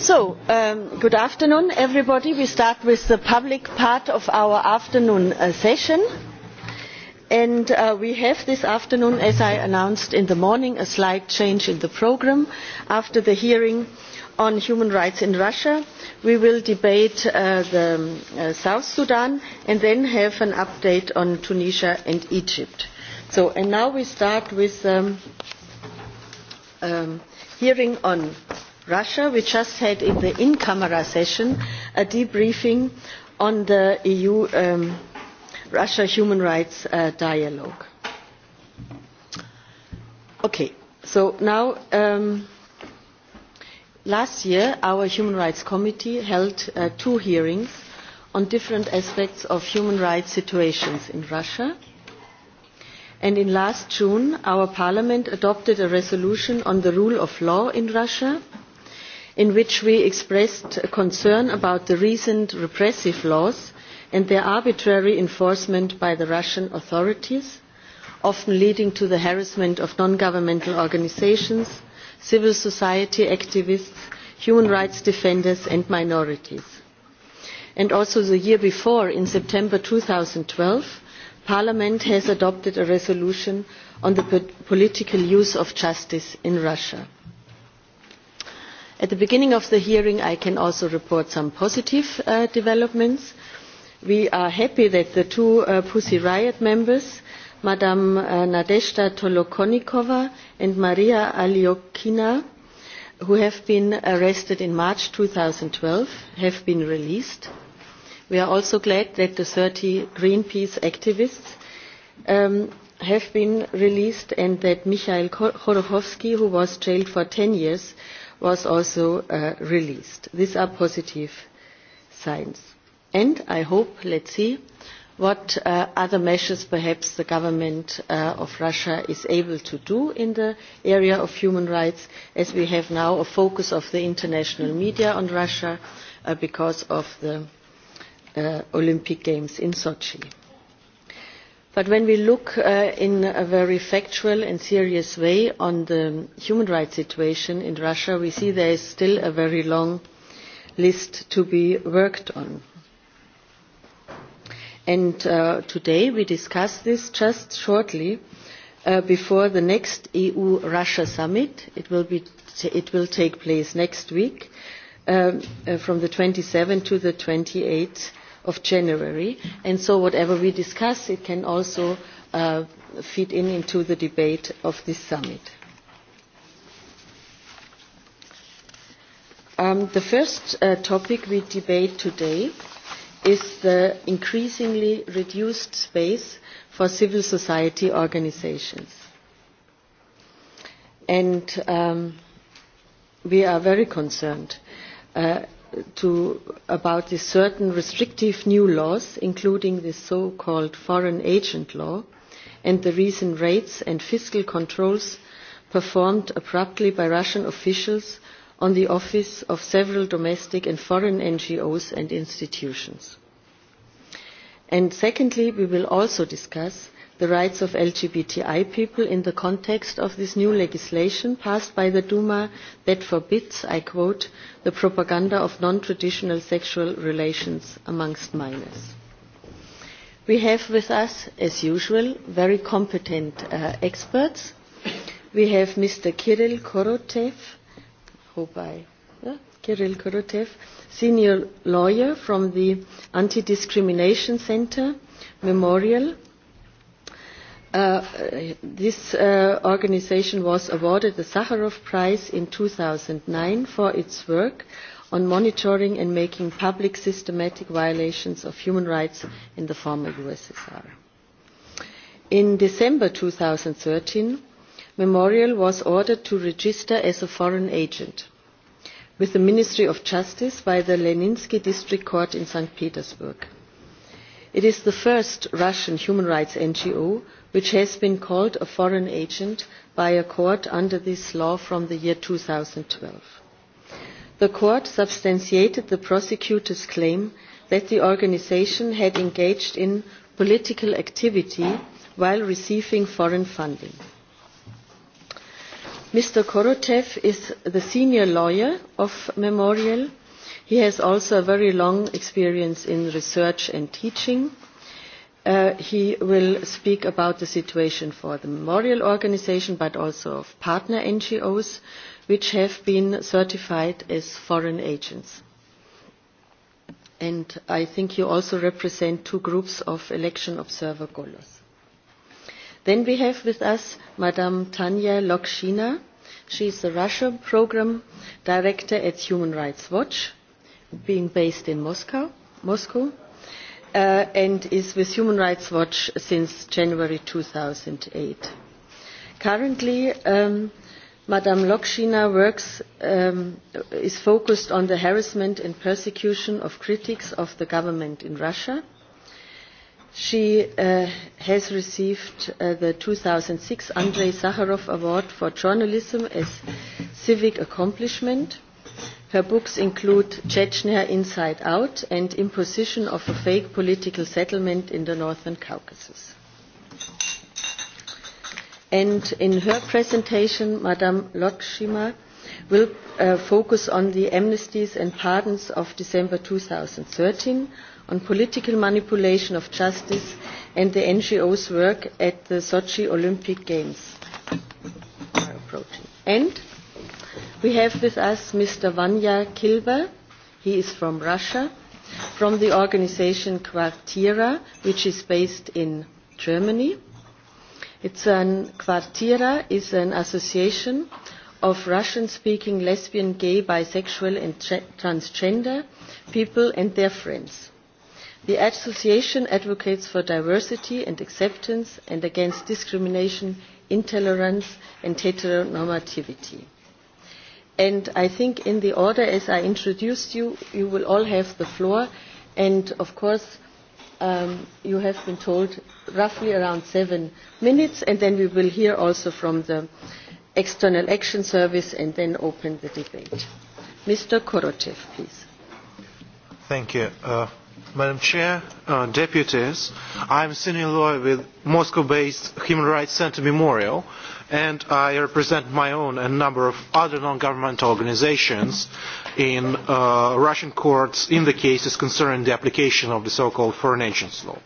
So, um, good afternoon everybody. we start with the public part of our afternoon uh, session and uh, we have this afternoon as i announced in the morning a slight change in the programme. after the hearing on human rights in russia we will debate uh, the, um, south sudan and then have an update on tunisia and egypt. So, and now we start with the um, hearing on Russia. We just had in the in-camera session a debriefing on the EU-Russia um, human rights uh, dialogue. Okay, so now um, last year our Human Rights Committee held uh, two hearings on different aspects of human rights situations in Russia and in last june our parliament adopted a resolution on the rule of law in russia in which we expressed concern about the recent repressive laws and their arbitrary enforcement by the russian authorities often leading to the harassment of non governmental organisations civil society activists human rights defenders and minorities. And also the year before in september two thousand and twelve parliament adopted a resolution on the political use of justice in russia at the beginning of the hearing i can also report some positive uh, developments. we are happy that the two uh, pussy riot members ms uh, nadezhda tolokonikova and maria aliokhina who have been arrested in march two thousand and twelve have been released. we are also glad that the thirty greenpeace activists um, have been released and that mikhail khodorkovsky who was jailed for ten years was also uh, released. These are positive signs. And I hope, let's see, what uh, other measures perhaps the government uh, of Russia is able to do in the area of human rights, as we have now a focus of the international media on Russia uh, because of the uh, Olympic Games in Sochi but when we look uh, in a very factual and serious way at the human rights situation in russia we see there is still a very long list to be worked on. Uh, today we discuss this just shortly uh, before the next EU Russia summit. It will, take place next week um, from twenty seven to twenty eight of January. And so whatever we discuss, it can also uh, fit in into the debate of this summit. Um, the first uh, topic we debate today is the increasingly reduced space for civil society organizations. And um, we are very concerned uh, about the certain restrictive new laws, including the so-called foreign agent law, and the recent raids and fiscal controls performed abruptly by Russian officials on the office of several domestic and foreign NGOs and institutions. And secondly, we will also discuss the rights of LGBTI people in the context of this new legislation passed by the Duma that forbids, I quote, the propaganda of non-traditional sexual relations amongst minors. We have with us, as usual, very competent uh, experts. We have Mr. Kirill Korotev, hope I, uh, Kirill Korotev, senior lawyer from the Anti-Discrimination Center, Memorial, Uh, this uh, organisation was awarded the Sakharov Prize in 2009 for its work on monitoring and making public systematic violations of human rights in the former USSR. In December 2013, Memorial was ordered to register as a foreign agent with the Ministry of Justice by the Leninsky District Court in St. Petersburg. It is the first Russian human rights NGO which has been called a foreign agent by a court under this law from the year two thousand and twelve The court substantiated the prosecutor's claim that the organisation had engaged in political activity while receiving foreign funding. Mr. Korotev is the senior lawyer of Memorial. He has also a very long experience in research and teaching Uh, he will speak about the situation for the memorial organisation but also of partner ngos which have been certified as foreign agents. And I think you also represent two groups of election observer golos. Then we have with us Madame Tanya Lokshina. She is the Russia Programme Director at Human Rights Watch, being based in Moscow. Moscow Uh, and is with Human Rights Watch since January 2008. Currently, um, Madame Lokshina works um, is focused on the harassment and persecution of critics of the government in Russia. She uh, has received uh, the two thousand and six Andrei Sakharov Award for Journalism as Civic Accomplishment Her books include Chechnya Inside Out and Imposition of a Fake Political Settlement in the Northern Caucasus. And in her presentation, Madame Lokshima will uh, focus on the amnesties and pardons of December 2013, on political manipulation of justice and the NGO's work at the Sochi Olympic Games And We have with us Mr. Vanya Kilber. He is from Russia, from the organization Quartira, which is based in Germany. It's an, Quartira is an association of Russian-speaking lesbian, gay, bisexual and transgender people and their friends. The association advocates for diversity and acceptance and against discrimination, intolerance and heteronormativity and I think in the order as I introduced you, you will all have the floor. And of course, um, you have been told roughly around seven minutes, and then we will hear also from the External Action Service and then open the debate. Mr. Korotev, please. Thank you. Uh, Madam Chair, uh, deputies, I'm senior lawyer with Moscow-based Human Rights Center Memorial and I represent my own and a number of other non-governmental organizations in uh, Russian courts in the cases concerning the application of the so-called foreign Nations Law.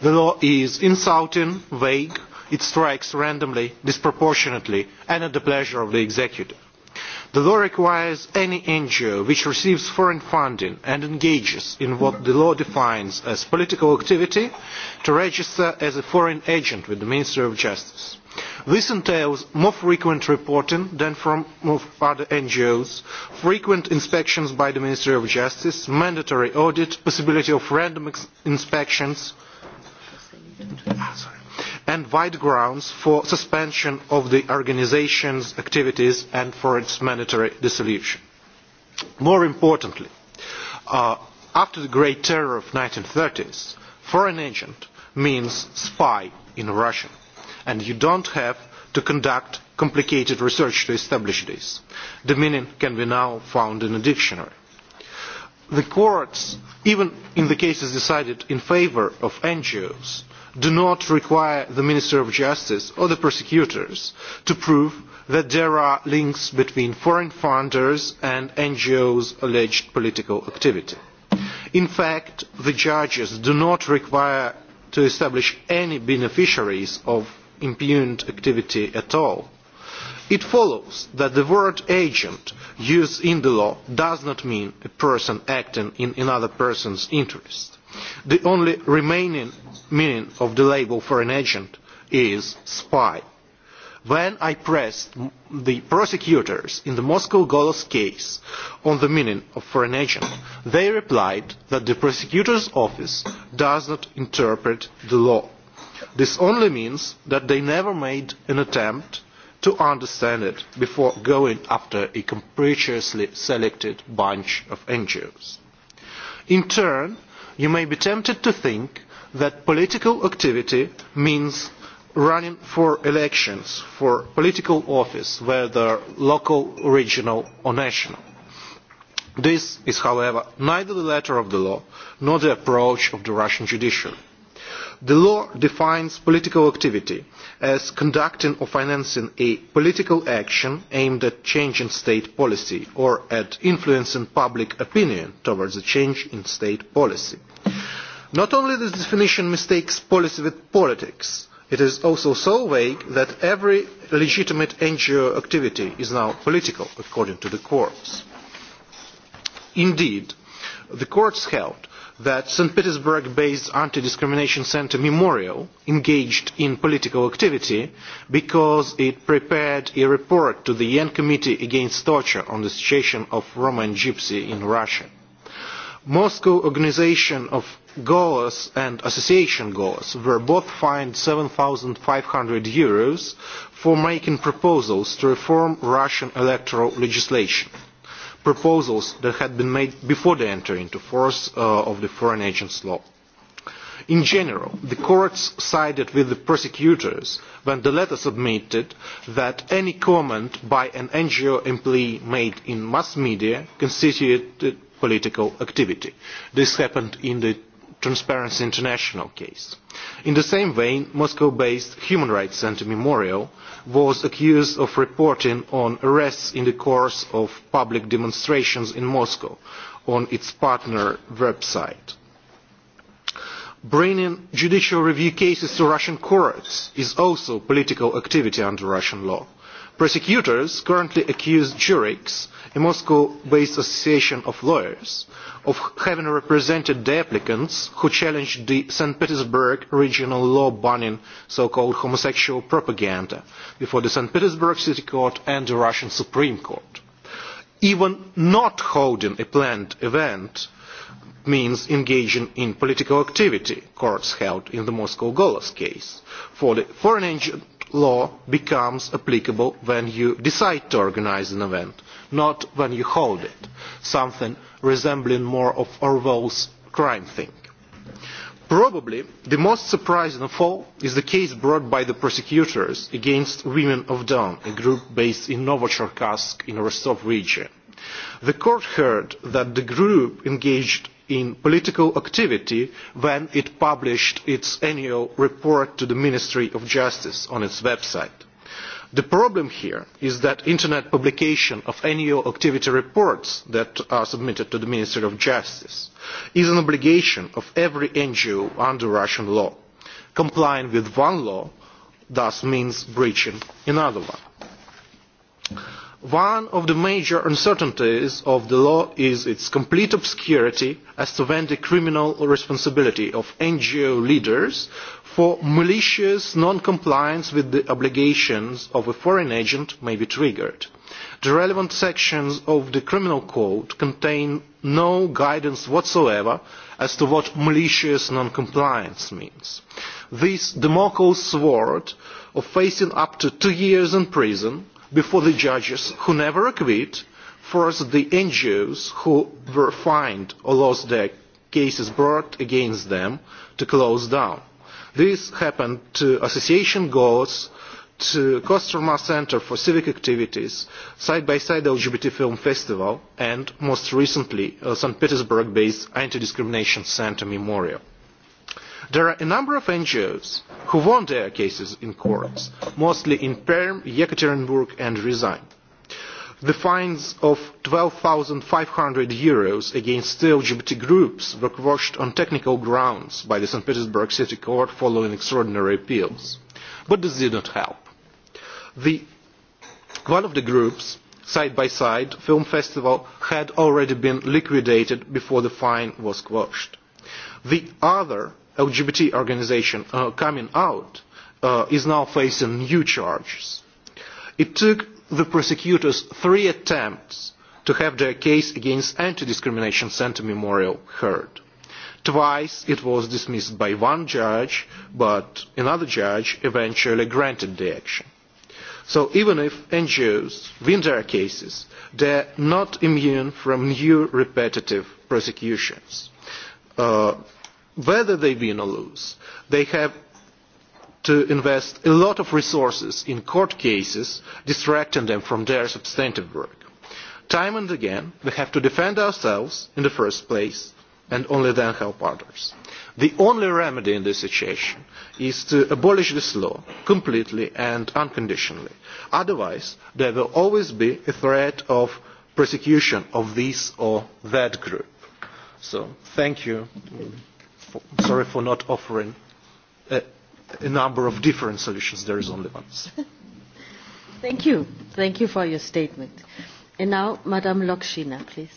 The law is insulting, vague, it strikes randomly, disproportionately, and at the pleasure of the executive. The law requires any NGO which receives foreign funding and engages in what the law defines as political activity to register as a foreign agent with the Ministry of Justice. This entails more frequent reporting than from other NGOs, frequent inspections by the Ministry of Justice, mandatory audit, possibility of random inspections, ah, and wide grounds for suspension of the organisation's activities and for its mandatory dissolution. More importantly, uh, after the Great Terror of 1930s, foreign agent means spy in Russian and you don't have to conduct complicated research to establish this. The meaning can be now found in a dictionary. The courts, even in the cases decided in favour of NGOs, do not require the Minister of Justice or the prosecutors to prove that there are links between foreign funders and NGOs' alleged political activity. In fact, the judges do not require to establish any beneficiaries of impugned activity at all. It follows that the word agent used in the law does not mean a person acting in another person's interest. The only remaining meaning of the label for an agent is spy. When I pressed the prosecutors in the Moscow Golos case on the meaning of foreign agent, they replied that the prosecutor's office does not interpret the law. This only means that they never made an attempt to understand it before going after a capriciously selected bunch of NGOs. In turn, you may be tempted to think that political activity means running for elections, for political office, whether local, regional or national. This is, however, neither the letter of the law nor the approach of the Russian judiciary The law defines political activity as conducting or financing a political action aimed at changing state policy or at influencing public opinion towards a change in state policy. Not only this definition mistakes policy with politics, it is also so vague that every legitimate NGO activity is now political, according to the courts. Indeed, the courts held that St. Petersburg-based anti-discrimination center Memorial engaged in political activity because it prepared a report to the UN Committee Against Torture on the situation of Roma and Gypsy in Russia. Moscow organization of Goers and association goers were both fined 7,500 euros for making proposals to reform Russian electoral legislation proposals that had been made before the entry into force uh, of the foreign agents law. In general, the courts sided with the prosecutors when the letter submitted that any comment by an NGO employee made in mass media constituted political activity. This happened in the Transparency International case. In the same vein, Moscow-based Human Rights Center Memorial was accused of reporting on arrests in the course of public demonstrations in Moscow on its partner website. Bringing judicial review cases to Russian courts is also political activity under Russian law. Prosecutors currently accuse jurists a Moscow-based association of lawyers, of having represented the applicants who challenged the St. Petersburg regional law banning so-called homosexual propaganda before the St. Petersburg City Court and the Russian Supreme Court. Even not holding a planned event means engaging in political activity, courts held in the Moscow Golos case, for the foreign agent law becomes applicable when you decide to organize an event, not when you hold it, something resembling more of Orwell's crime thing. Probably the most surprising of all is the case brought by the prosecutors against Women of Dawn, a group based in Novocherkassk in Rostov region. The court heard that the group engaged in political activity when it published its annual report to the Ministry of Justice on its website the problem here is that internet publication of ngo e activity reports that are submitted to the ministry of justice is an obligation of every ngo under russian law. complying with one law thus means breaching another one. One of the major uncertainties of the law is its complete obscurity as to when the criminal responsibility of NGO leaders for malicious non-compliance with the obligations of a foreign agent may be triggered. The relevant sections of the Criminal Code contain no guidance whatsoever as to what malicious non-compliance means. This Damocles sword of facing up to two years in prison before the judges who never acquit forced the NGOs who were fined or lost their cases brought against them to close down. This happened to association goals, to Kostroma Center for Civic Activities, Side by Side LGBT Film Festival, and most recently, uh, St. Petersburg-based Anti-Discrimination Center Memorial. There are a number of NGOs who won their cases in courts, mostly in Perm, Yekaterinburg, and Resign the fines of €12,500 Euros against two LGBT groups were quashed on technical grounds by the St. Petersburg City Court following extraordinary appeals. But this did not help. The, one of the groups, Side by Side Film Festival, had already been liquidated before the fine was quashed. The other LGBT organisation uh, coming out uh, is now facing new charges. It took the prosecutors three attempts to have their case against Anti-Discrimination Center Memorial heard. Twice it was dismissed by one judge, but another judge eventually granted the action. So even if NGOs win their cases, they are not immune from new repetitive prosecutions. Uh, whether they win or lose, they have to invest a lot of resources in court cases, distracting them from their substantive work. Time and again, we have to defend ourselves in the first place, and only then help others. The only remedy in this situation is to abolish this law completely and unconditionally. Otherwise, there will always be a threat of persecution of this or that group. So, thank you. sorry for not offering a uh, a number of different solutions. There is only one. Thank you. Thank you for your statement. And now, Madam Lokshina, please.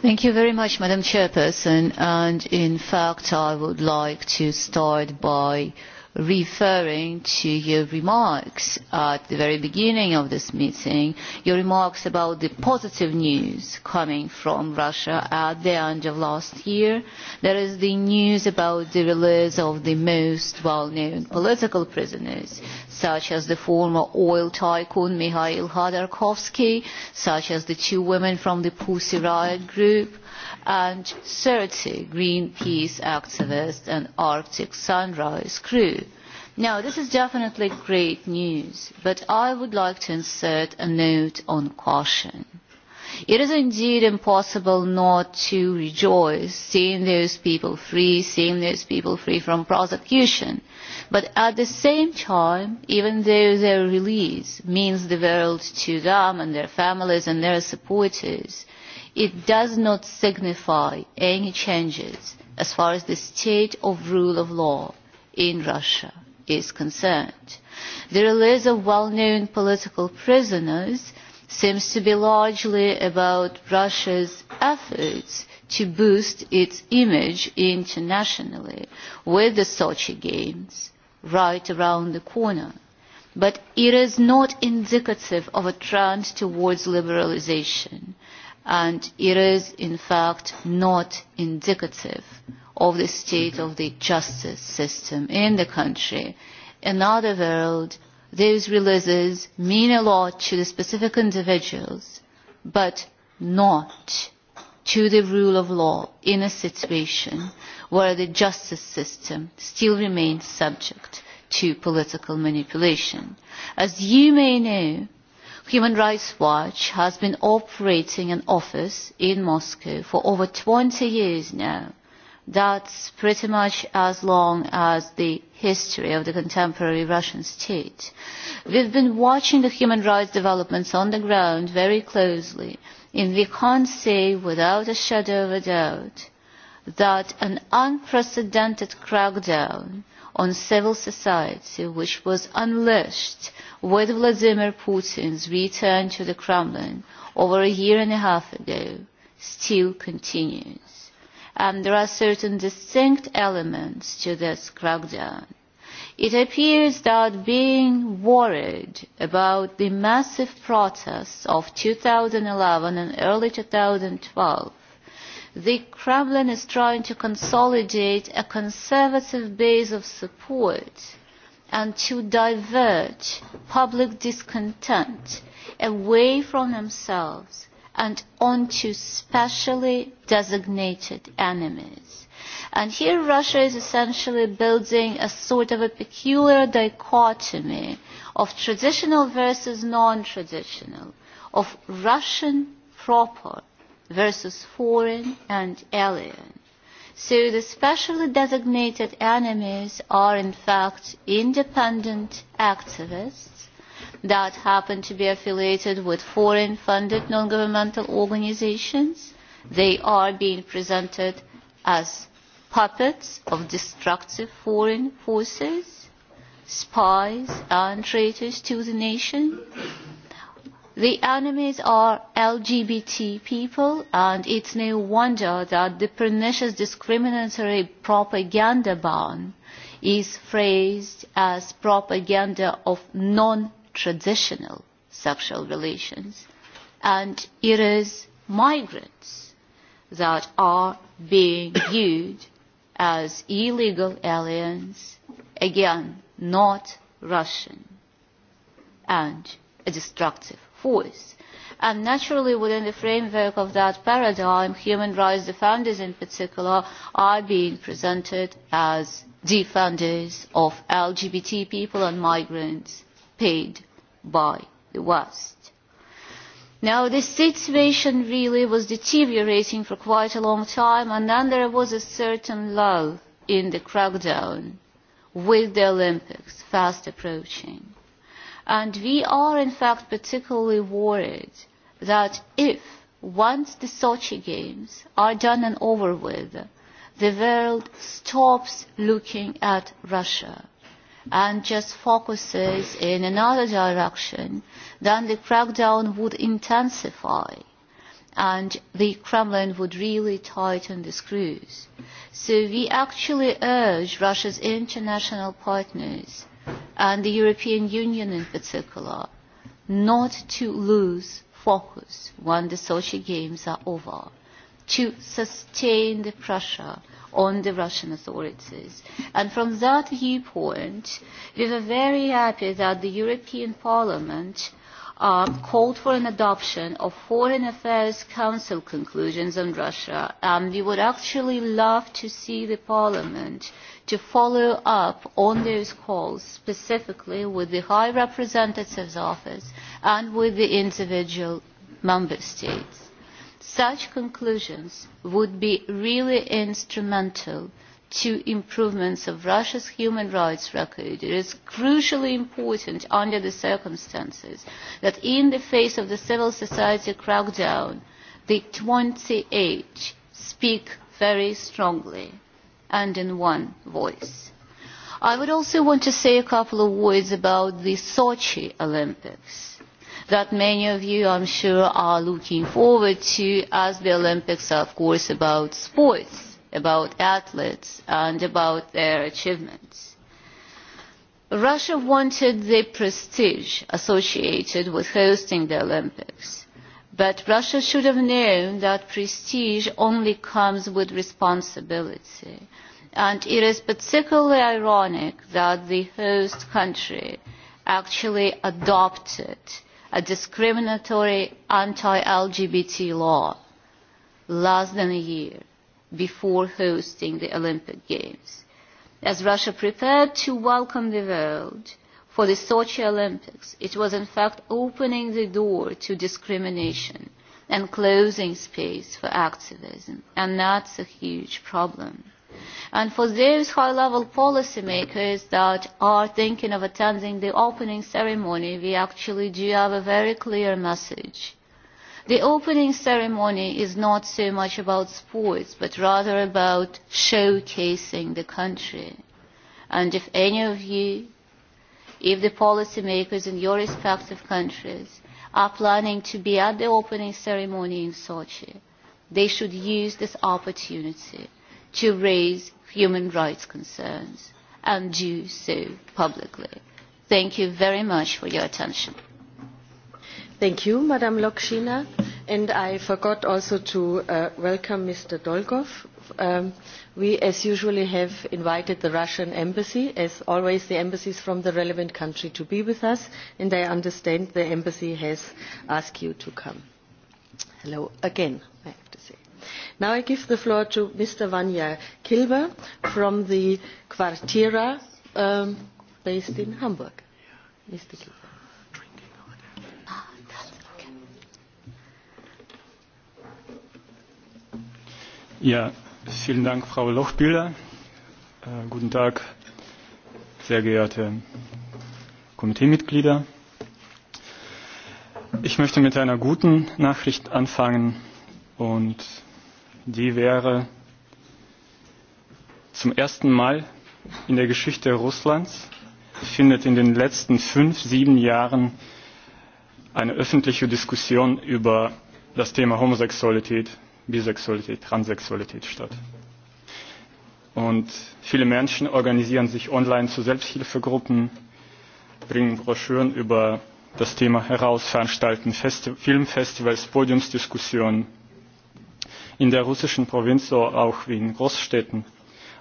Thank you very much, Madam Chairperson. And in fact, I would like to start by uh, referring to your remarks at the very beginning of this meeting, your remarks about the positive news coming from Russia at the end of last year. There is the news about the release of the most well-known political prisoners, such as the former oil tycoon Mikhail Khodorkovsky, such as the two women from the Pussy Riot group, and thirty Greenpeace activists and Arctic Sunrise crew. Now, this is definitely great news, but I would like to insert a note on caution. It is indeed impossible not to rejoice seeing those people free, seeing those people free from prosecution. But at the same time, even though their release means the world to them and their families and their supporters, it does not signify any changes as far as the state of rule of law in Russia is concerned. The release of well-known political prisoners seems to be largely about Russia's efforts to boost its image internationally with the Sochi Games right around the corner. But it is not indicative of a trend towards liberalization and it is in fact not indicative of the state of the justice system in the country. In other words, these releases mean a lot to the specific individuals, but not to the rule of law in a situation where the justice system still remains subject to political manipulation. As you may know, Human Rights Watch has been operating an office in Moscow for over 20 years now. That's pretty much as long as the history of the contemporary Russian state. We've been watching the human rights developments on the ground very closely, and we can't say without a shadow of a doubt that an unprecedented crackdown on civil society, which was unleashed with Vladimir Putin's return to the Kremlin over a year and a half ago still continues. And there are certain distinct elements to this crackdown. It appears that being worried about the massive protests of 2011 and early 2012, the Kremlin is trying to consolidate a conservative base of support and to divert public discontent away from themselves and onto specially designated enemies. And here Russia is essentially building a sort of a peculiar dichotomy of traditional versus non-traditional, of Russian proper versus foreign and alien So the specially designated enemies are in fact independent activists that happen to be affiliated with foreign funded non-governmental organizations. They are being presented as puppets of destructive foreign forces, spies and traitors to the nation the enemies are lgbt people and it's no wonder that the pernicious discriminatory propaganda ban is phrased as propaganda of non-traditional sexual relations and it is migrants that are being viewed as illegal aliens again not russian and a destructive voice. And naturally, within the framework of that paradigm, human rights defenders in particular are being presented as defenders of LGBT people and migrants paid by the West. Now, this situation really was deteriorating for quite a long time, and then there was a certain lull in the crackdown with the Olympics fast approaching. And we are, in fact, particularly worried that if, once the Sochi Games are done and over with, the world stops looking at Russia and just focuses in another direction, then the crackdown would intensify and the Kremlin would really tighten the screws. So we actually urge Russia's international partners and the European Union in particular, not to lose focus when the Sochi Games are over, to sustain the pressure on the Russian authorities. And from that viewpoint, we were very happy that the European Parliament called for an adoption of Foreign Affairs Council conclusions on Russia. Um, we would actually love to see the Parliament to follow up on those calls specifically with the High Representative's Office and with the individual member states. Such conclusions would be really instrumental to improvements of Russia's human rights record. It is crucially important under the circumstances that in the face of the civil society crackdown, the 28 speak very strongly and in one voice. I would also want to say a couple of words about the Sochi Olympics that many of you, I'm sure, are looking forward to as the Olympics are, of course, about sports about athletes and about their achievements. Russia wanted the prestige associated with hosting the Olympics, but Russia should have known that prestige only comes with responsibility. And it is particularly ironic that the host country actually adopted a discriminatory anti-LGBT law less than a year before hosting the Olympic Games. As Russia prepared to welcome the world for the Sochi Olympics, it was in fact opening the door to discrimination and closing space for activism, and that's a huge problem. And for those high-level policymakers that are thinking of attending the opening ceremony, we actually do have a very clear message the opening ceremony is not so much about sports but rather about showcasing the country and if any of you if the policymakers in your respective countries are planning to be at the opening ceremony in Sochi, they should use this opportunity to raise human rights concerns and do so publicly. Thank you very much for your attention. Thank you, Madam Lokshina. And I forgot also to uh, welcome Mr. Dolgov. Um, we, as usually, have invited the Russian embassy. As always, the embassies from the relevant country to be with us, and I understand the embassy has asked you to come. Hello again, I have to say. Now I give the floor to Mr. Vanya Kilber from the Quartira um, based in Hamburg. Mr. Kilber. vielen Dank, Frau Lochbühler. Äh, guten Tag, sehr geehrte Komiteemitglieder. Ich möchte mit einer guten Nachricht anfangen und die wäre zum ersten Mal in der Geschichte Russlands findet in den letzten fünf, sieben Jahren eine öffentliche Diskussion über das Thema Homosexualität Bisexualität, Transsexualität statt. Und viele Menschen organisieren sich online zu Selbsthilfegruppen, bringen Broschüren über das Thema heraus, veranstalten Festi Filmfestivals, Podiumsdiskussionen. In der russischen Provinz, so auch wie in Großstädten.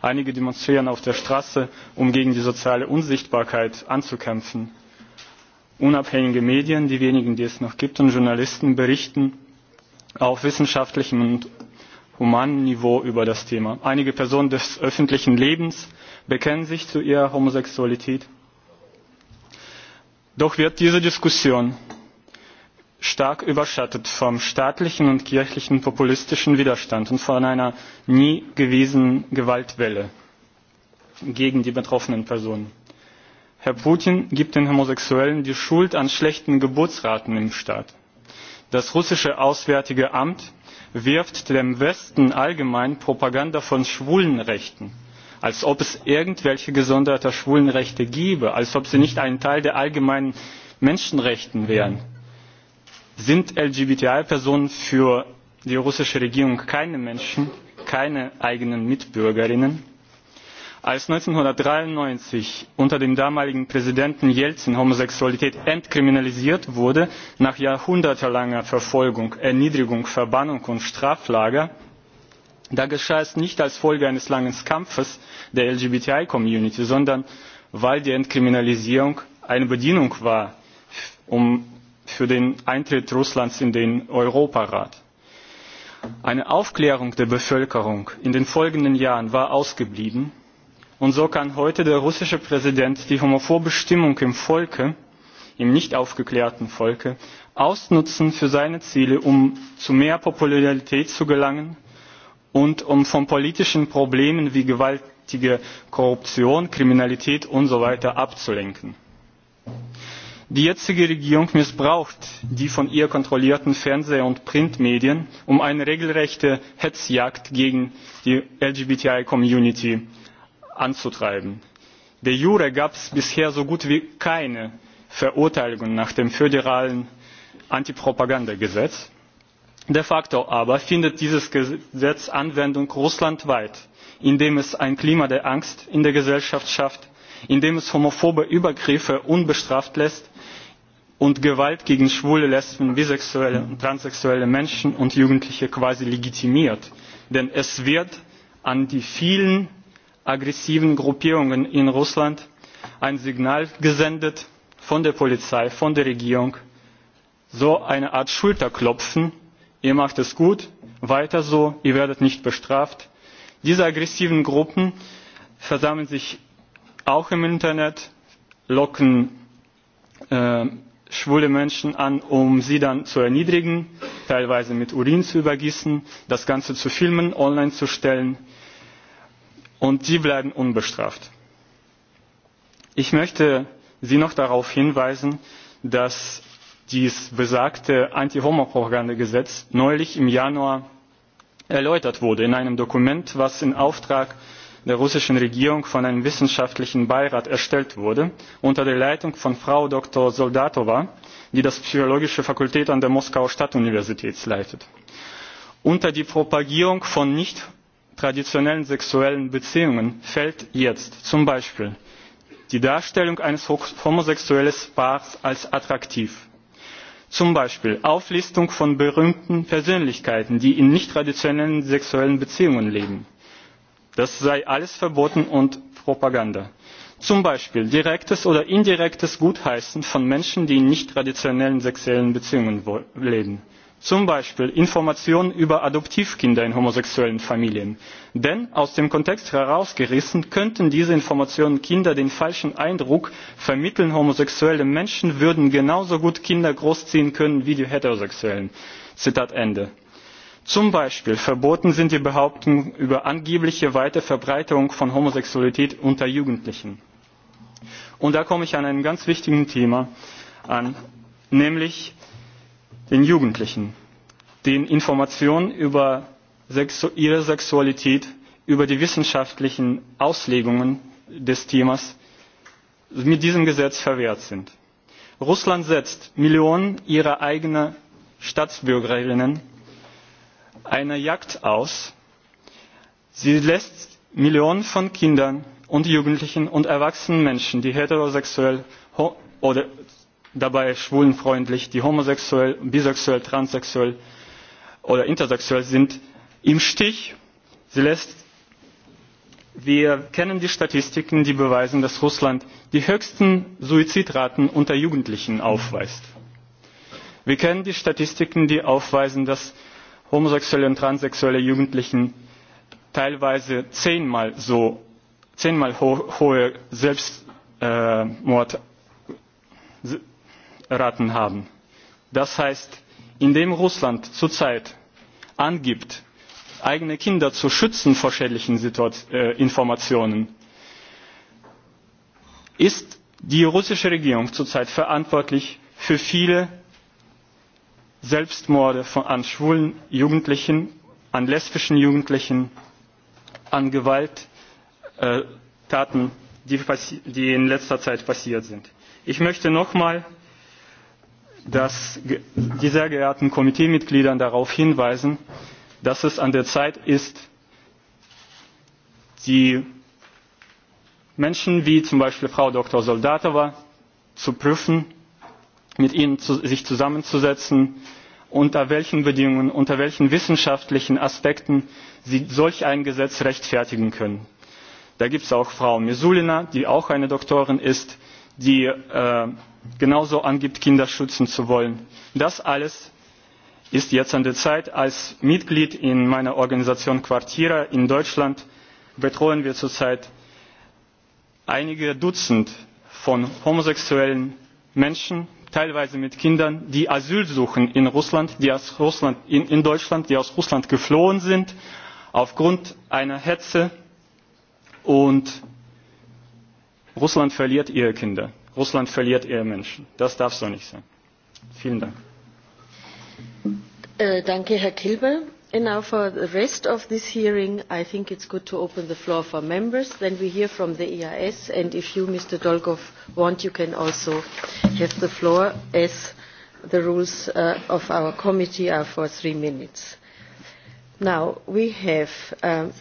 Einige demonstrieren auf der Straße, um gegen die soziale Unsichtbarkeit anzukämpfen. Unabhängige Medien, die wenigen, die es noch gibt, und Journalisten berichten auf wissenschaftlichem und humanem Niveau über das Thema. Einige Personen des öffentlichen Lebens bekennen sich zu ihrer Homosexualität. Doch wird diese Diskussion stark überschattet vom staatlichen und kirchlichen populistischen Widerstand und von einer nie gewesenen Gewaltwelle gegen die betroffenen Personen. Herr Putin gibt den Homosexuellen die Schuld an schlechten Geburtsraten im Staat das russische auswärtige amt wirft dem westen allgemein propaganda von schwulenrechten als ob es irgendwelche gesonderten schwulenrechte gäbe als ob sie nicht ein teil der allgemeinen menschenrechte wären. sind lgbti personen für die russische regierung keine menschen keine eigenen mitbürgerinnen? als eintausendneunhundertdreiundneunzig unter dem damaligen präsidenten jelzin homosexualität entkriminalisiert wurde nach jahrhundertelanger verfolgung erniedrigung verbannung und straflager da geschah es nicht als folge eines langen kampfes der lgbti community sondern weil die entkriminalisierung eine bedingung war um für den eintritt russlands in den europarat. eine aufklärung der bevölkerung in den folgenden jahren war ausgeblieben und so kann heute der russische präsident die homophobe stimmung im volke im nicht aufgeklärten volke ausnutzen für seine ziele um zu mehr popularität zu gelangen und um von politischen problemen wie gewaltiger korruption kriminalität usw. abzulenken. Die jetzige Regierung missbraucht die von ihr kontrollierten Fernseh- und Printmedien, um eine regelrechte Hetzjagd gegen die LGBTI-Community anzutreiben. de jure gab es bisher so gut wie keine verurteilungen nach dem föderalen antipropagandagesetz. de facto aber findet dieses gesetz anwendung russlandweit indem es ein klima der angst in der gesellschaft schafft indem es homophobe übergriffe unbestraft lässt und gewalt gegen schwule lesben bisexuelle und transsexuelle menschen und jugendliche quasi legitimiert denn es wird an die vielen aggressiven gruppierungen in russland ein signal gesendet von der polizei von der regierung so eine art schulterklopfen ihr macht es gut weiter so ihr werdet nicht bestraft. diese aggressiven gruppen versammeln sich auch im internet locken äh, schwule menschen an um sie dann zu erniedrigen teilweise mit urin zu übergießen das ganze zu filmen online zu stellen und sie bleiben unbestraft. Ich möchte Sie noch darauf hinweisen, dass dies besagte Anti-Homo-Propagandagesetz neulich im Januar erläutert wurde in einem Dokument, was in Auftrag der russischen Regierung von einem wissenschaftlichen Beirat erstellt wurde, unter der Leitung von Frau Dr. Soldatova, die das Psychologische Fakultät an der Moskauer Stadtuniversität leitet. Unter die Propagierung von nicht traditionellen sexuellen beziehungen fällt jetzt zum beispiel die darstellung eines homosexuellen paars als attraktiv zum beispiel auflistung von berühmten persönlichkeiten die in nicht traditionellen sexuellen beziehungen leben das sei alles verboten und propaganda zum beispiel direktes oder indirektes gutheißen von menschen die in nicht traditionellen sexuellen beziehungen leben zum beispiel informationen über adoptivkinder in homosexuellen familien denn aus dem kontext herausgerissen könnten diese informationen kindern den falschen eindruck vermitteln homosexuelle menschen würden genauso gut kinder großziehen können wie die heterosexuellen. zitat ende. zum beispiel verboten sind die behauptungen über angebliche weite verbreitung von homosexualität unter jugendlichen. und da komme ich an einem ganz wichtigen thema an nämlich den Jugendlichen, denen Informationen über sexu ihre Sexualität, über die wissenschaftlichen Auslegungen des Themas mit diesem Gesetz verwehrt sind. Russland setzt Millionen ihrer eigenen Staatsbürgerinnen einer Jagd aus. Sie lässt Millionen von Kindern und Jugendlichen und erwachsenen Menschen, die heterosexuell oder dabei schwulenfreundlich die homosexuell bisexuell transsexuell oder intersexuell sind im stich. sie lässt wir kennen die statistiken die beweisen dass russland die höchsten suizidraten unter jugendlichen aufweist. wir kennen die statistiken die aufweisen dass homosexuelle und transsexuelle jugendliche teilweise zehnmal so zehnmal hohe selbstmord äh, raten haben. das heißt indem russland zurzeit angibt eigene kinder zu schützen vor schädlichen äh, informationen ist die russische regierung zurzeit verantwortlich für viele selbstmorde von, an schwulen jugendlichen an lesbischen jugendlichen an gewalttaten äh, die, die in letzter zeit passiert sind. ich möchte nochmal dass die sehr geehrten Komiteemitglieder darauf hinweisen, dass es an der Zeit ist, die Menschen wie zum Beispiel Frau Dr. Soldatova zu prüfen, mit ihnen zu, sich zusammenzusetzen, unter welchen Bedingungen, unter welchen wissenschaftlichen Aspekten sie solch ein Gesetz rechtfertigen können. Da gibt es auch Frau Mesulina, die auch eine Doktorin ist, die äh, genauso angibt, Kinder schützen zu wollen. Das alles ist jetzt an der Zeit. Als Mitglied in meiner Organisation Quartiere in Deutschland betreuen wir zurzeit einige Dutzend von homosexuellen Menschen, teilweise mit Kindern, die Asyl suchen in Russland, die aus Russland in, in Deutschland, die aus Russland geflohen sind aufgrund einer Hetze und Russland verliert ihre Kinder. Russland verliert ihre Menschen. Das darf so nicht sein. Vielen Dank. Uh, danke, Herr Kilber. And now for the rest of this hearing, I think it's good to open the floor for members. Then we hear from the EIS, and if you, Mr. Dolgov, want, you can also have the floor, as the rules uh, of our committee are for three minutes. Now, we have um,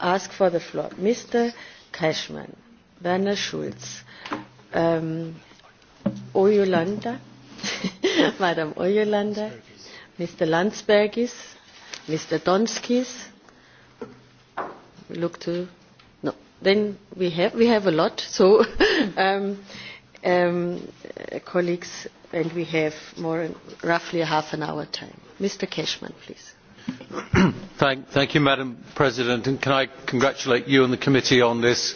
asked for the floor. Mr. Cashman. Werner Schulz. Ähm, Ojolanda, Madam Ojolanda, Mr. Landsbergis, Mr. Donskis. look to no. Then we have we have a lot. So, um, um, colleagues, and we have more roughly a half an hour time. Mr. Cashman, please. thank, thank you, Madam President, and can I congratulate you and the committee on this?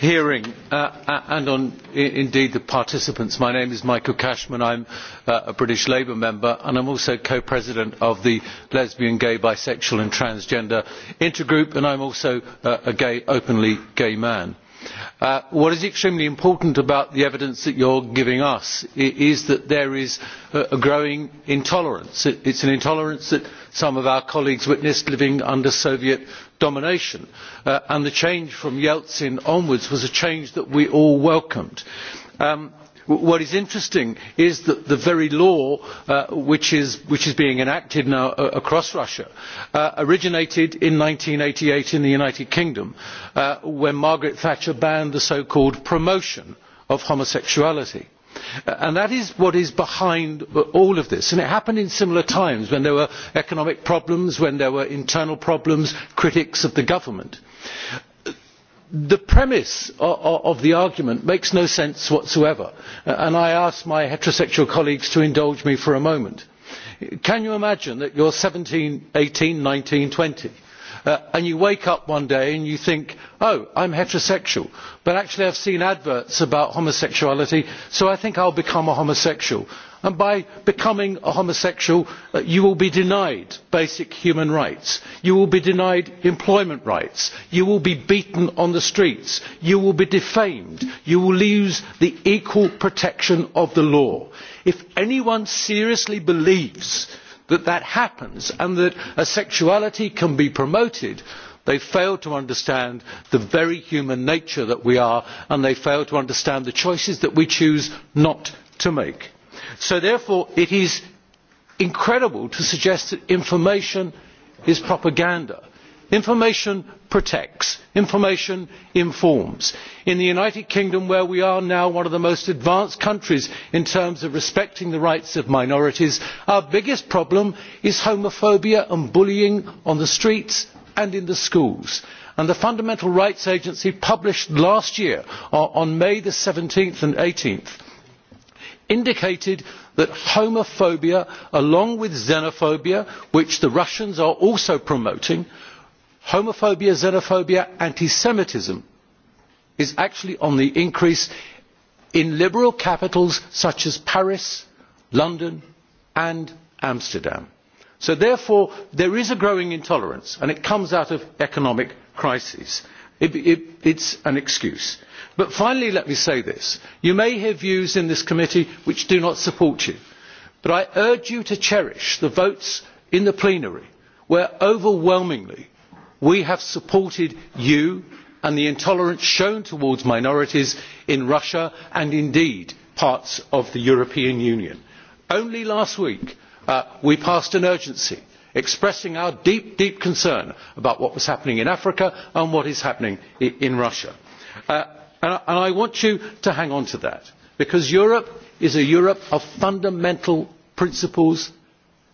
hearing uh, uh, and on indeed the participants. My name is Michael Cashman. I'm am uh, a British Labour member and I'm also co-president of the Lesbian, Gay, Bisexual and Transgender Intergroup and I'm also a openly gay man. what is extremely important about the evidence that you are giving us is that there is a growing intolerance. it is an intolerance that some of our colleagues witnessed living under soviet domination uh, and the change from yeltsin onwards was a change that we all welcomed. Um, what is interesting is that the very law uh, which, is, being enacted now uh, across russia originated in one thousand nine hundred and eighty eight in the united kingdom when margaret thatcher banned the so called promotion of homosexuality and that is what is behind all of this and it happened in similar times when there were economic problems when there were internal problems critics of the government the premise of the argument makes no sense whatsoever uh, and i ask my heterosexual colleagues to indulge me for a moment. can you imagine that you are seventeen eighteen nineteen twenty Uh, and you wake up one day and you think oh i'm heterosexual but actually i've seen adverts about homosexuality so i think i'll become a homosexual and by becoming a homosexual uh, you will be denied basic human rights you will be denied employment rights you will be beaten on the streets you will be defamed you will lose the equal protection of the law. if anyone seriously believes that that that happens and that a sexuality can be promoted they fail to understand the very human nature that we are and they fail to understand the choices that we choose not to make. So therefore it is incredible to suggest that information is propaganda information protects information informs. in the united kingdom where we are now one of the most advanced countries in terms of respecting the rights of minorities our biggest problem is homophobia and bullying on the streets and in the schools and the fundamental rights agency published last year uh, on seventeen may and eighteen may indicated that homophobia along with xenophobia which the russians are also promoting homophobia xenophobia anti semitism is actually on the increase in liberal capitals such as paris london and amsterdam. so therefore there is a growing intolerance and it comes out of economic crises. It, it, it's an excuse. But finally, let me say this. You may hear views in this committee which do not support you, but I urge you to cherish the votes in the plenary where overwhelmingly we have supported you and the intolerance shown towards minorities in russia and indeed parts of the european union. only last week uh, we passed an urgency expressing our deep deep concern about what was happening in africa and what is happening in russia. Uh, and i want you to hang on to that because europe is a europe of fundamental principles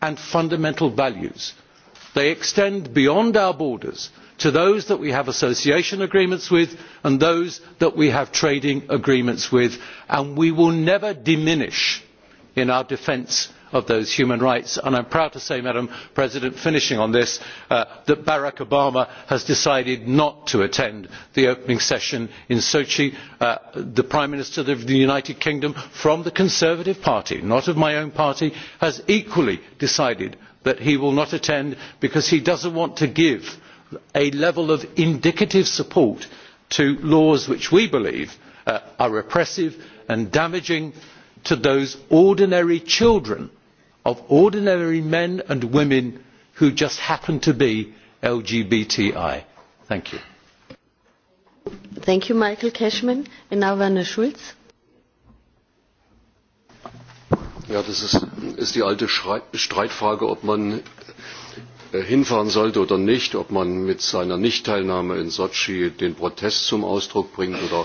and fundamental values they extend beyond our borders to those that we have association agreements with and those that we have trading agreements with and we will never diminish in our defence of those human rights and i am proud to say madam president finishing on this uh, that barack obama has decided not to attend the opening session in sochi. Uh, the prime minister of the united kingdom from the conservative party not of my own party has equally decided that he will not attend because he does not want to give a level of indicative support to laws which we believe uh, are repressive and damaging to those ordinary children of ordinary men and women who just happen to be LGBTI. Thank you. Thank you, Michael Cashman. And now Werner Schulz. Ja, das ist, ist die alte Schrei Streitfrage, ob man äh, hinfahren sollte oder nicht, ob man mit seiner Nichtteilnahme in Sochi den Protest zum Ausdruck bringt oder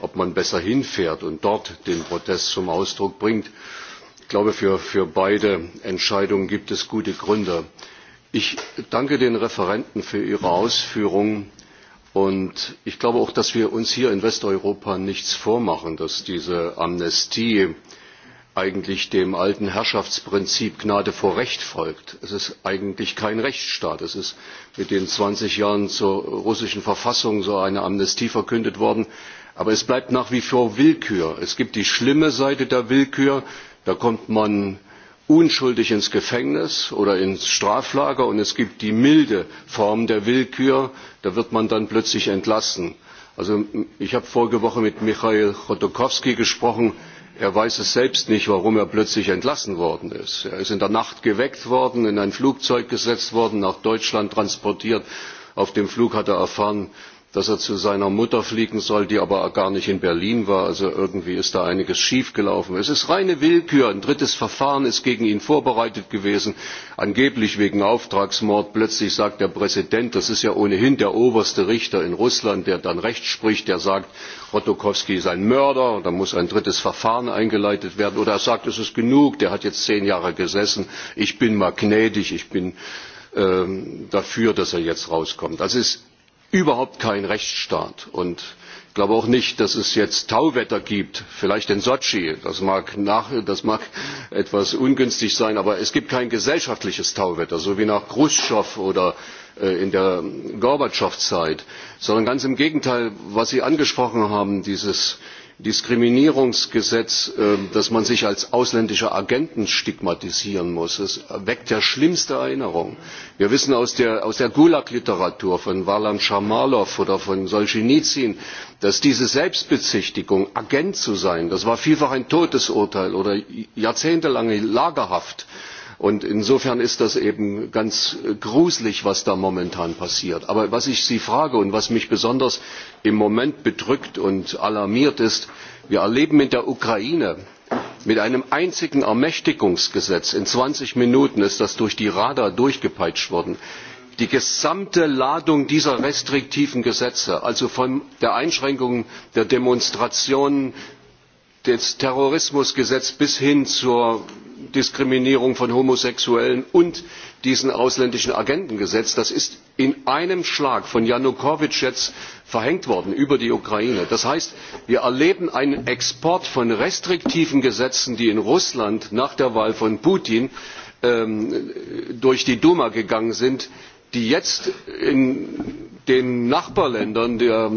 ob man besser hinfährt und dort den Protest zum Ausdruck bringt. Ich glaube, für, für beide Entscheidungen gibt es gute Gründe. Ich danke den Referenten für ihre Ausführungen. Und ich glaube auch, dass wir uns hier in Westeuropa nichts vormachen, dass diese Amnestie eigentlich dem alten Herrschaftsprinzip Gnade vor Recht folgt. Es ist eigentlich kein Rechtsstaat. Es ist mit den 20 Jahren zur russischen Verfassung so eine Amnestie verkündet worden. Aber es bleibt nach wie vor Willkür. Es gibt die schlimme Seite der Willkür. Da kommt man unschuldig ins Gefängnis oder ins Straflager und es gibt die milde Form der Willkür, da wird man dann plötzlich entlassen. Also ich habe vorige Woche mit Michail Chodorkowski gesprochen, Er weiß es selbst nicht, warum er plötzlich entlassen worden ist. Er ist in der Nacht geweckt worden, in ein Flugzeug gesetzt worden, nach Deutschland transportiert. Auf dem Flug hat er erfahren, dass er zu seiner Mutter fliegen soll, die aber gar nicht in Berlin war. Also irgendwie ist da einiges schiefgelaufen. Es ist reine Willkür. Ein drittes Verfahren ist gegen ihn vorbereitet gewesen, angeblich wegen Auftragsmord. Plötzlich sagt der Präsident, das ist ja ohnehin der oberste Richter in Russland, der dann Recht spricht, der sagt, Rotokowski ist ein Mörder, da muss ein drittes Verfahren eingeleitet werden. Oder er sagt, es ist genug, der hat jetzt zehn Jahre gesessen, ich bin mal gnädig, ich bin ähm, dafür, dass er jetzt rauskommt. Das ist überhaupt kein rechtsstaat. Und ich glaube auch nicht, dass es jetzt Tauwetter gibt, vielleicht in Sotschi, das mag, etwas ungünstig sein, aber es gibt kein gesellschaftliches Tauwetter, so wie nach chruschtschow oder äh, in der Gorbatschow-Zeit, sondern ganz im Gegenteil, was Sie angesprochen haben, dieses diskriminierungsgesetz äh, dass man sich als ausländischer agenten stigmatisieren muss. das weckt ja schlimmste erinnerungen. wir wissen aus der, aus der gulag literatur von warlam schamalow oder von solschenizyn dass diese selbstbezichtigung agent zu sein das war vielfach ein todesurteil oder jahrzehntelange lagerhaft Und insofern ist das eben ganz gruselig, was da momentan passiert. Aber was ich Sie frage und was mich besonders im Moment bedrückt und alarmiert ist, wir erleben in der Ukraine mit einem einzigen Ermächtigungsgesetz, in 20 Minuten ist das durch die Rada durchgepeitscht worden, die gesamte ladung dieser restriktiven gesetze also von der einschränkung der demonstrationen des terrorismusgesetzes bis hin zur diskriminierung von homosexuellen und diesen ausländischen agentengesetz das ist in einem schlag von janukowytsch jetzt verhängt worden über die ukraine. das heißt wir erleben einen export von restriktiven gesetzen die in russland nach der wahl von putin ähm, durch die duma gegangen sind die jetzt in den nachbarländern der,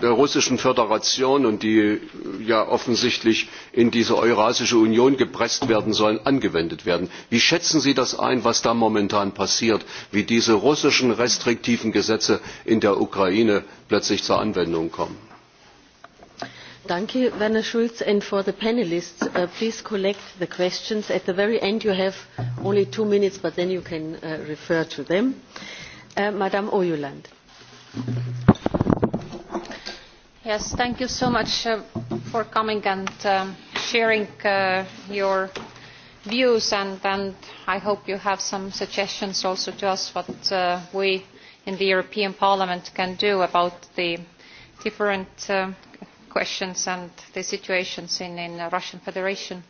der russischen föderation und die ja offensichtlich in diese eurasische union gepresst werden sollen angewendet werden. wie schätzen sie das ein was da momentan passiert wie diese russischen restriktiven gesetze in der ukraine plötzlich zur anwendung kommen? thank you werner schulz and for the panelists uh, please collect the questions at the very end you have only two minutes but then you can uh, refer to them uh, madam oyuland yes thank you so much uh, for coming and um, sharing uh, your views and, and i hope you have some suggestions also to us what uh, we in the european parliament can do about the different uh, questions and the situations in, the Russian Federation.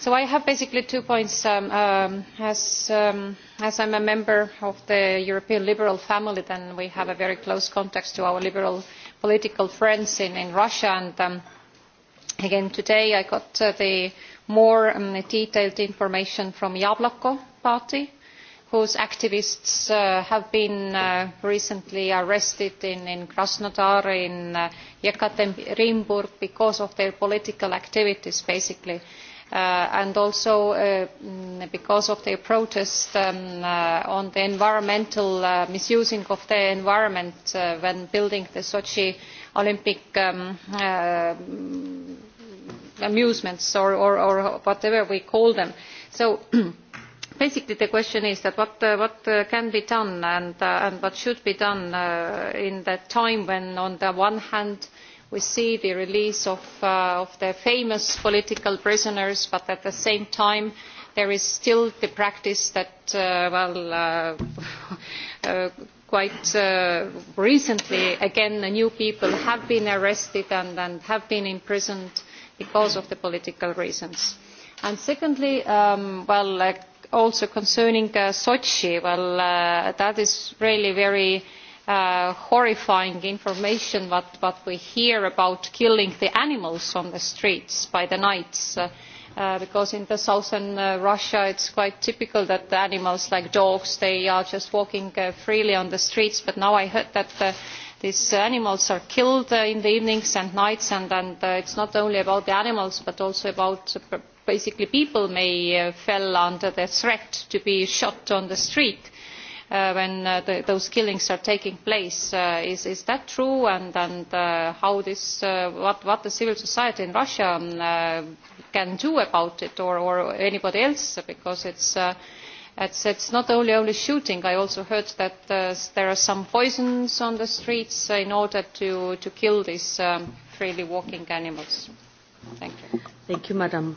So I have basically two points. Um, um, as, um, as I'm a member of the European liberal family, then we have a very close contact to our liberal political friends in, in Russia. And um, again, today I got uh, the more um, detailed information from Yabloko party, uh, whose activists uh, have been uh, recently arrested in, Krasnodar, in uh, Yekaterinburg, because of their political activities, basically, and also mm, because of their protest um, on the environmental misusing of the environment when building the Sochi Olympic um, amusements or whatever we call them. So. basically the question is that what, uh, what uh, can be done and, uh, and what should be done uh, in that time when on the one hand we see the release of, uh, of the famous political prisoners but at the same time there is still the practice that uh, well uh, uh, quite uh, recently again new people have been arrested and, and have been imprisoned because of the political reasons. And secondly, um, well, like also concerning uh, Sochi, well, uh, that is really very Uh, horrifying information what, what we hear about killing the animals on the streets by the nights uh, uh, because in the southern uh, Russia it's quite typical that the animals like dogs they are just walking freely on the streets but now I heard that these animals are killed in the evenings and nights and, and it's not only about the animals but also about basically people may uh, fell under the threat to be shot on the street uh, when uh, those killings are taking place. Uh, is, that true and, how this, what, the civil society in Russia um, can do about it or, anybody else because it's it's, not only, only shooting. I also heard that there are some poisons on the streets in order to, to kill these um, freely walking animals. Thank you. Madam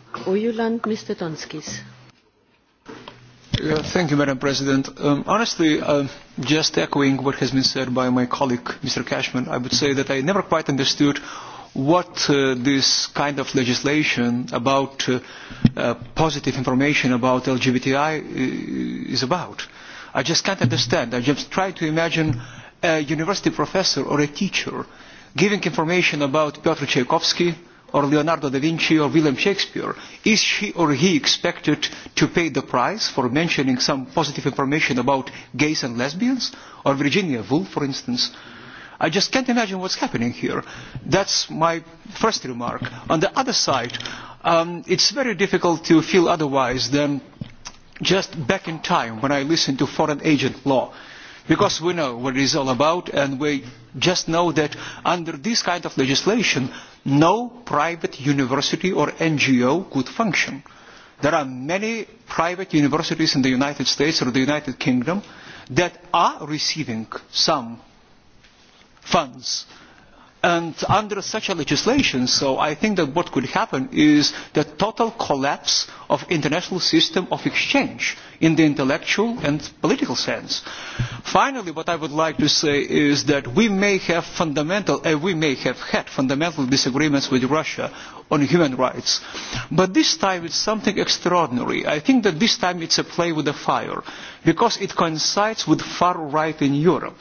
President. Um, honestly, just echoing what has been said by my colleague, Mr. Cashman, I would say that I never quite understood what uh, this kind of legislation about uh, uh, positive information about LGBTI is about. I just cannot understand. I just try to imagine a university professor or a teacher giving information about pyotr Tchaikovsky, or Leonardo da Vinci or William Shakespeare, is she or he expected to pay the price for mentioning some positive information about gays and lesbians, or Virginia Woolf, for instance? I just can't imagine what's happening here. That's my first remark. On the other side, um, it's very difficult to feel otherwise than just back in time when I listened to foreign agent law because we know what it is all about and we just know that under this kind of legislation no private university or NGO could function. There are many private universities in the United States or the United Kingdom that are receiving some funds And under such a legislation, so I think that what could happen is the total collapse of international system of exchange in the intellectual and political sense. Finally, what I would like to say is that we may have fundamental, and uh, eh, we may have had fundamental disagreements with Russia on human rights. But this time it's something extraordinary. I think that this time it's a play with the fire, because it coincides with far right in Europe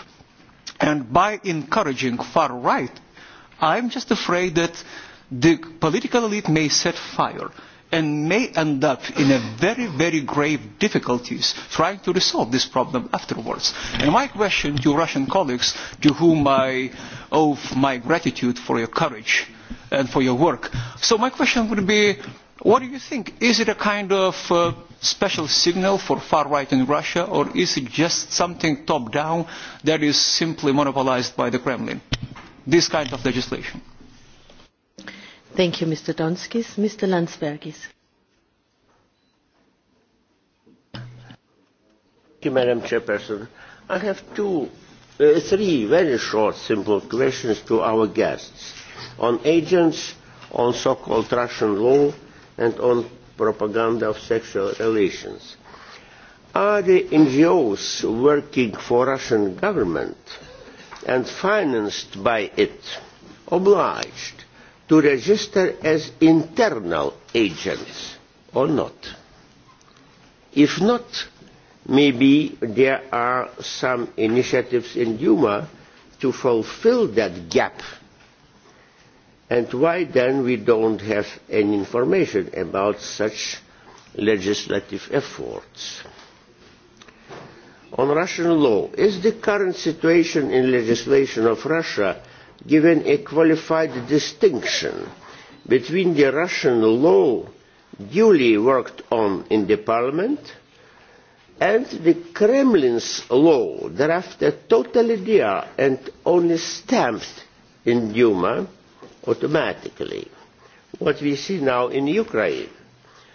and by encouraging far right I'm just afraid that the political elite may set fire and may end up in a very, very grave difficulties trying to resolve this problem afterwards. And my question to Russian colleagues, to whom I owe my gratitude for your courage and for your work, so my question would be, what do you think? Is it a kind of uh, special signal for far-right in Russia, or is it just something top-down that is simply monopolized by the Kremlin? this kind of legislation. Thank you, Mr. Donskis. Mr. Landsbergis. Thank you, Madam Chairperson. I have two, uh, three very short, simple questions to our guests on agents, on so-called Russian law, and on propaganda of sexual relations. Are the NGOs working for Russian government and financed by it obliged to register as internal agents or not? If not, maybe there are some initiatives in Duma to fulfill that gap. And why then we don't have any information about such legislative efforts? on Russian law, is the current situation in legislation of Russia given a qualified distinction between the Russian law duly worked on in the parliament and the Kremlin's law drafted totally there and only stamped in Duma automatically. What we see now in Ukraine,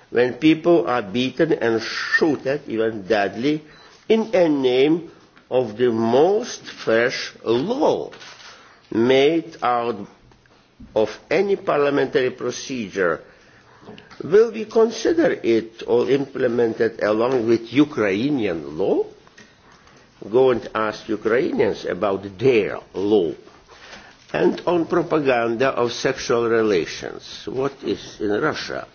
when people are beaten and shot, even deadly, in a name of the most fresh law made out of any parliamentary procedure will we consider it all implemented along with ukrainian law go and ask ukrainians about their law and on propaganda of sexual relations what is in russia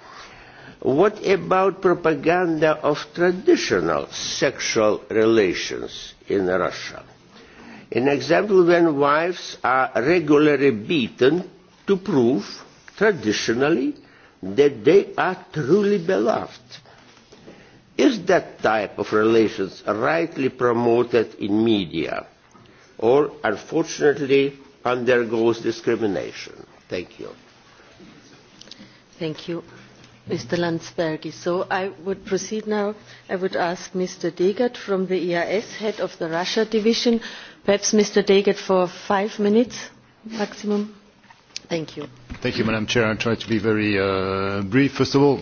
What about propaganda of traditional sexual relations in Russia? An example when wives are regularly beaten to prove traditionally that they are truly beloved. Is that type of relations rightly promoted in media or unfortunately undergoes discrimination? Thank you. Thank you. Mr. landsbergis So I would proceed now. I would ask Mr. Degert from the eeas head of the Russia division. Perhaps Mr. Degert for five minutes maximum. Thank you. Thank you, Madam Chair. I'll try to be very uh, brief. First of all,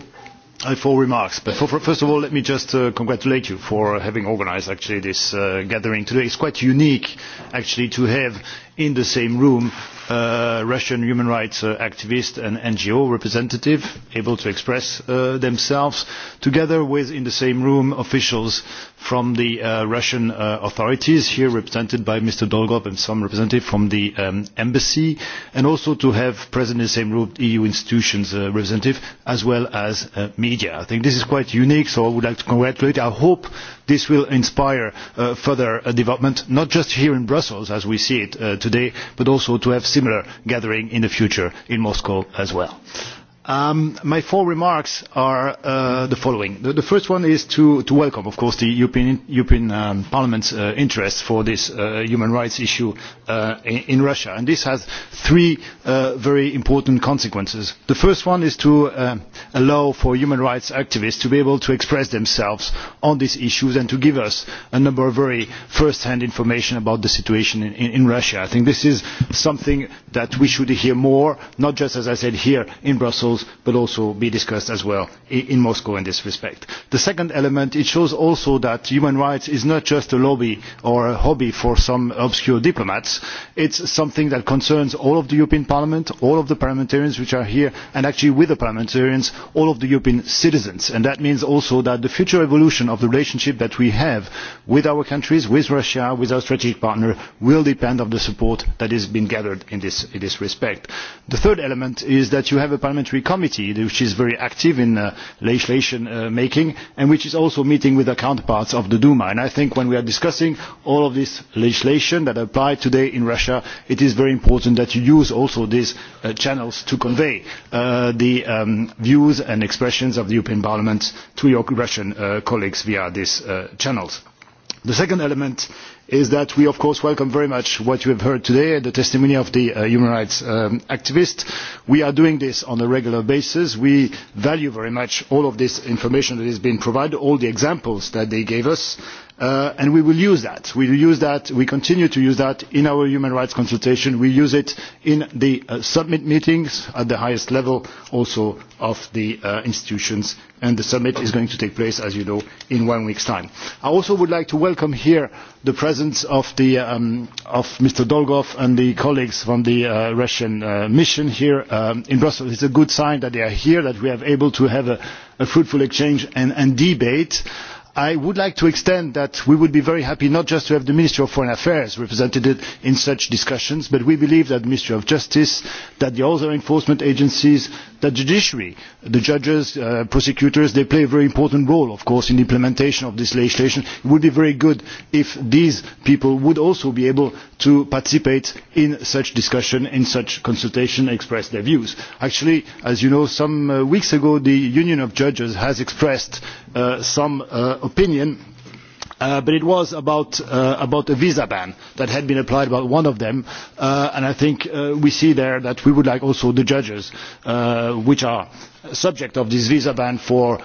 I have four remarks. But for, for, first of all, let me just uh, congratulate you for having organised actually this uh, gathering today. It's quite unique actually to have in the same room a uh, Russian human rights uh, and NGO representative able to express uh, themselves, together with in the same room officials from the uh, Russian uh, authorities, here represented by Mr. Dolgov and some representative from the um, embassy, and also to have present in the same room EU institutions uh, representative as well as uh, media. I think this is quite unique, so I would like to congratulate. I hope this will inspire uh, further uh, development not just here in brussels as we see it uh, today but also to have similar gatherings in the future in moscow as well. Um, my four remarks are uh, the following. The, the first one is to, to welcome, of course, the European, European um, Parliament's uh, interest for this uh, human rights issue uh, in, in Russia. And this has three uh, very important consequences. The first one is to uh, allow for human rights activists to be able to express themselves on these issues and to give us a number of very first-hand information about the situation in, in, in Russia. I think this is something that we should hear more, not just, as I said, here in Brussels, proposals will also be discussed as well in moscow in this respect. the second element it shows also that human rights is not just a lobby or a hobby for some obscure diplomats it is something that concerns all of the european parliament all of the parliamentarians who are here and actually with the parliamentarians all of the european citizens and that means also that the future evolution of the relationship that we have with our countries with russia with our strategic partner will depend on the support that has been gathered in this, in this respect. the third element is that you have a parliamentary committee which is very active in uh, legislation uh, making and which is also meeting with the counterparts of the duma. i think when we are discussing all of this legislation that applies today in russia it is very important that you use also these uh, channels to convey the um, views and expressions of the european parliament to your russian colleagues via these channels. the second element is that we of course welcome very much what you have heard today and the testimony of the uh, human rights um, activists. we are doing this on a regular basis. we value very much all of this information that has been provided all the examples that they gave us uh, and we will use that. we will use that we continue to use that in our human rights consultation. we use it in the uh, summit meetings at the highest level also of the institutions and the summit is going to take place as you know in one week's time. i also would like to welcome here the presence of, the, um, of mr dolgov and the colleagues from the uh, russian uh, mission here um, in brussels is a good sign that they are here that we are able to have a, a fruitful exchange and, and debate i would like to extend that we would be very happy not just to have the minister of foreign affairs represented in such discussions but we believe that the ministry of justice that the other enforcement agencies the judiciary the judges and uh, prosecutors they play a very important role of course in the implementation of this legislation. it would be very good if these people would also be able to participate in such discussion in such consultation and express their views. actually as you know some uh, weeks ago the union of judges has expressed Uh, some uh, opinion Uh, but it was about, uh, about a visa ban that had been applied by one of them uh, and i think uh, we see there that we would like also the judges which are subject of this visa ban for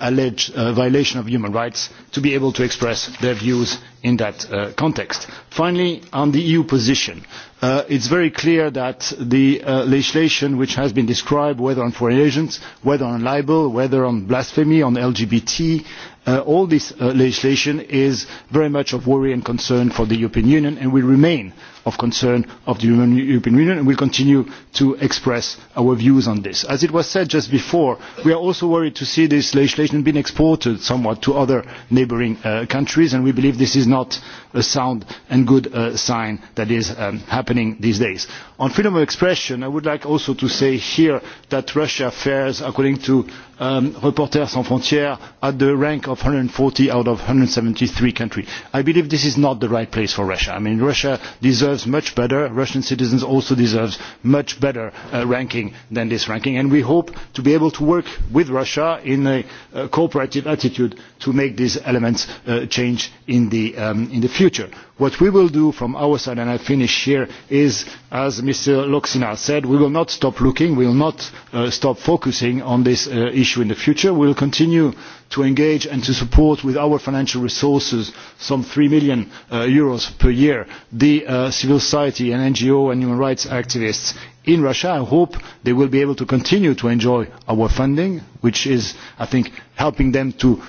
alleged violation of human rights to be able to express their views in that uh, context. finally on the eu position uh, it is very clear that the uh, legislation which has been described whether on foreign agents whether on libel whether on blasphemy on lgbt uh, all this uh, legislation is very much of worry and concern for the european union and will remain of concern of the European Union and we will continue to express our views on this. As was said just before, we are also worried to see this legislation being exported somewhat to other neighbouring uh, countries and we believe this is not a sound and good uh, sign that is um, happening these days. On freedom of expression, I would like also to say here that Russia fares according to um, Reporters Sans Frontières at the rank of 140 out of 173 countries. I believe this is not the right place for Russia. I mean, Russia deserves much better. Russian citizens also deserve much better uh, ranking than this ranking. And we hope to be able to work with Russia in a, uh, cooperative attitude to make these elements uh, change in the, um, in the future what we will do from our side and i finish here is as mr lochbihler said we will not stop looking we will not uh, stop focusing on this uh, issue in the future. we will continue to engage and to support with our financial resources some eur three million uh, Euros per year the civil society and ngo and human rights activists in russia. i hope they will be able to continue to enjoy our funding which is i think helping them to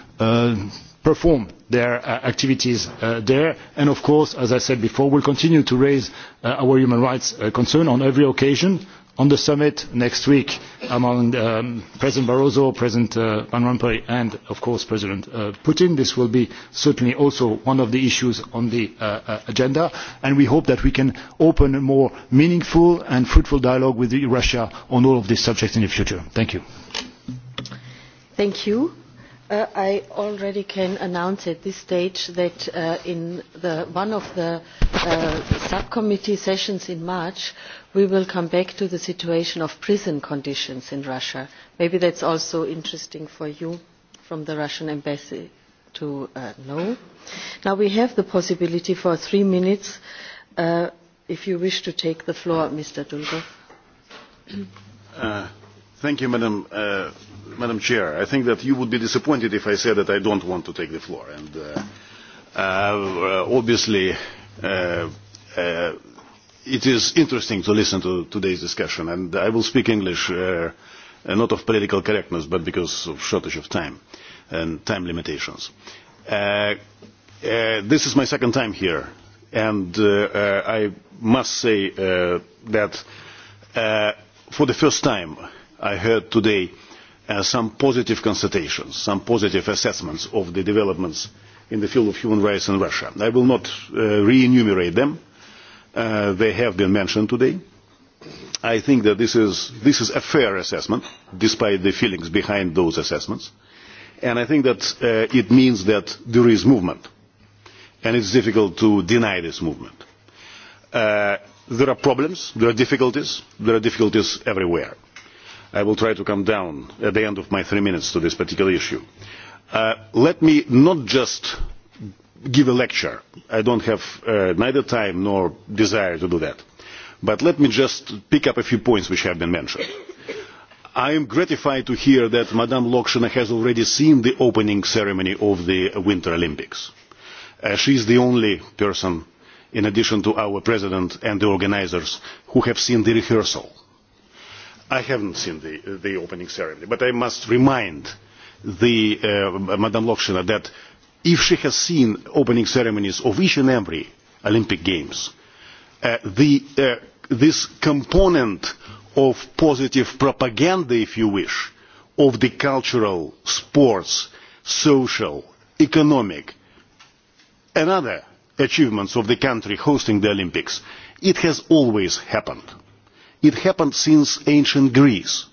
perform their uh, activities uh, there and of course as i said before we will continue to raise uh, our human rights concerns on every occasion on the summit next week among um, president barroso president van rompuy and of course president putin. this will be certainly also one of the issues on the agenda and we hope that we can open a more meaningful and fruitful dialogue with russia on all of these subjects in the future. thank you. Thank you. Uh, I already can announce at this stage that uh, in one of the uh, subcommittee sessions in March, we will come back to the situation of prison conditions in Russia. Maybe that's also interesting for you from the Russian embassy to know. Now we have the possibility for three minutes if you wish to take the floor, Mr. Dulgov. Thank you, Madam, president uh, Chair. I think that you would be disappointed if I said that I don't want to take the floor. And uh, uh, obviously, it is interesting to listen to today's discussion, and I will speak English, not of political correctness, but because of shortage of time and time limitations. this is my second time here, and I must say that for the first time, I heard today uh, some positive constatations, some positive assessments of the developments in the field of human rights in Russia. I will not uh, re-enumerate them. Uh, they have been mentioned today. I think that this is, this is a fair assessment, despite the feelings behind those assessments. And I think that uh, it means that there is movement. And it's difficult to deny this movement. Uh, there are problems, there are difficulties, there are difficulties everywhere I will try to come down at the end of my three minutes to this particular issue. Uh, let me not just give a lecture. I don't have uh, neither time nor desire to do that. But let me just pick up a few points which have been mentioned. I am gratified to hear that Madame Lokshina has already seen the opening ceremony of the Winter Olympics. Uh, she is the only person, in addition to our president and the organizers, who have seen the rehearsal I haven't seen the, the opening ceremony, but I must remind the, uh, Lokshina that if she has seen opening ceremonies of each and every Olympic Games, uh, the, uh, this component of positive propaganda, if you wish, of the cultural, sports, social, economic, and other achievements of the country hosting the Olympics, it has always happened It happened since ancient Greece.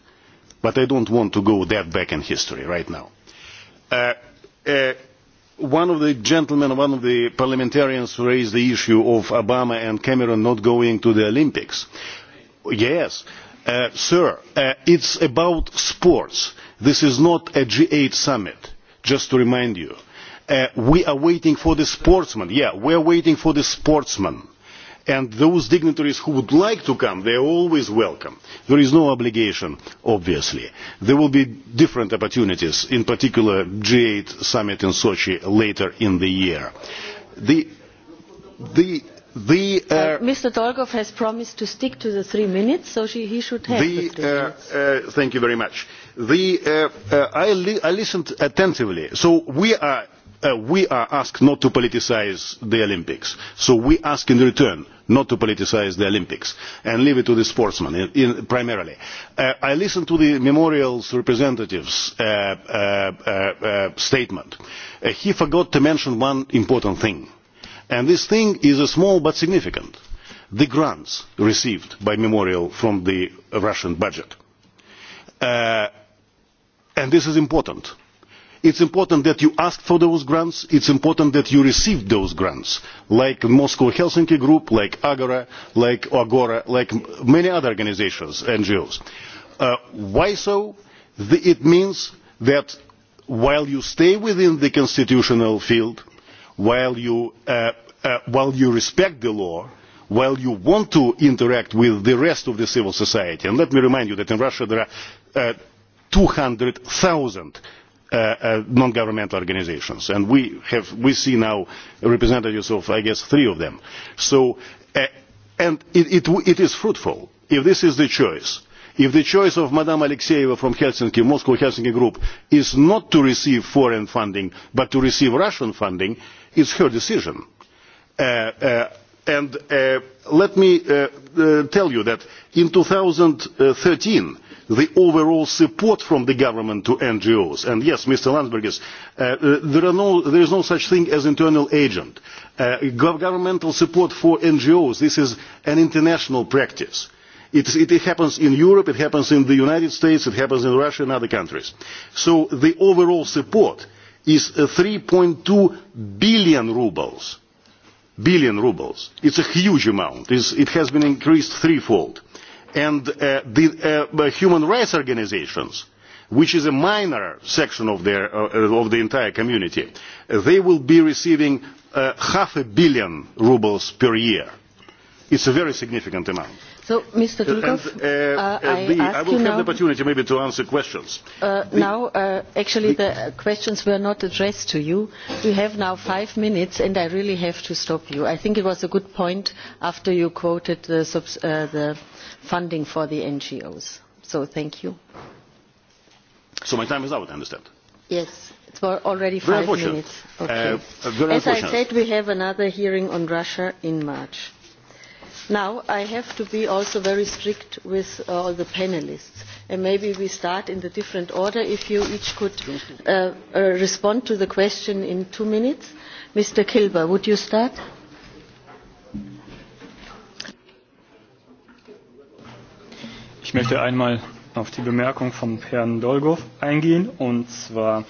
But I don't want to go that back in history right now. Uh, uh, one of the gentlemen, one of the parliamentarians raised the issue of Obama and Cameron not going to the Olympics. Yes, uh, sir, uh, it's about sports. This is not a G8 summit, just to remind you. Uh, we are waiting for the sportsman. Yeah, we are waiting for the sportsman and those dignitaries who would like to come they are always welcome. there is no obligation obviously. there will be different opportunities in particular the g eight summit in sochi later in the year. The, the, the, uh, uh, mr dolgov has promised to stick to the three minutes so she, he should have the, the uh, uh, thank you very much. The, uh, uh, I, li I listened attentively so we are Uh, we are asked not to politicise the olympics so we ask in return not to politicise the olympics and leave it to the sportsmen primarily. Uh, i listened to the memorial's representative's uh, statement. he forgot to mention one important thing and this thing is small but significant the grants received by memorial from the russian budget. this is important it is important that you ask for those grants it is important that you receive those grants like the moscow helsinki group like agora like agora like many other organisations and ngos. Uh, why so? it means that while you stay within the constitutional field while you, uh, uh, while you respect the law while you want to interact with the rest of the civil society and let me remind you that in russia there are uh, two hundred thousand Uh, uh, non governmental organisations and we have see now representatives of i guess three of them so uh, and it, is fruitful if this is the choice if the choice of ms alekseyeva from helsinki moscow helsinki group is not to receive foreign funding but to receive russian funding it is her decision. and let me tell you that in two thousand and thirteen the overall support from the government to ngos and yes mr landsbergis uh, uh, there, no, there is no such thing as internal agent. Uh, governmental support for ngos this is an international practice. It, it happens in europe it happens in the united states it happens in russia and other countries. so the overall support is three two billion rubles billion rubles. it is a huge amount. It's, it has been increased threefold and uh, the uh, uh, human rights organisations which is a minor section of, their, uh, of the entire community, uh, they will be receiving uh, half a billion rubles per year. It's a very significant amount. So, Mr. Dukov, uh, uh, I, the, ask I will you have now, the opportunity maybe to answer questions. Uh, the, now, uh, actually, the, the questions were not addressed to you. We have now five minutes, and I really have to stop you. I think it was a good point after you quoted the, uh, the funding for the NGOs. So thank you. So my time is up, I understand. Yes, it's already five uh, very minutes. Okay. Uh, As I said, we have another hearing on Russia in March. Now, I have to be also very strict with uh, all the panelists. And maybe we start in the different order. If you each could uh, uh, respond to the question in two minutes. Mr. Kilber, would you start? Ich möchte einmal auf die Bemerkung von Herrn Dolgov eingehen. Und zwar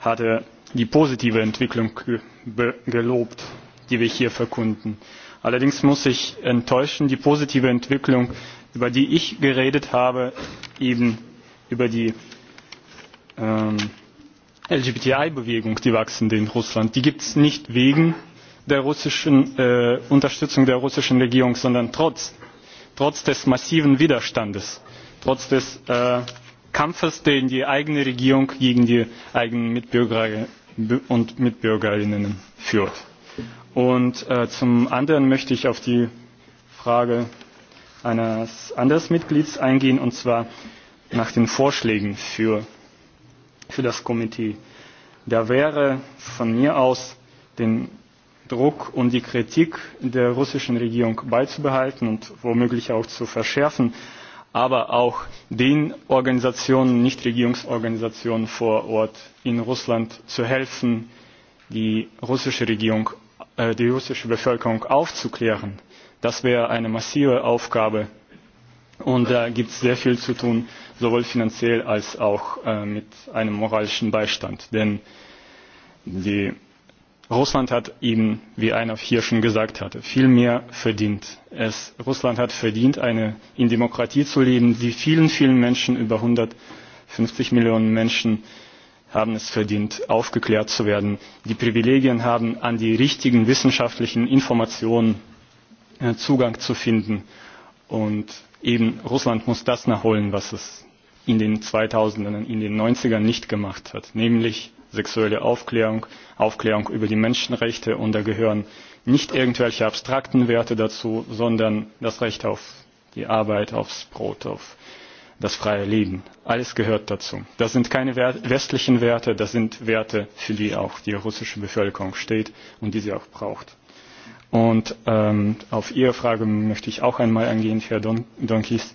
hat er die positive Entwicklung gelobt, die wir hier verkunden. Allerdings muss ich enttäuschen, die positive Entwicklung, über die ich geredet habe, eben über die ähm, LGBTI-Bewegung, die wachsende in Russland, die gibt es nicht wegen der russischen äh, Unterstützung der russischen Regierung, sondern trotz trotz des massiven widerstandes trotz des äh, kampfes den die eigene regierung gegen die eigenen mitbürger und mitbürgerinnen führt. Äh, zum anderen möchte ich auf die Frage eines anderen Mitglieds eingehen, und zwar nach den Vorschlägen für, für das Komitee. Da wäre von mir aus den Druck und die Kritik der russischen Regierung beizubehalten und womöglich auch zu verschärfen, aber auch den Organisationen, Nichtregierungsorganisationen vor Ort in Russland zu helfen, die russische Regierung, äh, die russische Bevölkerung aufzuklären. Das wäre eine massive Aufgabe und da gibt es sehr viel zu tun, sowohl finanziell als auch äh, mit einem moralischen Beistand. Denn die Russland hat eben, wie einer hier schon gesagt hatte, viel mehr verdient. Es, Russland hat verdient, eine, in Demokratie zu leben. Die vielen, vielen Menschen, über 150 Millionen Menschen, haben es verdient, aufgeklärt zu werden, die Privilegien haben, an die richtigen wissenschaftlichen Informationen äh, Zugang zu finden. Und eben Russland muss das nachholen, was es in den 2000ern, in den 90ern nicht gemacht hat, nämlich sexuelle Aufklärung, Aufklärung über die Menschenrechte. Und da gehören nicht irgendwelche abstrakten Werte dazu, sondern das Recht auf die Arbeit, aufs Brot, auf das freie Leben. Alles gehört dazu. Das sind keine westlichen Werte, das sind Werte, für die auch die russische Bevölkerung steht und die sie auch braucht. Und ähm, auf Ihre Frage möchte ich auch einmal eingehen, Herr Don Donkis,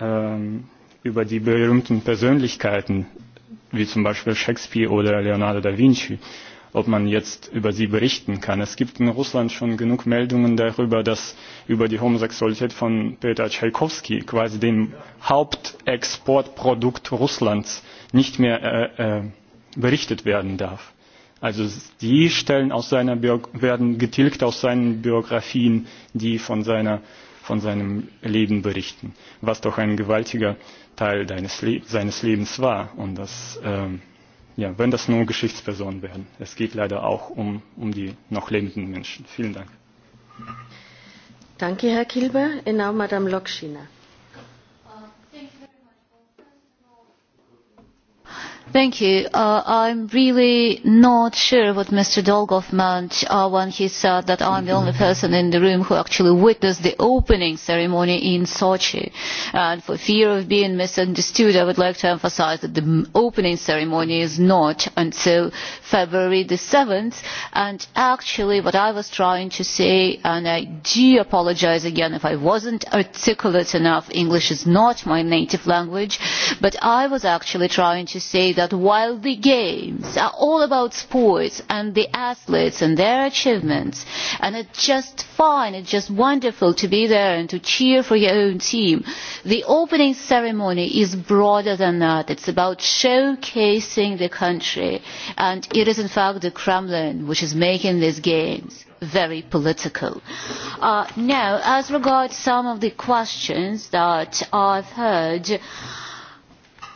ähm, über die berühmten Persönlichkeiten, wie zum Beispiel Shakespeare oder Leonardo da Vinci, ob man jetzt über sie berichten kann. Es gibt in Russland schon genug Meldungen darüber, dass über die Homosexualität von Peter Tchaikovsky, quasi dem Hauptexportprodukt Russlands, nicht mehr äh, äh, berichtet werden darf. Also die Stellen aus seiner Bio werden getilgt aus seinen Biografien, die von, seiner, von seinem Leben berichten, was doch ein gewaltiger äh, Teil deines Le seines Lebens war und das, ähm, ja, wenn das nur Geschichtspersonen werden, Es geht leider auch um, um die noch lebenden Menschen. Vielen Dank. Danke, Herr Kilber. And now, Madame Lokschina. Thank you. Uh, I'm really not sure what Mr. Dolgov meant uh, when he said that I'm the only person in the room who actually witnessed the opening ceremony in Sochi. And for fear of being misunderstood, I would like to emphasize that the opening ceremony is not until February the 7th. And actually, what I was trying to say, and I do apologize again if I wasn't articulate enough, English is not my native language, but I was actually trying to say that while the games are all about sports and the athletes and their achievements and it's just fine it's just wonderful to be there and to cheer for your own team the opening ceremony is broader than that it's about showcasing the country and it is in fact the kremlin which is making these games very political. Uh, now, as regards some of the questions that I've heard,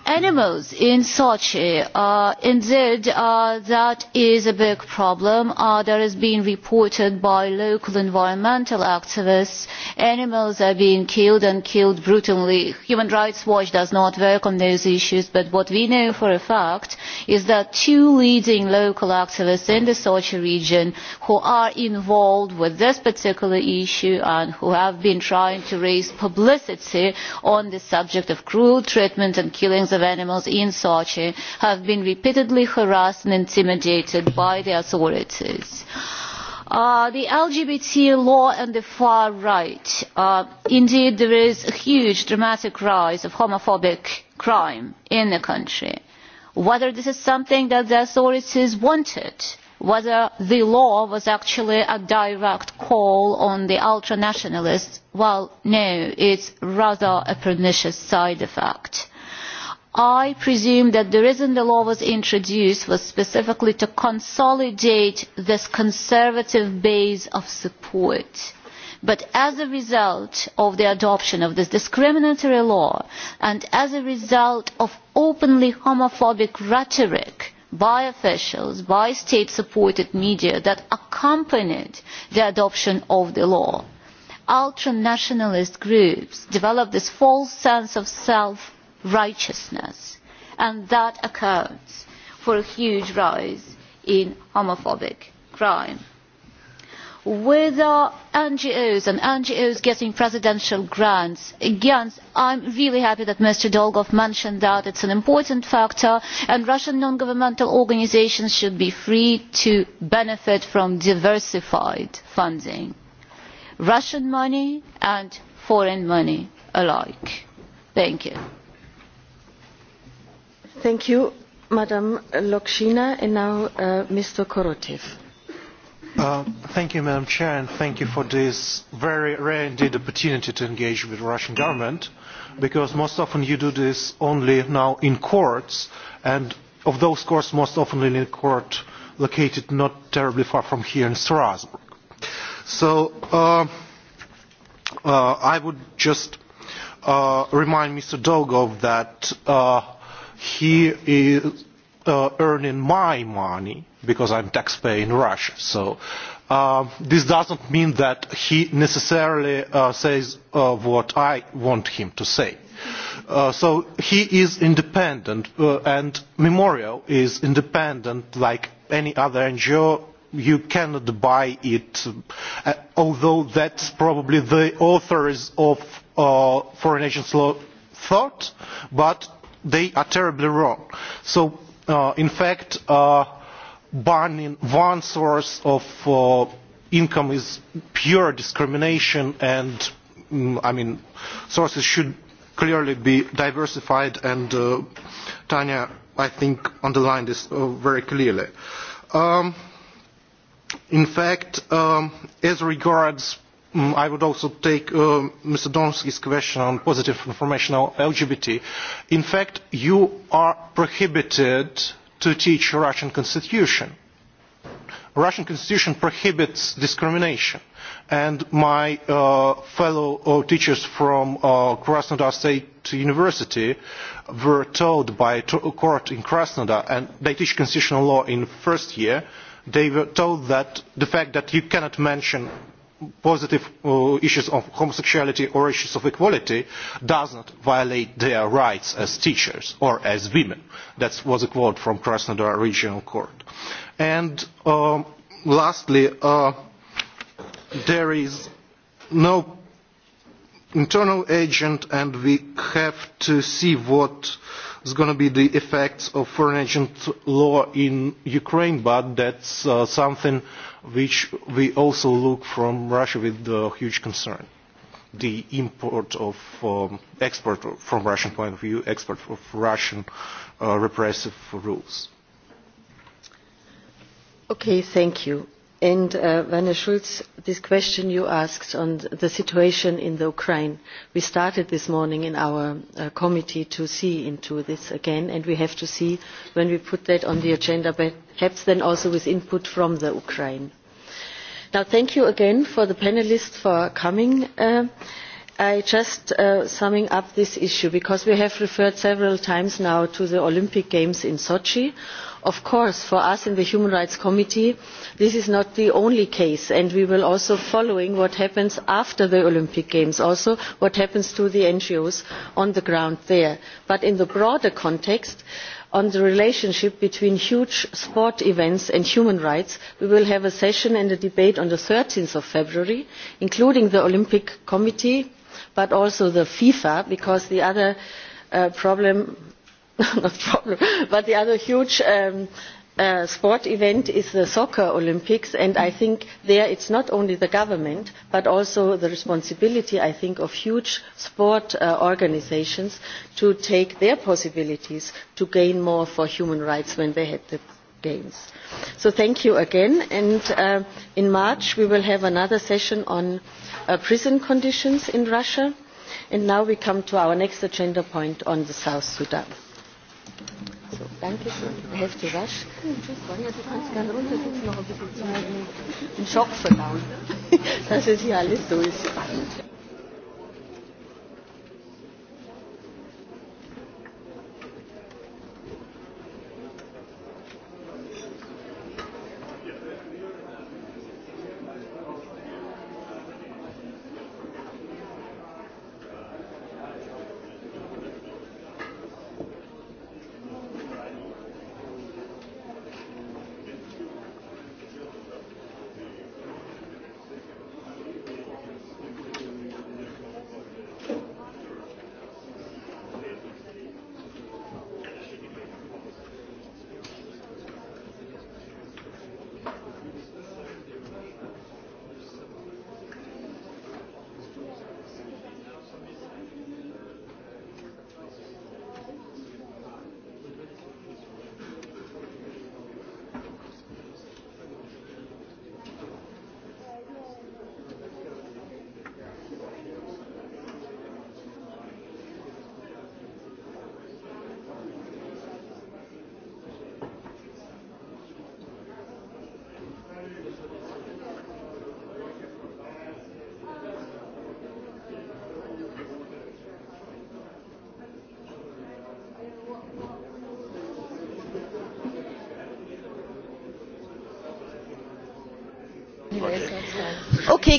animals in Sochi. Uh, indeed, uh, that is a big problem uh, that has been reported by local environmental activists. Animals are being killed and killed brutally. Human Rights Watch does not work on those issues, but what we know for a fact is that two leading local activists in the Sochi region who are involved with this particular issue and who have been trying to raise publicity on the subject of cruel treatment and killings of animals in sochi have been repeatedly harassed and intimidated by the authorities. Uh, the lgbt law and the far right uh, indeed there is a huge dramatic rise of homophobic crime in the country. whether this is something that the authorities wanted whether the law was actually a direct call on the ultra nationalists well no it's rather a pernicious side effect I presume that the reason the law was introduced was specifically to consolidate this conservative base of support but as a result of the adoption of this discriminatory law and as a result of openly homophobic rhetoric by officials by state supported media that accompanied the adoption of the law ultra nationalist groups developed this false sense of self righteousness and that accounts for a huge rise in homophobic crime. our NGOs and NGOs getting presidential grants, again, I'm really happy that Mr. Dolgov mentioned that it's an important factor and Russian non-governmental organizations should be free to benefit from diversified funding. Russian money and foreign money alike. Thank you. Madam president uh, uh, and thank you, for this very rare indeed opportunity to engage with the Russian government, because most often you do this only now in courts, and of those courts, most often in a court located not terribly far from here in Strasbourg. So uh, I would just remind Mr. Dogov that he is uh, earning my money because I'm taxpayer in Russia. So uh, this doesn't mean that he necessarily uh, says uh, what I want him to say. Uh, so he is independent uh, and Memorial is independent like any other NGO. You cannot buy it, uh, although that's probably the authors of uh, foreign agents law thought, but they are terribly wrong. So, uh, in fact, uh, banning one source of uh, income is pure discrimination and, mm, I mean, sources should clearly be diversified and uh, Tanya, I think, underlined this uh, very clearly. Um, in fact, um, as regards Mm, I would also take uh, Mr. Donsky's question on positive information on LGBT. In fact, you are prohibited to teach Russian constitution. Russian constitution prohibits discrimination. And my uh, fellow uh, teachers from uh, Krasnodar State University were told by a uh, court in Krasnodar, and they teach constitutional law in first year, they were told that the fact that you cannot mention positive uh, issues of homosexuality or issues of equality does not violate their rights as teachers or as women. That was a quote from Krasnodar Regional Court. And um, lastly, uh, there is no internal agent and we have to see what is going to be the effects of foreign agent law in Ukraine, but that's uh, something which we also look from Russia with uh, huge concern. The import of um, export from Russian point of view, export of Russian uh, repressive rules. Okay, thank you and uh, werner schulz this question you asked on the situation in ukraine we started this morning in our uh, committee to see into this again and we have to see when we put that on the agenda perhaps then also with input from the ukraine. Now, thank you again for the panelists for coming. Uh, i just uh, summing up this issue because we have referred several times now to the olympic games in sochi of course for us in the human rights committee this is not the only case and we will also be following what happens after the olympic games also what happens to the ngos on the ground there. but in the broader context on the relationship between huge sport events and human rights we will have a session and a debate on thirteen february including the olympic committee but also fifa because the other uh, problem not problem but the other huge um, uh, sport event is the soccer olympics and i think there it's not only the government but also the responsibility i think of huge sport uh, organisations to take their possibilities to gain more for human rights when they had the games so thank you again and uh, in march we will have another session on uh, prison conditions in russia and now we come to our next agenda point on the south sudan So, danke schön. I have to rush. Tschüss, Ronja, du kannst gerne runter sitzen, noch ein bisschen Zeit im Schock verdauen, dass es hier alles so ist.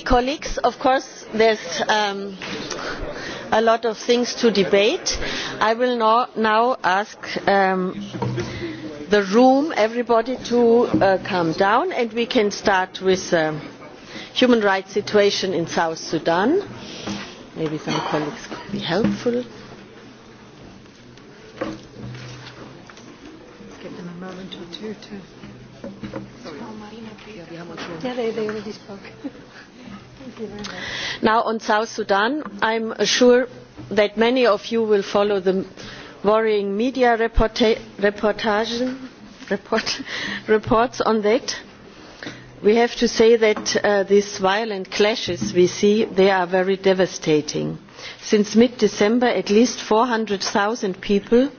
colleagues, of course there are um, a lot of things to debate. I will now ask um, the room, everybody to uh, calm down and we can start with the human rights situation in South Sudan. Maybe some colleagues could be helpful. Yeah, they, they already spoke. now on south sudan i am sure that many of you will follow the worrying media reports on that. we have to say that uh, these violent clashes we see they are very devastating. since mid december at least four hundred zero people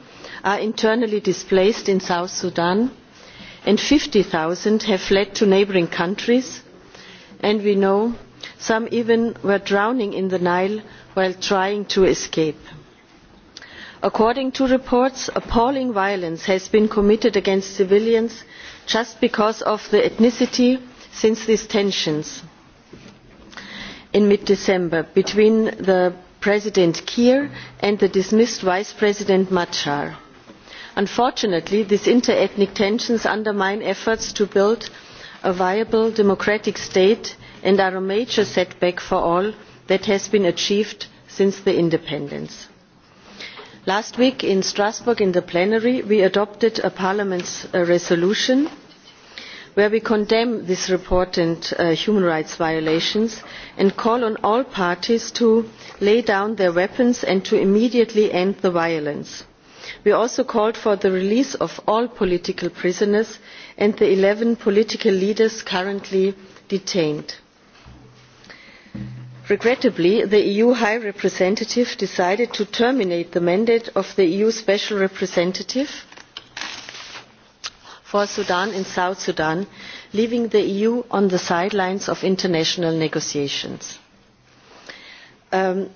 are internally displaced in south sudan and fifty zero have fled to neighbouring countries and we know some even were drowning in the nile while trying to escape. according to reports appalling violence has been committed against civilians just because of their ethnicity since these tensions in mid december between the president kiir and the dismissed vice president machar. unfortunately these inter ethnic tensions undermine efforts to build a viable democratic state and are a major setback for all that has been achieved since the independence. last week in strasbourg in the plenary we adopted a parliament's uh, resolution where we condemn this report and uh, human rights violations and call on all parties to lay down their weapons and to immediately end the violence. we also called for the release of all political prisoners and the eleven political leaders currently detained regrettably the eu high representative decided to terminate the mandate of the eu special representative for sudan and south sudan leaving the eu on the sidelines of international negotiations. Um,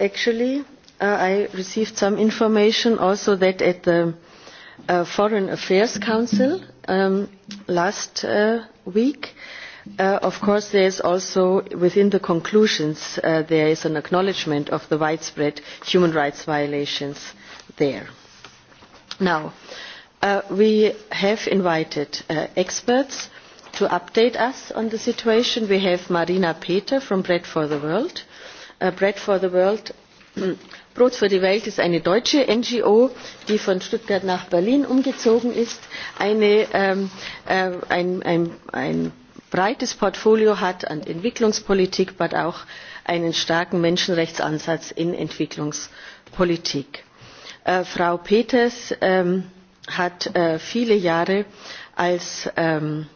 actually uh, i received some information also that at the uh, foreign affairs council um, last uh, week Uh, of course there is also within the conclusions uh, there is an acknowledgement of the widespread human rights violations there. Now, uh, we have invited experts to update us on the situation. We have Marina Peter from Bread for the World. Bread for the World Brot für die Welt ist eine deutsche NGO, die von Stuttgart nach Berlin umgezogen ist. Ähm, äh, ein breites portfolio hat an entwicklungspolitik aber auch einen starken menschenrechtsansatz in entwicklungspolitik. Äh, frau peters ähm, hat äh, viele jahre als ähm,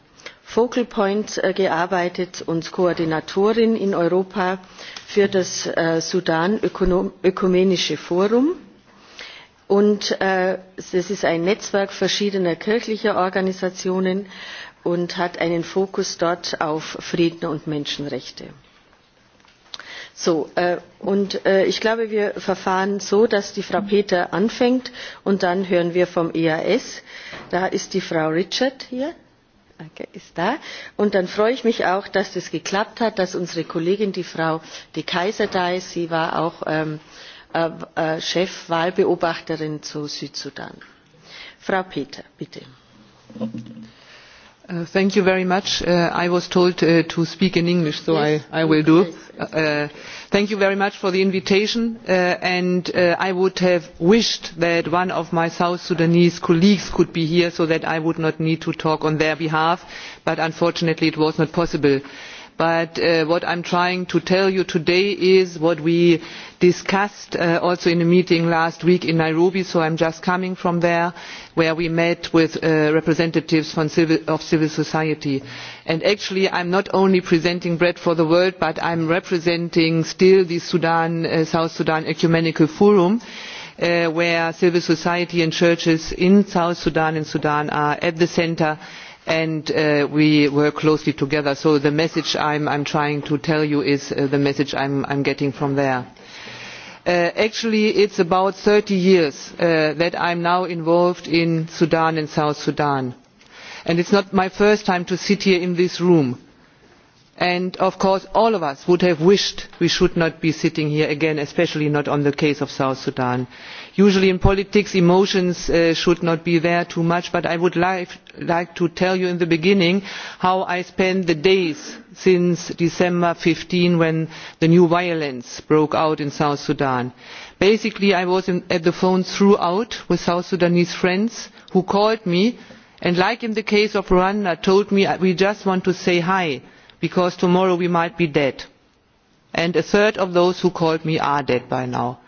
focal point äh, gearbeitet und koordinatorin in europa für das sudan ökumenische forum und es ist ein netzwerk verschiedener kirchlicher organisationen und hat einen Fokus dort auf Frieden und Menschenrechte. So, äh, und äh, ich glaube, wir verfahren so, dass die Frau Peter anfängt und dann hören wir vom EAS. Da ist die Frau Richard hier. Danke, ist da. Und dann freue ich mich auch, dass das geklappt hat, dass unsere Kollegin, die Frau De Kaiser, da ist. Sie war auch ähm, äh, äh Chefwahlbeobachterin zu Südsudan. Frau Peter, bitte. Okay. Uh, thank you very much. Uh, i was told uh, to speak in english so I, i will do. thank you very much for the invitation and i would have wished that one of my south sudanese colleagues could be here so that i would not need to talk on their behalf but unfortunately it was not possible but uh, what i am trying to tell you today is what we discussed uh, also in a meeting last week in nairobi so i am just coming from there where we met with uh, representatives of civil society. And actually i am not only presenting bread for the world but i am representing still the south sudan ecumenical forum where civil society and churches in south sudan and sudan are at the centre and uh, we work closely together so the message i am trying to tell you is uh, the message i am getting from there. Uh, actually it is about thirty years that i am now involved in sudan and south sudan and it is not my first time to sit here in this room and of course all of us would have wished we should not be sitting here again especially not on the case of south sudan usually in politics emotions uh, should not be there too much but i would like, to tell you at the beginning how i spent the days since fifteen december when the new violence broke out in south sudan. basically i was on the phone throughout with south sudanese friends who called me and like in the case of rwanda told me we just want to say hi because tomorrow we might be dead' and a third of those who called me are dead by now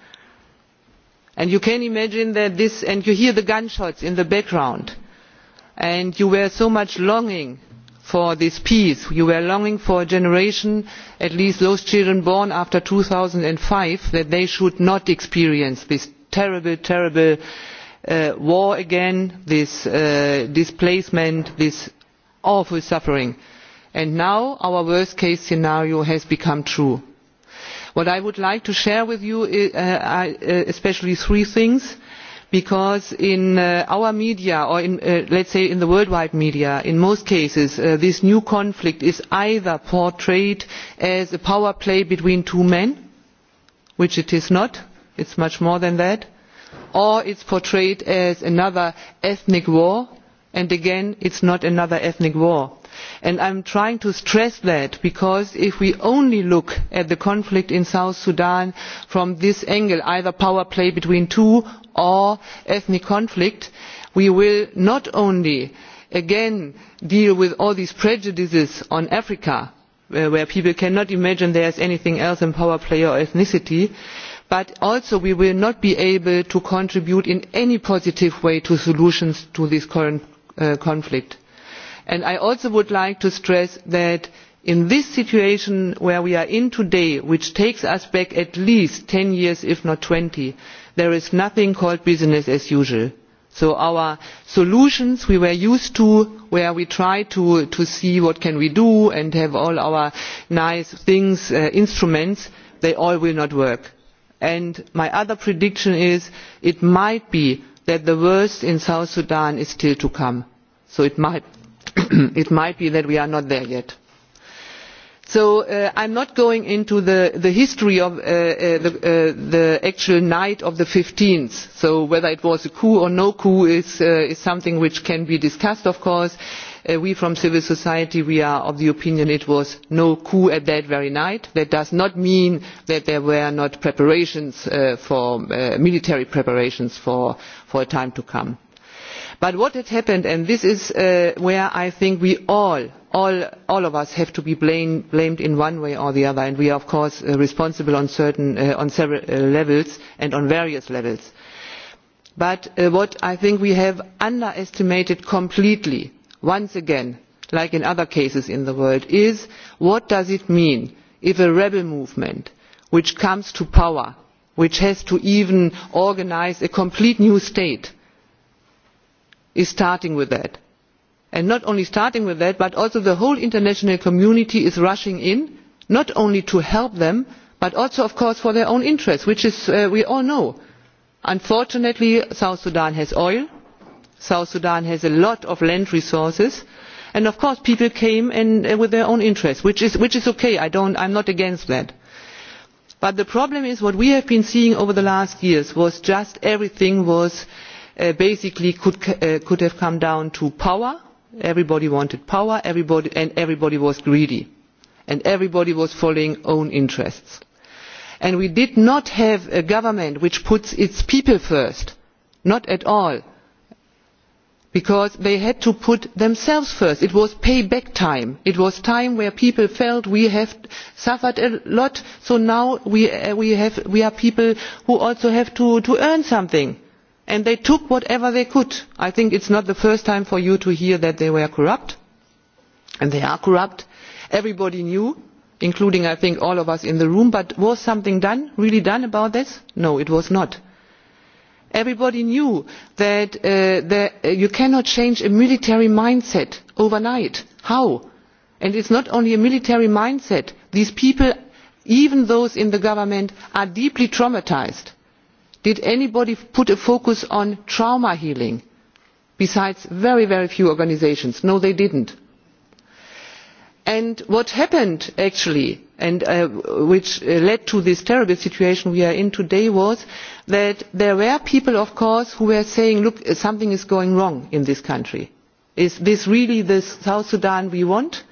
you can imagine that this and you hear the gunshots in the background and you were so much longing for this peace you were longing for a generation at least those children born after two thousand and five that they should not experience this terrible terrible uh, war again this uh, displacement this awful suffering and now our worst case scenario has become true what i would like to share with you uh, are uh, especially three things because in uh, our media or let us say in the worldwide media in most cases this new conflict is either portrayed as a power play between two men which it is not it is much more than that or it is portrayed as another ethnic war and again it is not another ethnic war and i am trying to stress that because if we only look at the conflict in south sudan from this angle either power play between two or ethnic conflict we will not only again deal with all these prejudices on africa uh, where people cannot imagine there is anything else than power play or ethnicity but also we will not be able to contribute in any positive way to solutions to this current uh, conflict i also would like to stress that in this situation where we are in today which takes us back at least ten years if not twenty there is nothing called business as usual. so our solutions we were used to where we tried to, see what can we do and have all our nice things uh, instruments they all will not work. And my other prediction is it might be that the worst in south sudan is still to come so it might it might be that we are not there yet. Uh, i am not going into the, history of uh, uh, the, actual night of fifteen so whether it was a coup or no coup is, something which can be discussed of course. we from civil society are of the opinion that it was no coup on that very night. that does not mean that there were not preparations military preparations for a time to come but what has happened and this is uh, where i think we all have to be blamed in one way or the other and we are of course uh, responsible on, certain, uh, on several levels and on various levels but what i think we have underestimated completely once again as in other cases in the world is what does it mean if a rebel movement which comes to power which has to even organise a complete new state is starting with that and not only starting with that but also the whole international community is rushing in not only to help them but also of course for their own interests which is, uh, we all know. unfortunately south sudan has oil south sudan has a lot of land resources and of course people came uh, with their own interests which is, which ok i am not against that. but the problem is that what we have been seeing over the last years was just that everything was Uh, basically uh, could, have come down to power everybody wanted power and everybody was greedy and everybody was following their own interests. we did not have a government which puts its people first not at all because they had to put themselves first. it was pay back time it was a time when people felt we have suffered a lot so now we, uh, are people who also have to earn something and they took whatever they could. i think it is not the first time for you to hear that they were corrupt and they are corrupt. everybody knew including i think all of us in the room but was something really done about this? no it was not. everybody knew that, uh, that uh, you cannot change a military mindset overnight. how? and it is not only a military mindset these people even those in the government are deeply traumatised did anybody put a focus on trauma healing besides very very few organisations? no they did not. what happened actually and uh, which uh, led to this terrible situation we are in today was that there were people of course who were saying look uh, something is going wrong in this country is this really the south sudan we want?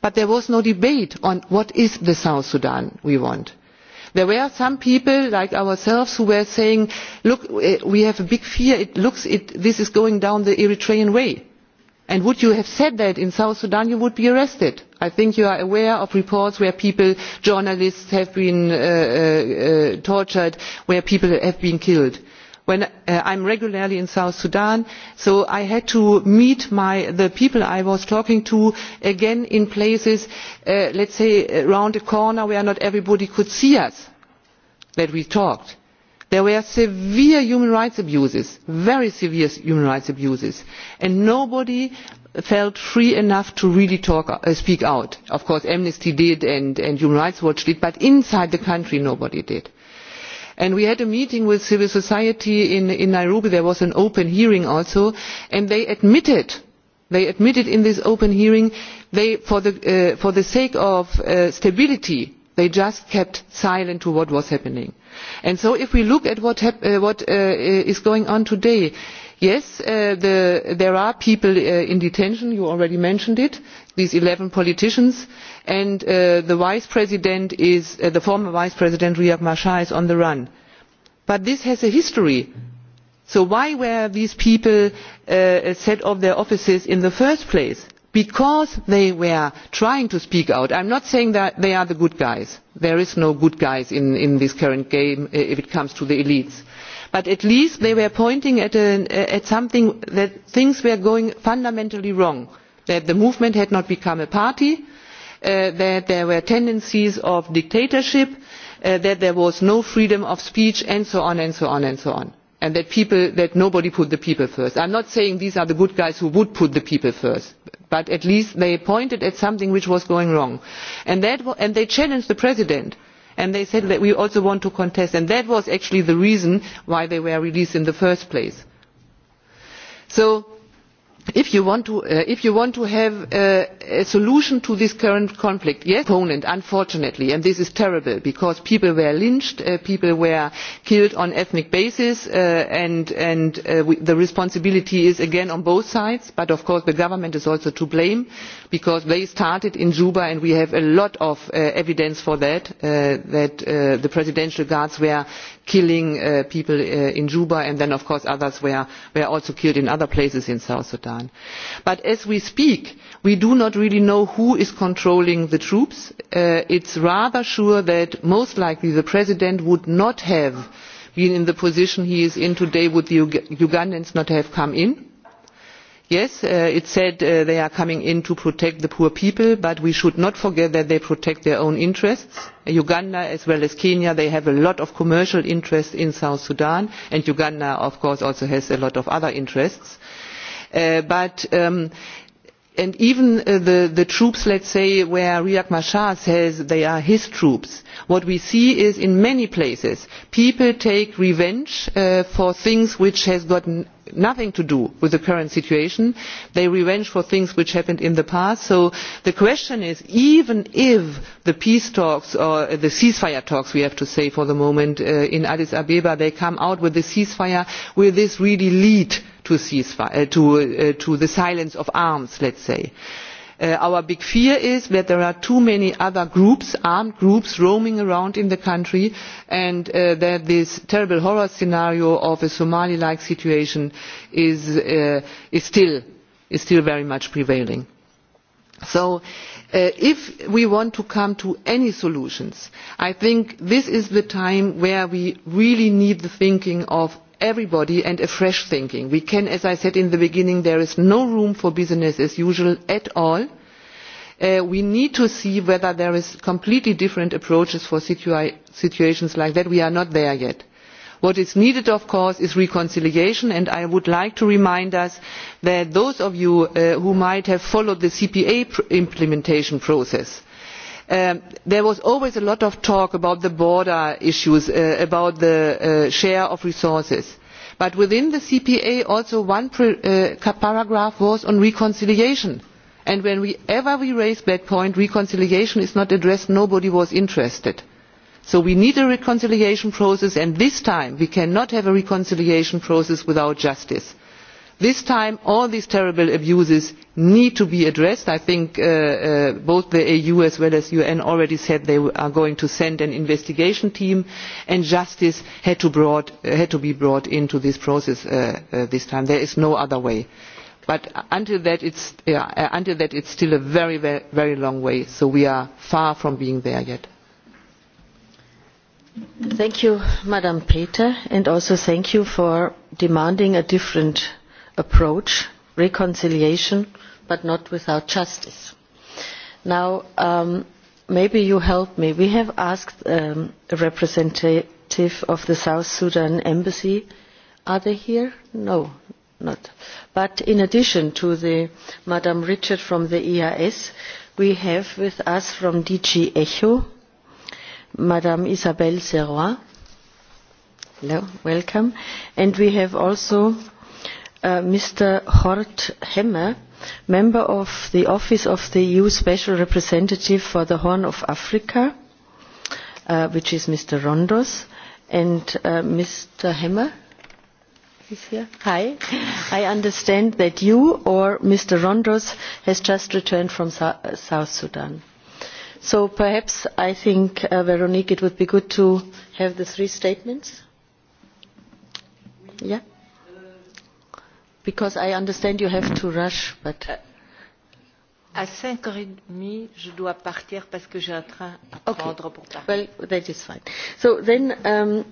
but there was no debate on what is the south sudan we want there were some people like ourselves who were saying look eh, we have a big fear it looks if this is going down the eritrean way and would you have said that in south sudan you would be arrested. i think you are aware of reports where people journalists have been uh, uh, uh, tortured where people have been killed when uh, i am regularly in south sudan so i had to meet the people i was talking to again in places uh, let us say round a corner where not everybody could see us that we talked. there were severe human rights abuses very severe human rights abuses and nobody felt free enough to really uh, speak out. of course amnesty did and human rights watch did but inside the country nobody did we had a meeting with civil society in, nairobi there was an open hearing also and they admitted they admitted in this open hearing that uh, for, the sake of uh, stability they just kept silent to what was happening. And so if we look at what, uh, what is going on today yes uh, there are people uh, in detention you already mentioned it these eleven politicians and uh, the vice president the former vice president riek machar is on the run but this has a history so why were these people set off their offices in the first place? because they were trying to speak out. i am not saying that they are the good guys there are no good guys in, in this current game if it comes to the elites but at least they were pointing at, something that things were going fundamentally wrong that the movement had not become a party uh, that there were tendencies of dictatorship uh, that there was no freedom of speech and so on and so on and so on and that, nobody put the people first. i am not saying these are the good guys who would put the people first but at least they pointed at something which was going wrong and they challenged the president and they said that we also want to contest and that was actually the reason why they were released in the first place. so Uh, if you want to, have uh, a solution to this current conflict yes poland unfortunately and this is terrible because people were lynched uh, people were killed on an ethnic basis and, the responsibility is again on both sides but of course the government is also to blame because they started in juba and we have a lot of evidence for that that the presidential guards were killing uh, people uh, in Juba and then of course others were, were also killed in other places in South Sudan. But as we speak, we do not really know who is controlling the troops. Uh, it's rather sure that most likely the president would not have been in the position he is in today would the Ugandans not have come in yes uh, it said uh, they are coming in to protect the poor people but we should not forget that they protect their own interests. uganda as well as kenya have a lot of commercial interests in south sudan and uganda of course also has a lot of other interests. Uh, but um, and even uh, the, troops let us say where riek machar says they are his troops what we see is in many places people take revenge uh, for things which have got nothing to do with the current situation they take revenge for things which happened in the past so the question is even if the peace talks or the ceasefire talks we have to say for the moment uh, in addis ababa come out with a ceasefire will this really lead to, ceasefire, uh, to, uh, to the silence of arms let us say. Uh, our big fear is that there are too many other groups armed groups roaming around in the country and that this terrible horror scenario of a somali like situation is, is, still, is still very much prevailing. so if we want to come to any solutions i think this is the time where we really need the thinking of everybody and a fresh thinking. we can as i said in the beginning there is no room for business as usual at all. Uh, we need to see whether there are completely different approaches for situations like that. we are not there yet. what is needed of course is reconciliation and i would like to remind us that those of you uh, who might have followed the cpa implementation process Um, there was always a lot of talk about the border issues uh, about the uh, share of resources but within the cpa also one uh, paragraph was on reconciliation and whenever we raised that point reconciliation is not addressed nobody was interested. so we need a reconciliation process and this time we cannot have a reconciliation process without justice this time all these terrible abuses need to be addressed. i think uh, uh, both the au as well as the un already said they are going to send an investigation team and justice had to, uh, be brought into this process this time. there is no other way. but until then it is still a very, very long way so we are far from being there yet. thank you ms peter and also thank you for demanding a different approach reconciliation but not without justice. now um, maybe you help me we have asked um, a representative of the south sudan embassy are they here? no not. but in addition to the madam richard from the eas we have with us from dg echo madam isabelle serrois hello welcome and we have also Uh, mr horst hemmer member of the office of the eu special representative for the horn of africa uh, which is mr rondos and uh, mr hemmer is here hi i understand that you or mr rondos has just returned from Su uh, south sudan so perhaps i think uh, veronique it would be good to have the three statements yeah because I understand you have to rush, but... Euh, à 5h30, je dois partir parce que j'ai un train à prendre okay. pour Paris. Well, that is fine. So then, um,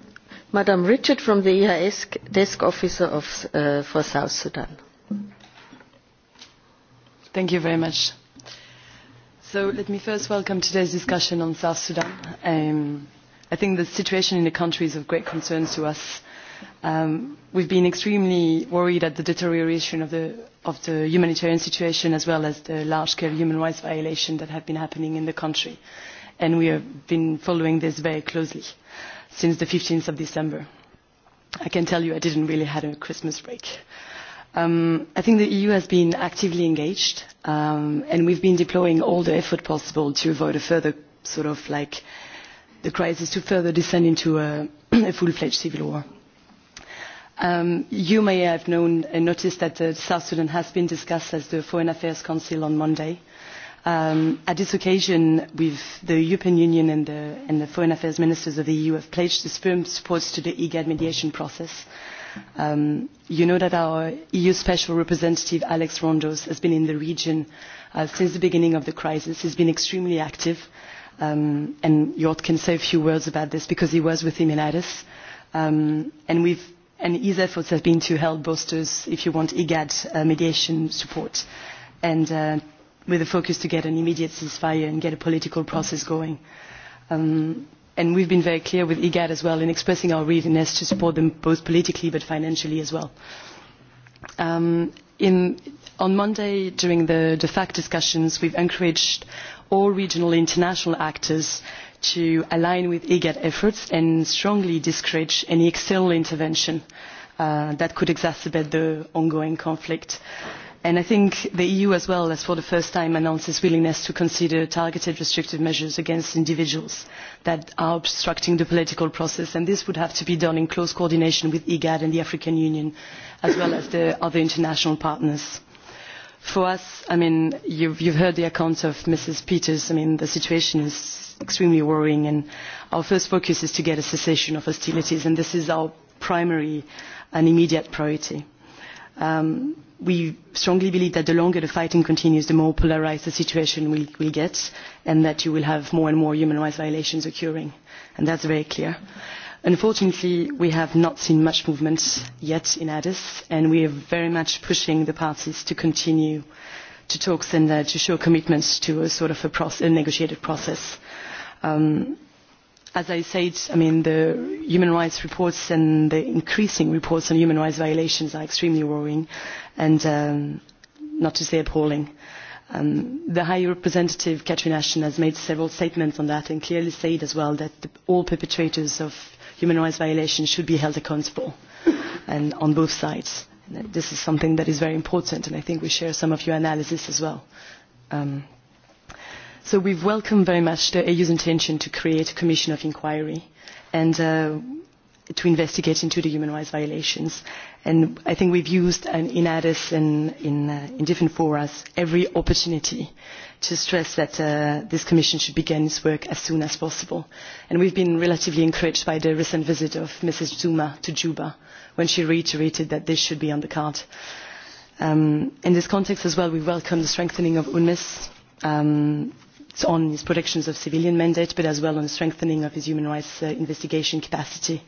Madam Richard from the EIS desk officer of, uh, for South Sudan. Thank you very much. So let me first welcome today's discussion on South Sudan. Um, I think the situation in the country is of great concern to us Um, we've been extremely worried at the deterioration of the, of the humanitarian situation as well as the large-scale human rights violations that have been happening in the country. And we have been following this very closely since the 15th of December. I can tell you I didn't really have a Christmas break. Um, I think the EU has been actively engaged um, and we've been deploying all the effort possible to avoid a further sort of like the crisis to further descend into a, a full-fledged civil war Um, you may have known uh, noticed that uh, South Sudan has been discussed at the Foreign Affairs Council on Monday. Um, at this occasion, we've, the European Union and the, and the Foreign Affairs Ministers of the EU have pledged this firm support to the IGAD e mediation process. Um, you know that our EU Special Representative Alex Rondos has been in the region uh, since the beginning of the crisis. He's been extremely active, um, and Jort can say a few words about this because he was with Emiratis. Um, and we've and his efforts have been to help bolster, if you want, IGAD e uh, mediation support, and uh, with a focus to get an immediate ceasefire and get a political process going. Um, and we've been very clear with IGAD e as well in expressing our readiness to support them both politically but financially as well. Um, in, on Monday, during the, the FAC discussions, we've encouraged all regional international actors to align with IGAD efforts and strongly discourage any external intervention uh, that could exacerbate the ongoing conflict. And I think the EU as well has for the first time announced its willingness to consider targeted restrictive measures against individuals that are obstructing the political process. And this would have to be done in close coordination with IGAD and the African Union, as well as the other international partners for us i mean you've you've heard the account of mrs peters i mean the situation is extremely worrying and our first focus is to get a cessation of hostilities and this is our primary and immediate priority. Um, we strongly believe that the longer the fighting continues, the more polarised the situation will, will get and that you will have more and more human rights violations occurring. And that's very clear. Unfortunately, we have not seen much movement yet in Addis and we are very much pushing the parties to continue to talk and uh, to show commitments to a sort of a, proce- a negotiated process Um, as I said, I mean, the human rights reports and the increasing reports on human rights violations are extremely worrying and um, not to say appalling. Um, the High Representative Catherine Ashton has made several statements on that and clearly said as well that the, all perpetrators of human rights violations should be held accountable and on both sides. And this is something that is very important and I think we share some of your analysis as well. Um, So we've welcomed very much the EU's intention to create a commission of inquiry and uh, to investigate into the human rights violations. And I think we've used an in ADIS and in, uh, in different forums every opportunity to stress that uh, this commission should begin its work as soon as possible. And we've been relatively encouraged by the recent visit of Mrs. Zuma to Juba when she reiterated that this should be on the card. Um, in this context as well, we welcome the strengthening of UNMIS um, on his protections of civilian mandate, but as well on the strengthening of his human rights uh, investigation capacity.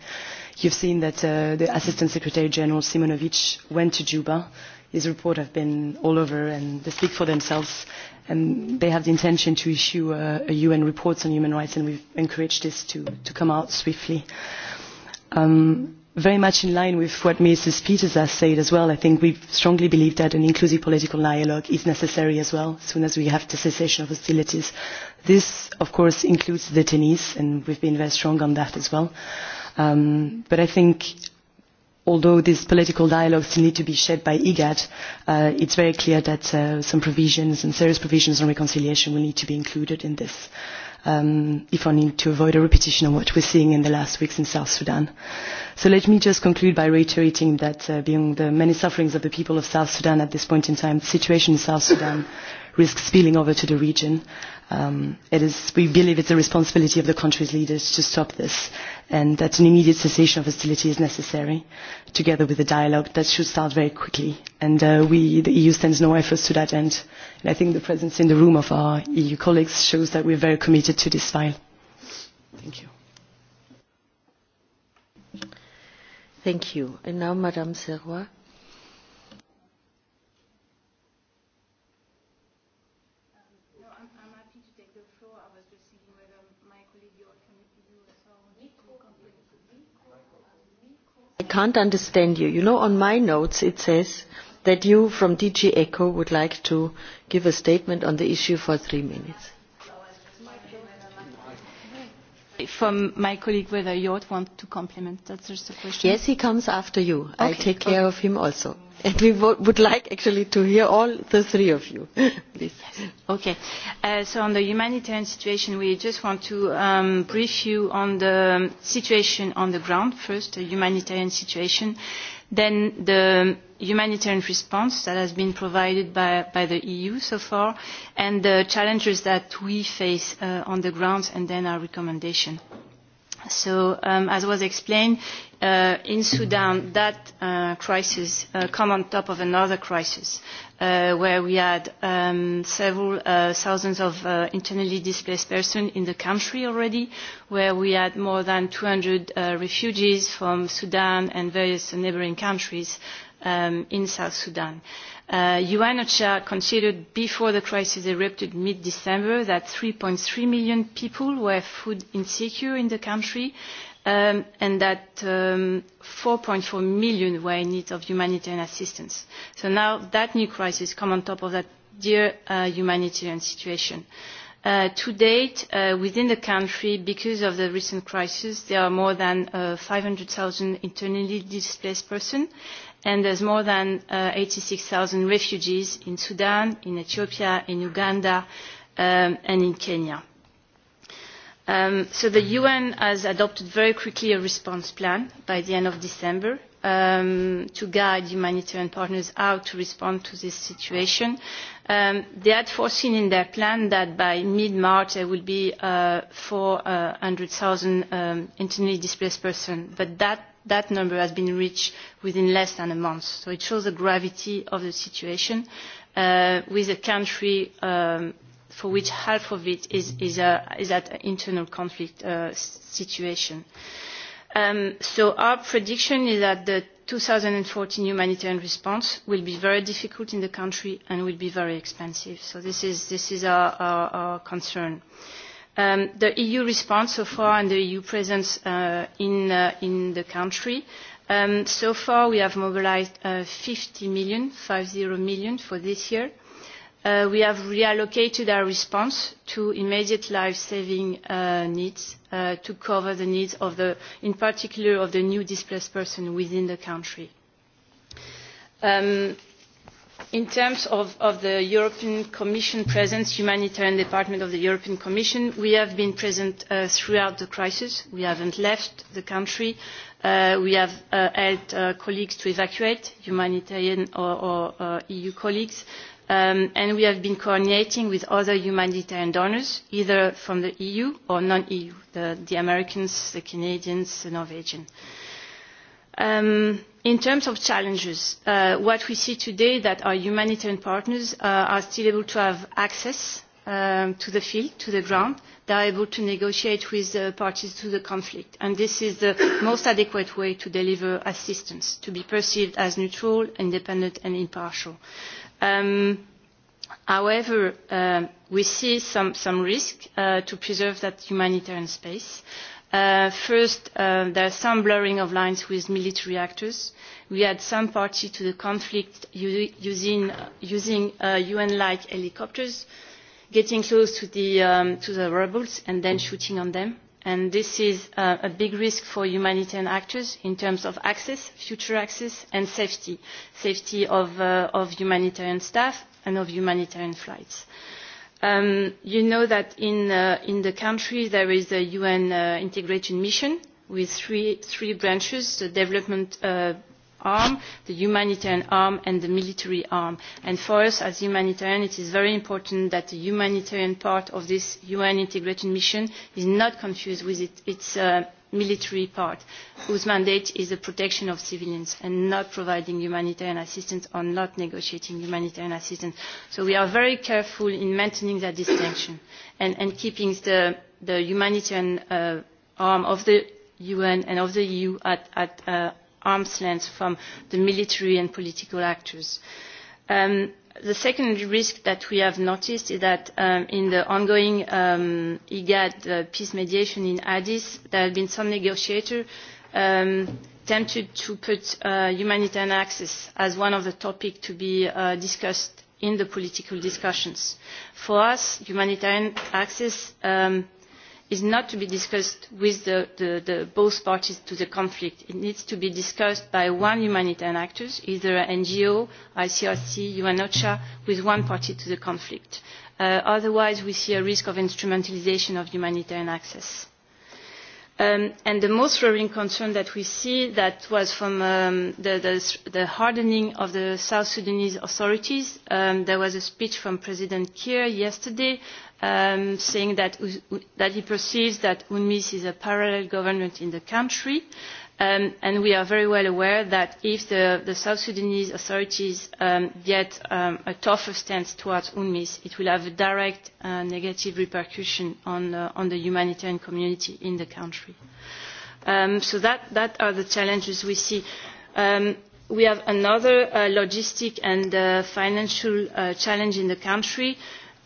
You've seen that uh, the Assistant Secretary General Simonovic went to Juba. His report have been all over, and they speak for themselves. And um, they have the intention to issue uh, a, a UN report on human rights, and we've encouraged this to, to come out swiftly. Um, very much in line with what Mrs. Peters has said as well. I think we strongly believe that an inclusive political dialogue is necessary as well, as soon as we have the cessation of hostilities. This, of course, includes the detainees, and we've been very strong on that as well. Um, but I think although these political dialogues need to be shared by IGAD, uh, it's very clear that uh, some provisions and serious provisions on reconciliation will need to be included in this um, if only to avoid a repetition of what we're seeing in the last weeks in South Sudan. So let me just conclude by reiterating that uh, beyond the many sufferings of the people of South Sudan at this point in time, the situation in South Sudan risk spilling over to the region. Um, it is, we believe it's a responsibility of the country's leaders to stop this and that an immediate cessation of hostility is necessary, together with a dialogue that should start very quickly. And uh, we, the EU stands no efforts to that end. And I think the presence in the room of our EU colleagues shows that we're very committed to this file. Thank you. Thank you. And now, Madame Serrois. I can't understand you. You know, on my notes it says that you from DG ECHO would like to give a statement on the issue for three minutes. from my colleague whether Jort want to complement. That's just a question. Yes, he comes after you. Okay. I take care okay. of him also. And we would like actually to hear all the three of you. Please. Yes. Okay. Uh, so on the humanitarian situation, we just want to um, brief you on the situation on the ground first, the humanitarian situation Then the humanitarian response that has been provided by, by the EU so far, and the challenges that we face uh, on the ground, and then our recommendation. So, um, as was explained, uh, in Sudan, that uh, crisis uh, come on top of another crisis uh, where we had um, several uh, thousands of uh, internally displaced persons in the country already, where we had more than 200 uh, refugees from Sudan and various neighboring countries um, in South Sudan. Uh, UNOCHA considered before the crisis erupted mid-December that 3.3 million people were food insecure in the country um, and that um, 4.4 million were in need of humanitarian assistance. So now that new crisis comes on top of that dear uh, humanitarian situation. Uh, to date, uh, within the country, because of the recent crisis, there are more than uh, 500,000 internally displaced persons, and there's more than uh, 86,000 refugees in Sudan, in Ethiopia, in Uganda, um, and in Kenya Uh, Um, so the UN has adopted very quickly a response plan by the end of December um, to guide humanitarian partners how to respond to this situation. Um, they had foreseen in their plan that by mid-March there would be uh, 400,000 um, internally displaced persons, but that, that number has been reached within less than a month. So it shows the gravity of the situation uh, with a country um, for which half of it is, is, a, is that an internal conflict uh, situation. Um, so our prediction is that the 2014 humanitarian response will be very difficult in the country and will be very expensive. So this is, this is our, our, our concern. Um, the EU response so far and the EU presence uh, in, uh, in the country Um, so far, we have mobilized uh, 50 million, 50 million for this year. Uh, we have reallocated our response to immediate life-saving uh, needs uh, to cover the needs of the, in particular, of the new displaced person within the country. Um, in terms of, of the European Commission presence, humanitarian department of the European Commission, we have been present uh, throughout the crisis. We haven't left the country. Uh, we have uh, helped uh, colleagues to evacuate, humanitarian or, or uh, EU colleagues. Uh, um, and we have been coordinating with other humanitarian donors, either from the EU or non-EU, the, the Americans, the Canadians, the Norwegians. Um, in terms of challenges, uh, what we see today that our humanitarian partners uh, are still able to have access um, to the field, to the ground. They are able to negotiate with the parties to the conflict. And this is the most adequate way to deliver assistance, to be perceived as neutral, independent and impartial. Um, however uh, we see some, some risk uh, to preserve that humanitarian space. Uh, first uh, there is some blurring of lines with military actors. we had some party to the conflict using, using un uh, like helicopters getting close to the, um, to the rebels and then shooting on them and this is uh, a big risk for humanitarian actors in terms of access, future access, and safety, safety of, uh, of humanitarian staff and of humanitarian flights. Um, you know that in, uh, in the country there is a UN uh, integration mission with three, three branches, the development uh, arm, the humanitarian arm and the military arm. And for us as humanitarian, it is very important that the humanitarian part of this UN integrated mission is not confused with it, its uh, military part, whose mandate is the protection of civilians and not providing humanitarian assistance or not negotiating humanitarian assistance. So we are very careful in maintaining that distinction and, and keeping the, the humanitarian uh, arm of the UN and of the EU at, at uh, arm's length from the military and political actors. Um, the second risk that we have noticed is that um, in the ongoing um, IGAD uh, peace mediation in Addis, there have been some negotiators um, tempted to put uh, humanitarian access as one of the topics to be uh, discussed in the political discussions. For us, humanitarian access um, is not to be discussed with the, the, the both parties to the conflict. It needs to be discussed by one humanitarian actor, either an NGO, ICRC, UN OCHA, with one party to the conflict. Uh, otherwise, we see a risk of instrumentalization of humanitarian access. Um, and the most worrying concern that we see that was from um, the, the, the hardening of the South Sudanese authorities. Um, there was a speech from President Kiir yesterday um, saying that, that he perceives that UNMIS is a parallel government in the country. Um, and we are very well aware that if the, the South Sudanese authorities um, get um, a tougher stance towards UNMIS, it will have a direct uh, negative repercussion on, uh, on the humanitarian community in the country. Um, so that, that are the challenges we see. Um, we have another uh, logistic and uh, financial uh, challenge in the country.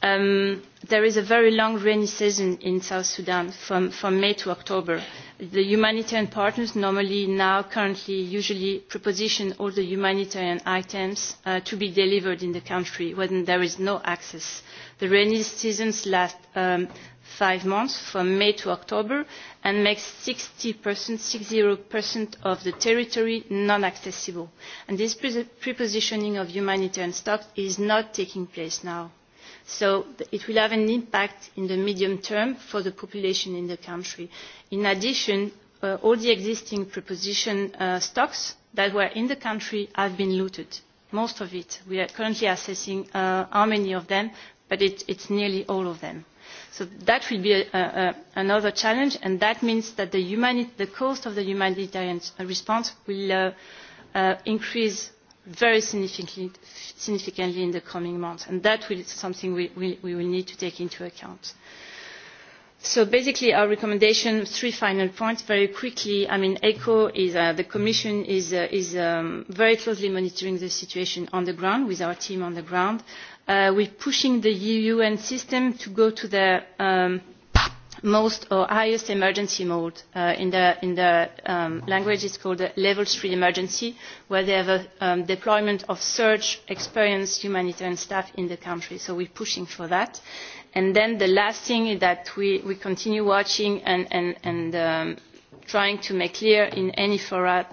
Um, there is a very long rainy season in South Sudan from, from May to October the humanitarian partners normally now currently usually proposition all the humanitarian items uh, to be delivered in the country when there is no access. The rainy seasons last um, five months from May to October and makes 60%, 60% of the territory non-accessible. And this pre prepositioning of humanitarian stock is not taking place now so it will have an impact in the medium term for the population in the country. in addition uh, all the existing preposition uh, stocks that were in the country have been looted most of it. we are currently assessing uh, how many of them but it it's nearly all of them. so that will be a, a, another challenge and that means that the, the cost of the humanitarian response will uh, uh, increase very significantly, in the coming months, and that is something we, will need to take into account. So basically, our recommendation, three final points, very quickly. I mean, ECHO is, uh, the Commission is, uh, um, very closely monitoring the situation on the ground with our team on the ground. Uh, we're pushing the e UN system to go to their um, most or uh, highest emergency mode uh, in the, in the um, language is called the level three emergency where they have a um, deployment of search experienced humanitarian staff in the country so we're pushing for that and then the last thing is that we, we continue watching and, and, and um, trying to make clear in any fora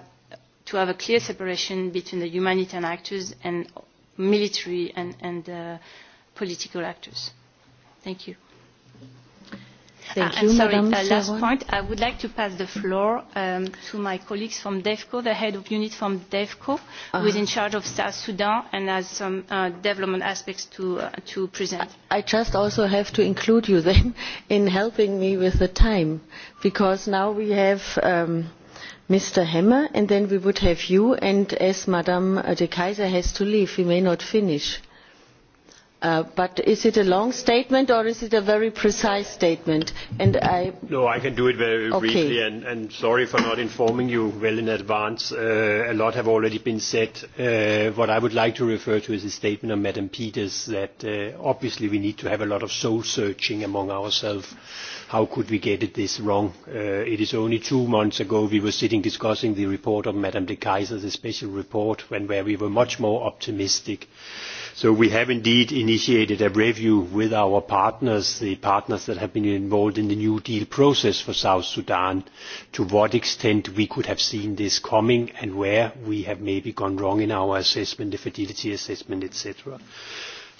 to have a clear separation between the humanitarian actors and military and, and uh, political actors. Thank you. Thank uh, you, I'm sorry, uh, last point. I would like to pass the floor um, to my colleagues from DEFCO, the head of unit from DEFCO, uh -huh. who is in uh-huh. charge of South Sudan and has some uh, development aspects to, uh, to present. I just also have to include you then in helping me with the time, because now we have um, Mr. Hemmer, and then we would have you, and as Madame de Kaiser has to leave, we may not finish. Uh, but is it a long statement or is it a very precise statement? No, I can do it very briefly, and, and sorry for not informing you well in advance. Uh, a lot has already been said. Uh, what I would like to refer to is the statement of Madam Peters that obviously we need to have a lot of soul-searching among ourselves. How could we get it this wrong? It is only two months ago we were sitting discussing the report of Madam de Keyser, the special report, where we were much more optimistic. So we have indeed initiated a review with our partners, the partners that have been involved in the New Deal process for South Sudan, to what extent we could have seen this coming and where we have maybe gone wrong in our assessment, the fertility assessment, etc.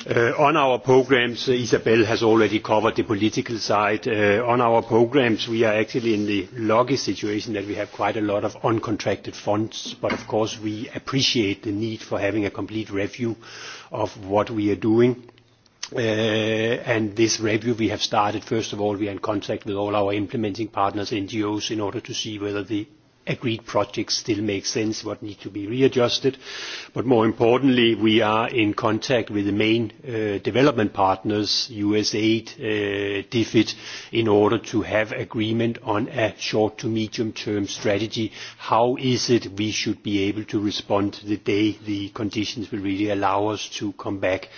Uh, on our programmes uh, isabel has already covered the political side. Uh, on our programmes we are actually in the lucky situation that we have quite a lot of uncontracted funds but of course we appreciate the need for having a complete review of what we are doing. Uh, and this review we have started. First of all, we are in contact with all our implementing partners, NGOs, in order to see whether the agreed projects still make sense, what need to be readjusted. But more importantly, we are in contact with the main uh, development partners, USAID, uh, DFID, in order to have agreement on a short to medium-term strategy. How is it we should be able to respond the day the conditions will really allow us to come back?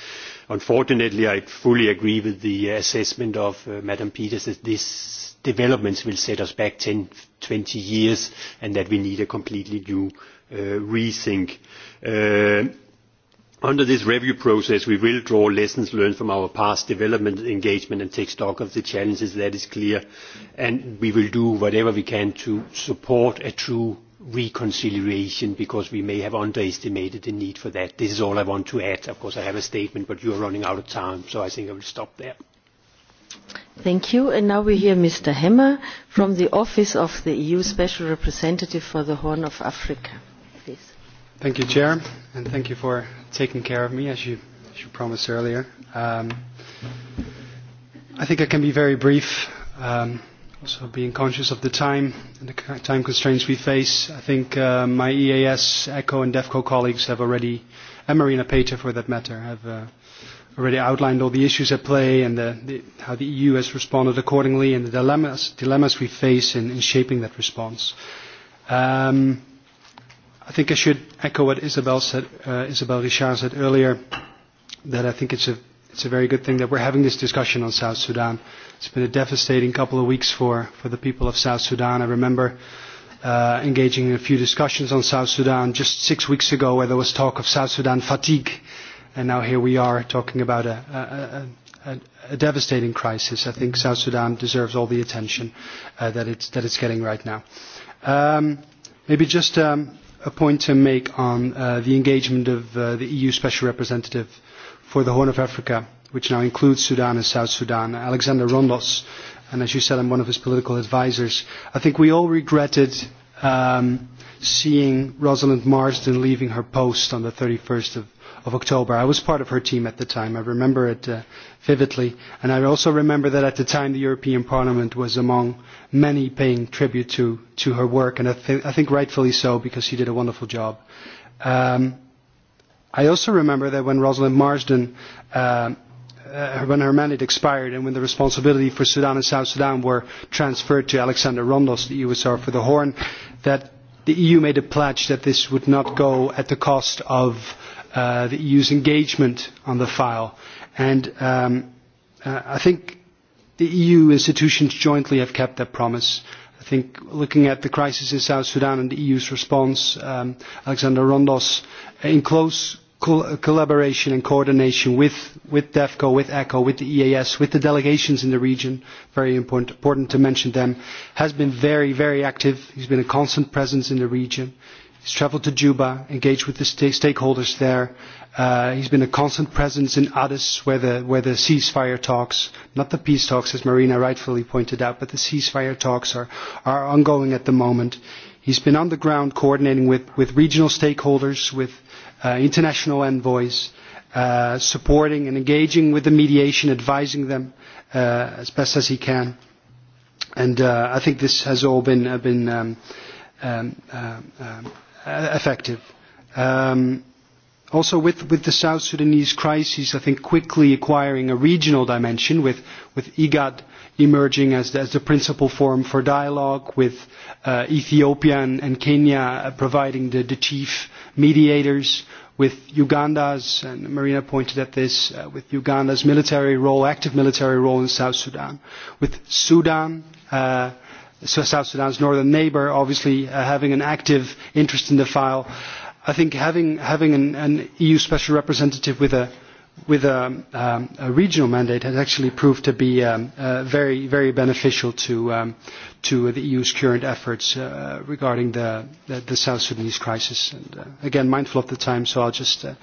Unfortunately, I fully agree with the assessment of uh, Madam Peters that this developments will set us back 10, 20 years, and that we need a completely new uh, rethink. Uh, under this review process, we will draw lessons learned from our past development engagement and take stock of the challenges, that is clear. and We will do whatever we can to support a true reconciliation because we may have underestimated the need for that. This is all I want to add. Of course, I have a statement, but you are running out of time, so I think I will stop there. Thank you. And now we hear Mr. Hemmer from the Office of the EU Special Representative for the Horn of Africa. Please. Thank you, Chair, and thank you for taking care of me, as you, as you promised earlier. Um, I think I can be very brief. Um, also, being conscious of the time and the time constraints we face, I think uh, my EAS, ECHO, and DEFCO colleagues have already, and Marina Pater for that matter, have. Uh, already outlined all the issues at play and the, the, how the EU has responded accordingly and the dilemmas, dilemmas we face in, in shaping that response. Um, I think I should echo what Isabel, said, uh, Isabel Richard said earlier, that I think it's a, it's a very good thing that we're having this discussion on South Sudan. It's been a devastating couple of weeks for, for the people of South Sudan. I remember uh, engaging in a few discussions on South Sudan just six weeks ago where there was talk of South Sudan fatigue and now here we are talking about a, a, a, a devastating crisis. I think South Sudan deserves all the attention uh, that, it's, that it's getting right now. Um, maybe just um, a point to make on uh, the engagement of uh, the EU Special Representative for the Horn of Africa, which now includes Sudan and South Sudan, Alexander Rondos. And as you said, I'm one of his political advisers. I think we all regretted um, seeing Rosalind Marsden leaving her post on the 31st of of October. I was part of her team at the time. I remember it uh, vividly. And I also remember that at the time the European Parliament was among many paying tribute to, to her work, and I, th- I think rightfully so because she did a wonderful job. Um, I also remember that when Rosalind Marsden uh, uh, when her mandate expired and when the responsibility for Sudan and South Sudan were transferred to Alexander Rondos, the e USR for the Horn, that the EU made a pledge that this would not go at the cost of uh, the EU's engagement on the file. And um, uh, I think the EU institutions jointly have kept that promise. I think looking at the crisis in South Sudan and the EU's response, um, Alexander Rondos, in close collaboration and coordination with, with DEFCO, with ECHO, with the EAS, with the delegations in the region, very important, important to mention them, has been very, very active. He's been a constant presence in the region. He's traveled to Juba, engaged with the st- stakeholders there. Uh, he's been a constant presence in Addis, where the, where the ceasefire talks, not the peace talks, as Marina rightfully pointed out, but the ceasefire talks are, are ongoing at the moment. He's been on the ground coordinating with, with regional stakeholders, with uh, international envoys, uh, supporting and engaging with the mediation, advising them uh, as best as he can. And uh, I think this has all been, uh, been um, um, uh, um, Uh, effective. Um, also with, with the South Sudanese crisis, I think quickly acquiring a regional dimension with, with IGAD emerging as the, as the principal forum for dialogue, with uh, Ethiopia and, and Kenya uh, providing the, the chief mediators, with Uganda's, and Marina pointed at this, uh, with Uganda's military role, active military role in South Sudan, with Sudan, uh, South Sudan's northern neighbour, obviously uh, having an active interest in the file. I think having, having an, an EU special representative with a, with a, um, a regional mandate has actually proved to be um, uh, very, very beneficial to, um, to the EU's current efforts uh, regarding the, the, the South Sudanese crisis. And, uh, again, mindful of the time, so I'll just uh,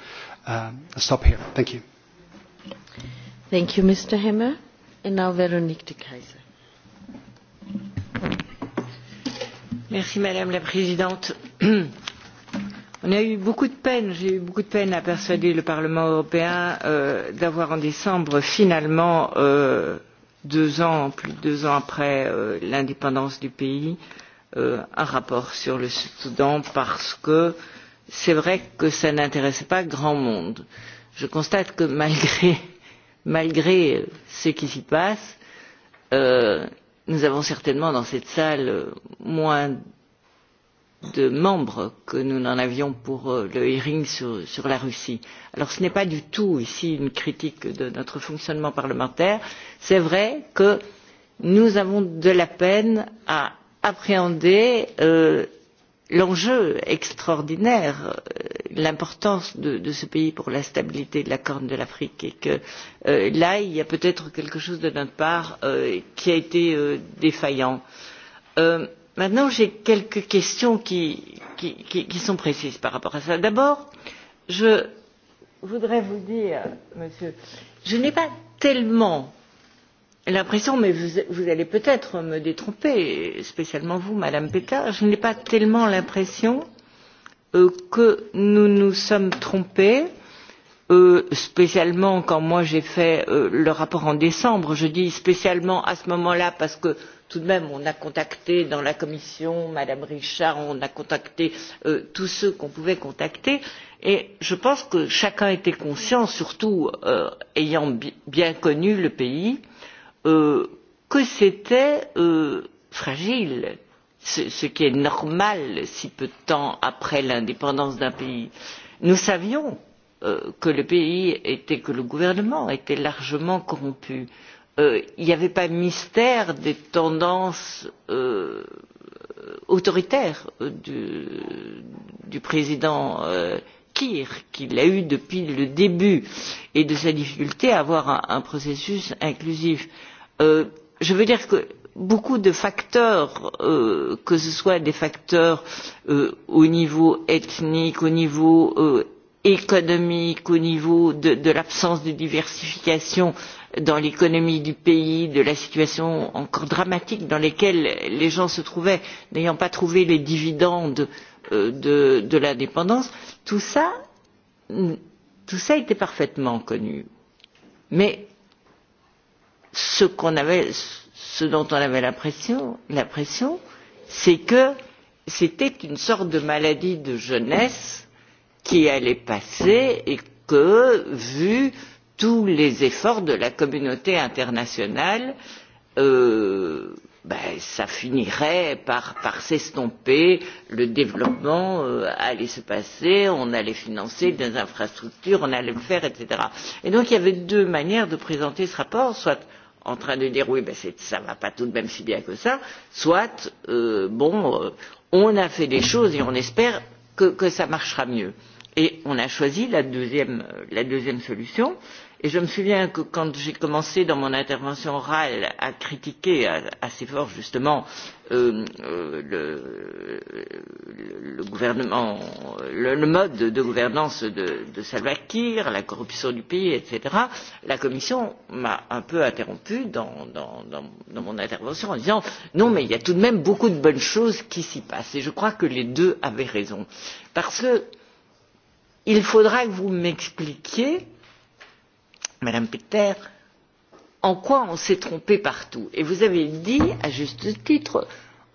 uh, stop here. Thank you. Thank you, Mr. Hemmer. And now Veronique de Kaiser madame la présidente on a eu beaucoup de peine j'ai eu beaucoup de peine à persuader le parlement européen euh, d'avoir en décembre finalement euh, plus de deux ans après euh, l'indépendance du pays un rapport sur le soudan parce que c'est vrai que ça n'intéressait pas grand monde. je constate que malgré, ce qui s'y passe il y a quand même beaucoup de nous avons certainement dans cette salle moins de membres que nous n'en avions pour euh, le hearing sur, sur la Russie. Alors ce n'est pas du tout ici une critique de notre fonctionnement parlementaire. C'est vrai que nous avons de la peine à appréhender euh, l'enjeu extraordinaire euh, l'importance de, ce pays pour la stabilité de la corne de l'afrique et que euh, là il y a peut être quelque chose de notre part euh, qui a été défaillant. maintenant j'ai quelques questions qui, qui sont précises par rapport à cela. d'abord je voudrais vous dire monsieur je n'ai pas tellement l'impression mais vous, allez peut être me détromper spécialement vous madame peter je n'ai pas tellement l'impression euh, que nous nous sommes trompés euh, spécialement quand moi j'ai fait euh, le rapport en décembre je dis spécialement à ce moment là parce que tout de même on a contacté dans la commission mme richard on a contacté euh, tous ceux qu'on pouvait contacter et je pense que chacun était conscient surtout euh, ayant bi bien connu le pays euh, euh, que c'était euh, fragile, ce, ce qui est normal si peu de temps après l'indépendance d'un pays. Nous savions euh, que le pays était, que le gouvernement était largement corrompu. Euh, il n'y avait pas mystère des tendances euh, euh du, du président euh, Kir, qu'il a eu depuis le début, et de sa difficulté à avoir un, un processus inclusif. Euh, Euh, je veux dire que beaucoup de facteurs, euh, que ce soit des facteurs euh, au niveau ethnique, au niveau économique, au niveau de, l'absence de diversification dans l'économie du pays, de la situation encore dramatique dans laquelle les gens se trouvaient, n'ayant pas trouvé les dividendes de, l'indépendance, tout cela était parfaitement connu. Mais ce qu'on avait ce dont on avait l'impression l'impression c'est que c'était une sorte de maladie de jeunesse qui allait passer et que vu tous les efforts de la communauté internationale euh, ben, ça finirait par, par s'estomper, le développement euh, allait se passer, on allait financer des infrastructures, on allait le faire, etc. Et donc il y avait deux manières de présenter ce rapport, soit en train de dire oui mais ça ne va pas tout de même si bien que ça soit euh, bon euh, on a fait des choses et on espère que, ça marchera mieux. Et on a choisi la deuxième, solution euh, deuxième solution et je me souviens que quand j'ai commencé dans mon intervention orale à critiquer assez fort justement euh, euh, le, le gouvernement le, le mode de gouvernance de, de Salva Kiir, la corruption du pays, etc., la Commission m'a un peu interrompu dans, dans, dans, dans mon intervention en disant non mais il y a tout de même beaucoup de bonnes choses qui s'y passent et je crois que les deux avaient raison parce que il faudra que vous m'expliquiez Madame Peter, en quoi on s'est trompé partout Et vous avez dit, à juste titre,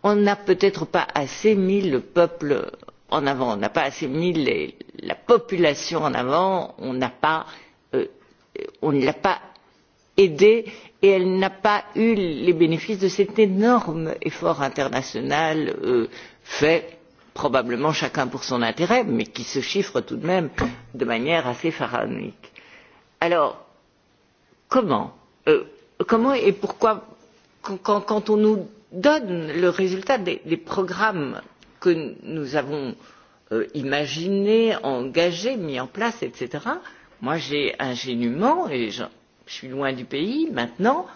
on n'a peut-être pas assez mis le peuple en avant, on n'a pas assez mis les, la population en avant, on n'a pas, euh, on ne l'a pas aidée et elle n'a pas eu les bénéfices de cet énorme effort international euh, fait probablement chacun pour son intérêt mais qui se chiffre tout de même de manière assez pharaonique. alors comment euh, Comment et pourquoi quand, quand on nous donne le résultat des, des programmes que nous avons euh, imaginés, engagés, mis en place, etc., moi j'ai ingénument, et je, je suis loin du pays maintenant,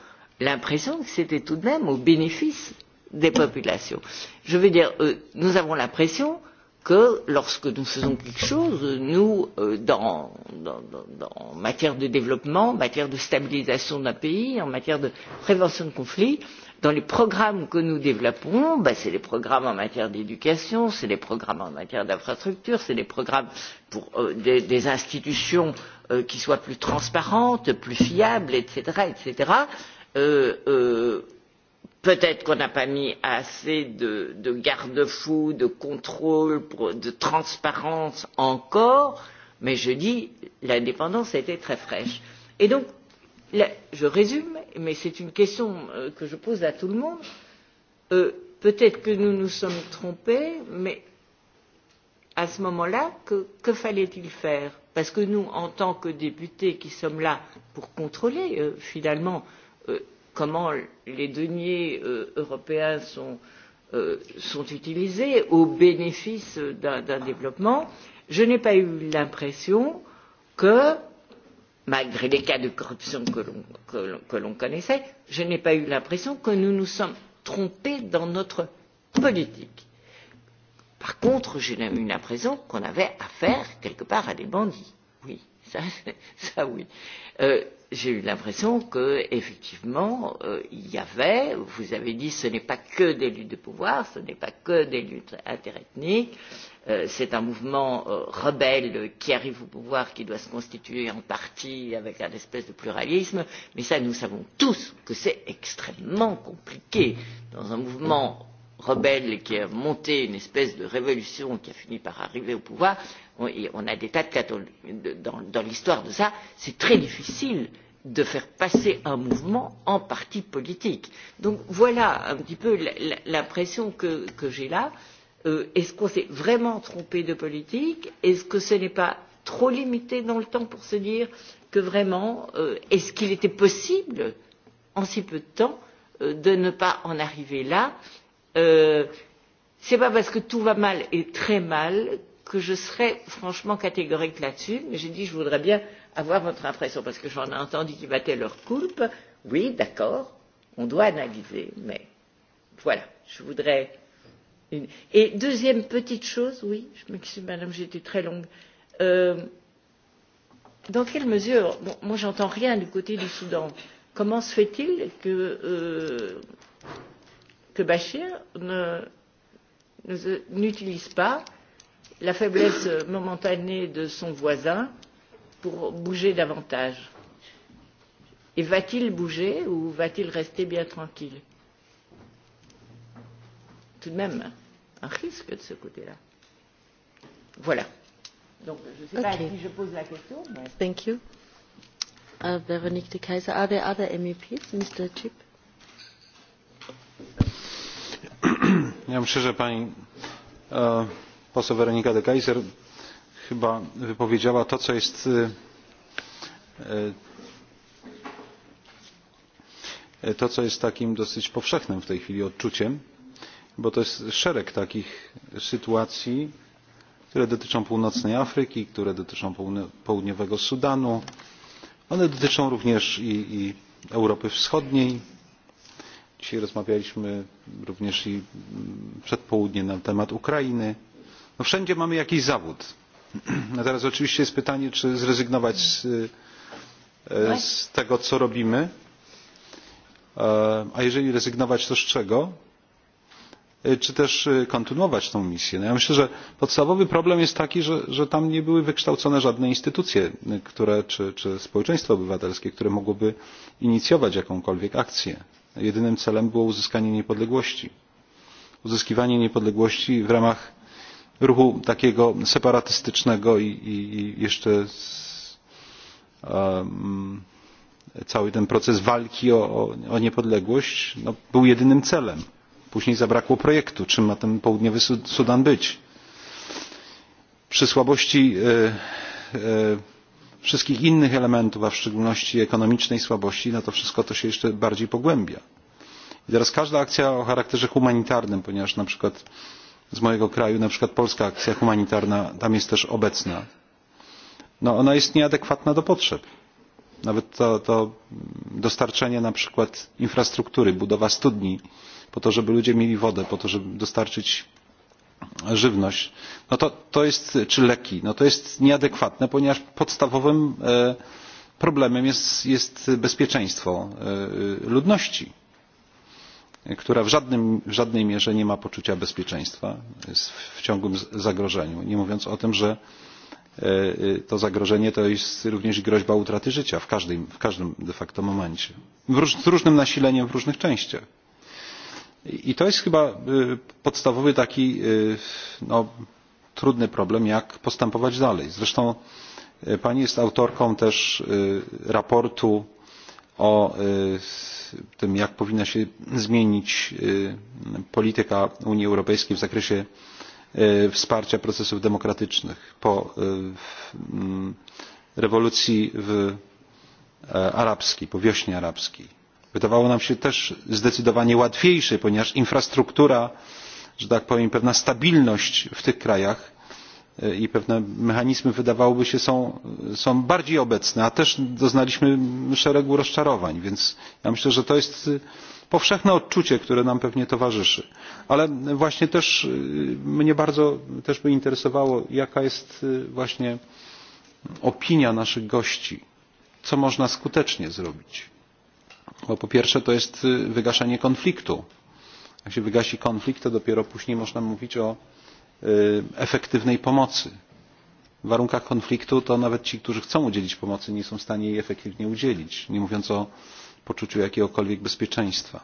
l'impression que c'était tout de même au bénéfice des populations. Je veux dire, euh, nous avons l'impression euh, que lorsque nous faisons quelque chose, nous, euh, dans, dans, dans, en matière de développement, en matière de stabilisation d'un pays, en matière de prévention de conflits, dans les programmes que nous développons, ben c'est les programmes en matière d'éducation, c'est les programmes en matière d'infrastructure, c'est les programmes pour euh, des, des institutions euh, qui soient plus transparentes, plus fiables, etc., etc. Euh, euh, peut être qu'on n'a pas mis assez de, garde fous de contrôles de transparence encore mais je dis l'indépendance était très fraîche. et donc je résume mais c'est une question euh, que je pose à tout le monde euh, peut être que nous nous sommes trompés mais à ce moment là que, que fallait il faire? parce que nous en tant que députés qui sommes là pour contrôler euh, finalement euh, comment les deniers euh, européens sont, euh, sont utilisés au bénéfice d'un développement, je n'ai pas eu l'impression que, malgré les cas de corruption que l'on connaissait, je n'ai pas eu l'impression que nous nous sommes trompés dans notre politique. Par contre, j'ai eu l'impression qu'on avait affaire quelque part à des bandits. Oui ça, ça oui. Euh, j'ai eu l'impression qu'effectivement, effectivement euh, il y avait vous avez dit ce n'est pas que des luttes de pouvoir ce n'est pas que des luttes interethniques euh, c'est un mouvement euh, rebelle qui arrive au pouvoir qui doit se constituer en partie avec un espèce de pluralisme mais ça nous savons tous que c'est extrêmement compliqué dans un mouvement rebelle qui a monté une espèce de révolution qui a fini par arriver au pouvoir on, on a des tas de cas dans, dans l'histoire de ça c'est très difficile de faire passer un mouvement en parti politique. donc voilà un petit peu l'impression que, que j'ai là. Euh, est ce qu'on s'est vraiment trompé de politique? est ce que ce n'est pas trop limité dans le temps pour se dire que vraiment euh, est ce qu'il était possible en si peu de temps euh, de ne pas en arriver là? Euh, euh, c'est pas parce que tout va mal et très mal que je serai franchement catégorique là-dessus, mais j'ai dit je voudrais bien avoir votre impression parce que j'en ai entendu qui battaient leur coulpe. Oui, d'accord, on doit analyser, mais voilà, je voudrais. Une... Et deuxième petite chose, oui, je m'excuse madame, j'ai été très longue. Euh, dans quelle mesure, bon, moi j'entends rien du côté du Soudan, comment se fait-il que. Euh, que Bachir n'utilise pas la faiblesse momentanée de son voisin pour bouger davantage. Et va-t-il bouger ou va-t-il rester bien tranquille Tout de même, un risque de ce côté-là. Voilà. Donc, je ne sais okay. pas à qui je pose la question. Mais... Thank you. Uh, Véronique de Kaiser, are there other MEPs, Mr. Chip? ja myślę że pani e, poseł weronika de keyser chyba wypowiedziała to co jest e, e, to co jest takim dosyć powszechnym w tej chwili odczuciem bo to jest szereg takich sytuacji które dotyczą północnej afryki które dotyczą południowego sudanu one dotyczą również i, europy wschodniej Dzisiaj rozmawialiśmy również i przed południem na temat Ukrainy. No wszędzie mamy jakiś zawód. A teraz oczywiście jest pytanie, czy zrezygnować z, e, z tego, co robimy. E, a jeżeli rezygnować, to z czego? E, czy też kontynuować tą misję? No ja myślę, że podstawowy problem jest taki, że, że tam nie były wykształcone żadne instytucje, które, czy, czy społeczeństwo obywatelskie, które mogłoby inicjować jakąkolwiek akcję jedynym celem było uzyskanie niepodległości uzyskiwanie niepodległości w ramach ruchu takiego separatystycznego i, i, i jeszcze z, um, cały ten proces walki o, o, o niepodległość no, był jedynym celem. Później zabrakło projektu, czym ma ten południowy Sudan być. Przy słabości y, e, y, e, wszystkich innych elementów, a w szczególności ekonomicznej słabości, no to wszystko to się jeszcze bardziej pogłębia. I teraz każda akcja o charakterze humanitarnym, ponieważ na przykład z mojego kraju, na przykład polska akcja humanitarna tam jest też obecna, no ona jest nieadekwatna do potrzeb. Nawet to, to dostarczenie na przykład infrastruktury, budowa studni po to, żeby ludzie mieli wodę, po to, żeby dostarczyć żywność no to, to jest, czy leki no to jest nieadekwatne ponieważ podstawowym e, problemem jest, jest bezpieczeństwo e, ludności która w, żadnym, w żadnej mierze nie ma poczucia bezpieczeństwa jest w ciągłym zagrożeniu nie mówiąc o tym że e, to zagrożenie to jest również groźba utraty życia w każdym, w każdym de facto momencie z różnym nasileniem w różnych częściach i to jest chyba podstawowy taki no, trudny problem jak postępować dalej. zresztą pani jest autorką też raportu o tym jak powinna się zmienić polityka unii europejskiej w zakresie wsparcia procesów demokratycznych po mm, rewolucji e, arabskiej po wiośnie arabskiej wydawało nam się też zdecydowanie łatwiejsze ponieważ infrastruktura że tak powiem pewna stabilność w tych krajach e, i pewne mechanizmy wydawałoby się są, są bardziej obecne a też doznaliśmy szeregu rozczarowań więc ja myślę że to jest e, powszechne odczucie które nam pewnie towarzyszy ale właśnie też e, mnie bardzo też by interesowało jaka jest właśnie opinia naszych gości co można skutecznie zrobić Bo po pierwsze to jest wygaszenie konfliktu. Jak się wygasi konflikt, to dopiero później można mówić o efektywnej pomocy. W warunkach konfliktu to nawet ci, którzy chcą udzielić pomocy, nie są w stanie jej efektywnie udzielić, nie mówiąc o poczuciu jakiegokolwiek bezpieczeństwa.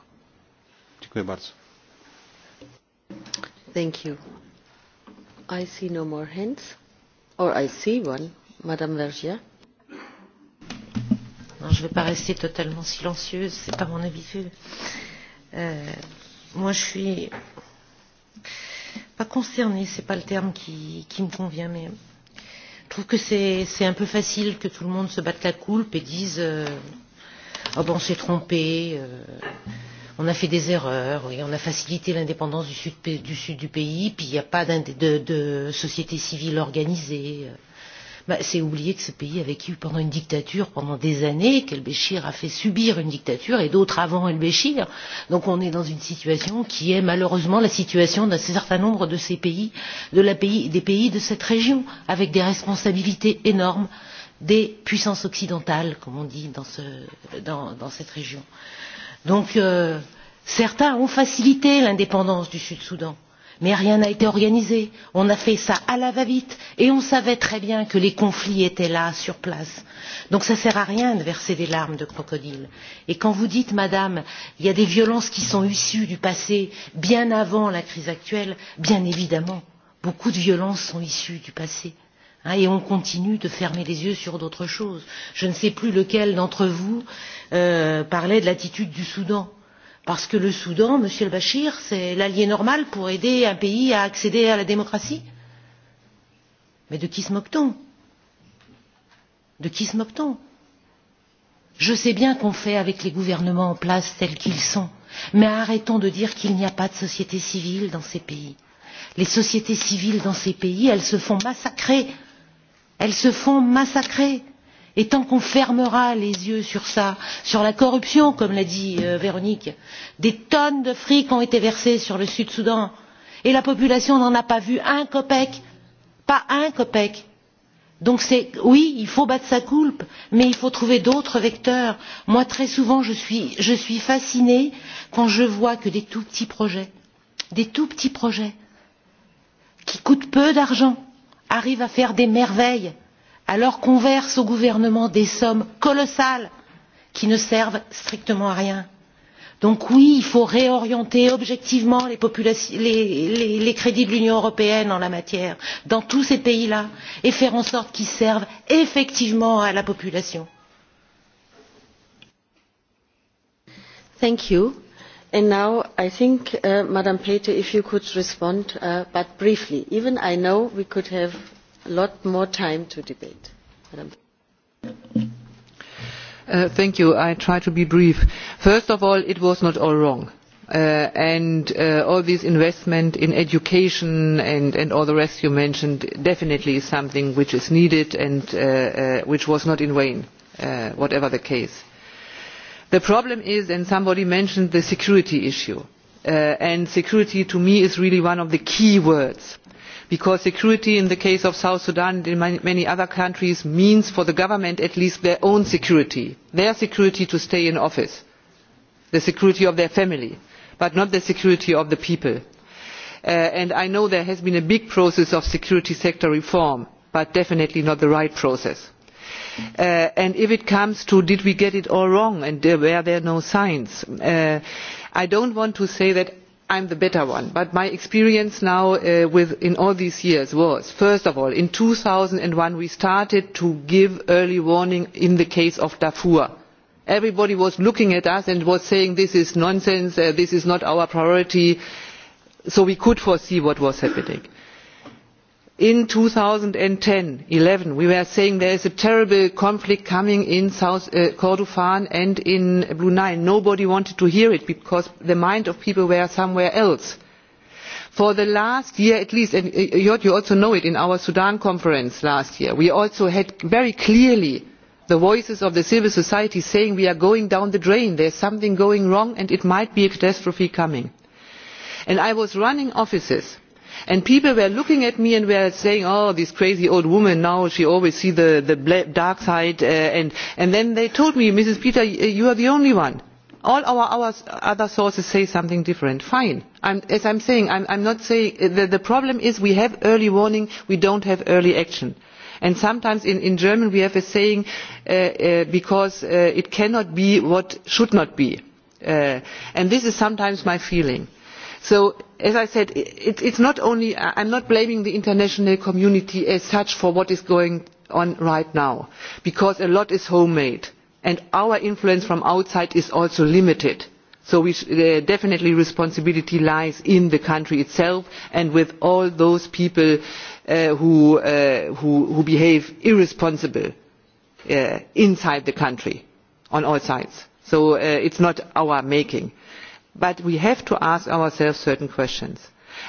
Dziękuję bardzo. Thank you. I see no more hands. Or I see one. Madame Vergier. Je ne vais pas rester totalement silencieuse, ce n'est pas mon habitude. Euh, moi, je suis pas concernée, ce n'est pas le terme qui, qui me convient, mais je trouve que c'est un peu facile que tout le monde se batte la coulpe et dise euh, oh ben on s'est trompé, euh, on a fait des erreurs, et on a facilité l'indépendance du sud, du sud du pays, puis il n'y a pas de, de, de société civile organisée. Euh, bah, c'est oublier que ce pays a vécu pendant une dictature pendant des années, qu'El-Béchir a fait subir une dictature et d'autres avant El-Béchir. Donc on est dans une situation qui est malheureusement la situation d'un certain nombre de ces pays, de la pays, des pays de cette région, avec des responsabilités énormes des puissances occidentales, comme on dit dans, ce, dans, dans cette région. Donc euh, certains ont facilité l'indépendance du Sud-Soudan mais rien n'a été organisé on a fait cela à la va vite et on savait très bien que les conflits étaient là sur place. donc cela ne sert à rien de verser des larmes de crocodile. et quand vous dites madame qu'il y a des violences qui sont issues du passé bien avant la crise actuelle bien évidemment beaucoup de violences sont issues du passé et on continue de fermer les yeux sur d'autres choses. je ne sais plus lequel d'entre vous euh, parlait de l'attitude du soudan parce que le soudan monsieur el béchir c'est l'allié normal pour aider un pays à accéder à la démocratie? mais de qui se moque t on? de qui se moque t on? je sais bien qu'on fait avec les gouvernements en place tels qu'ils sont mais arrêtons de dire qu'il n'y a pas de société civile dans ces pays. les sociétés civiles dans ces pays elles se font massacrer elles se font massacrer et tant qu'on fermera les yeux sur cela sur la corruption comme l'a dit euh, véronique des tonnes de fric ont été versées sur le sud soudan et la population n'en a pas vu un copec pas un copec. donc oui il faut battre sa coulpe mais il faut trouver d'autres vecteurs. moi très souvent je suis fascinée quand je vois que des tout petits projets des tout petits projets qui coûtent peu d'argent arrivent à faire des merveilles alors qu'on verse au gouvernement des sommes colossales qui ne servent strictement à rien. donc oui il faut réorienter objectivement les, les, les, les crédits de l'union européenne en la matière dans tous ces pays là et faire en sorte qu'ils servent effectivement à la population. Thank you. And now i think uh, madam petre if you could respond uh, but briefly even i know we could have Uh, I try to be brief. First of all, it was not all wrong. Uh, and uh, all this investment in education and, all the rest you mentioned definitely is something which is needed and which was not in vain whatever the case. the problem is and somebody mentioned the security issue and security to me is really one of the key words because security in the case of south sudan and in many other countries means for the government at least their own security their security to stay in office the security of their family but not the security of the people. Uh, and i know there has been a big process of security sector reform but definitely not the right process. Uh, and if it comes to did we get it all wrong and were there no signs uh, i do not want to say that i am the better one but my experience now uh, in all these years was first of all in two thousand and one we started to give early warning in the case of darfur. everybody was looking at us and was saying this is nonsense uh, this is not our priority' so we could foresee what was happening in two thousand and ten eleven we were saying there is a terrible conflict coming in south uh, kordofan and in brunei. nobody wanted to hear it because the minds of people were somewhere else. for the last year at least and uh, uh, you also know it in our sudan conference last year we also had very clearly the voices of the civil society saying we are going down the drain there is something going wrong and it might be a catastrophe coming. i was running offices and people were looking at me and were saying oh this crazy old woman now she always sees the, the dark side uh, and, and then they told me mrs peter you are the only one all our, our other sources say something different. fine I'm, as i am saying i am not saying uh, the, the problem is we have early warning we do not have early action and sometimes in, in german we have a saying uh, uh, because uh, it cannot be what should not be uh, and this is sometimes my feeling. so as i said i am not blaming the international community as such for what is going on right now because a lot is homemade and our influence from outside is also limited so we, definitely responsibility lies in the country itself and with all those people uh, uh, who, behave irresponsibly uh, inside the country on all sides so it is not our making but we have to ask ourselves certain questions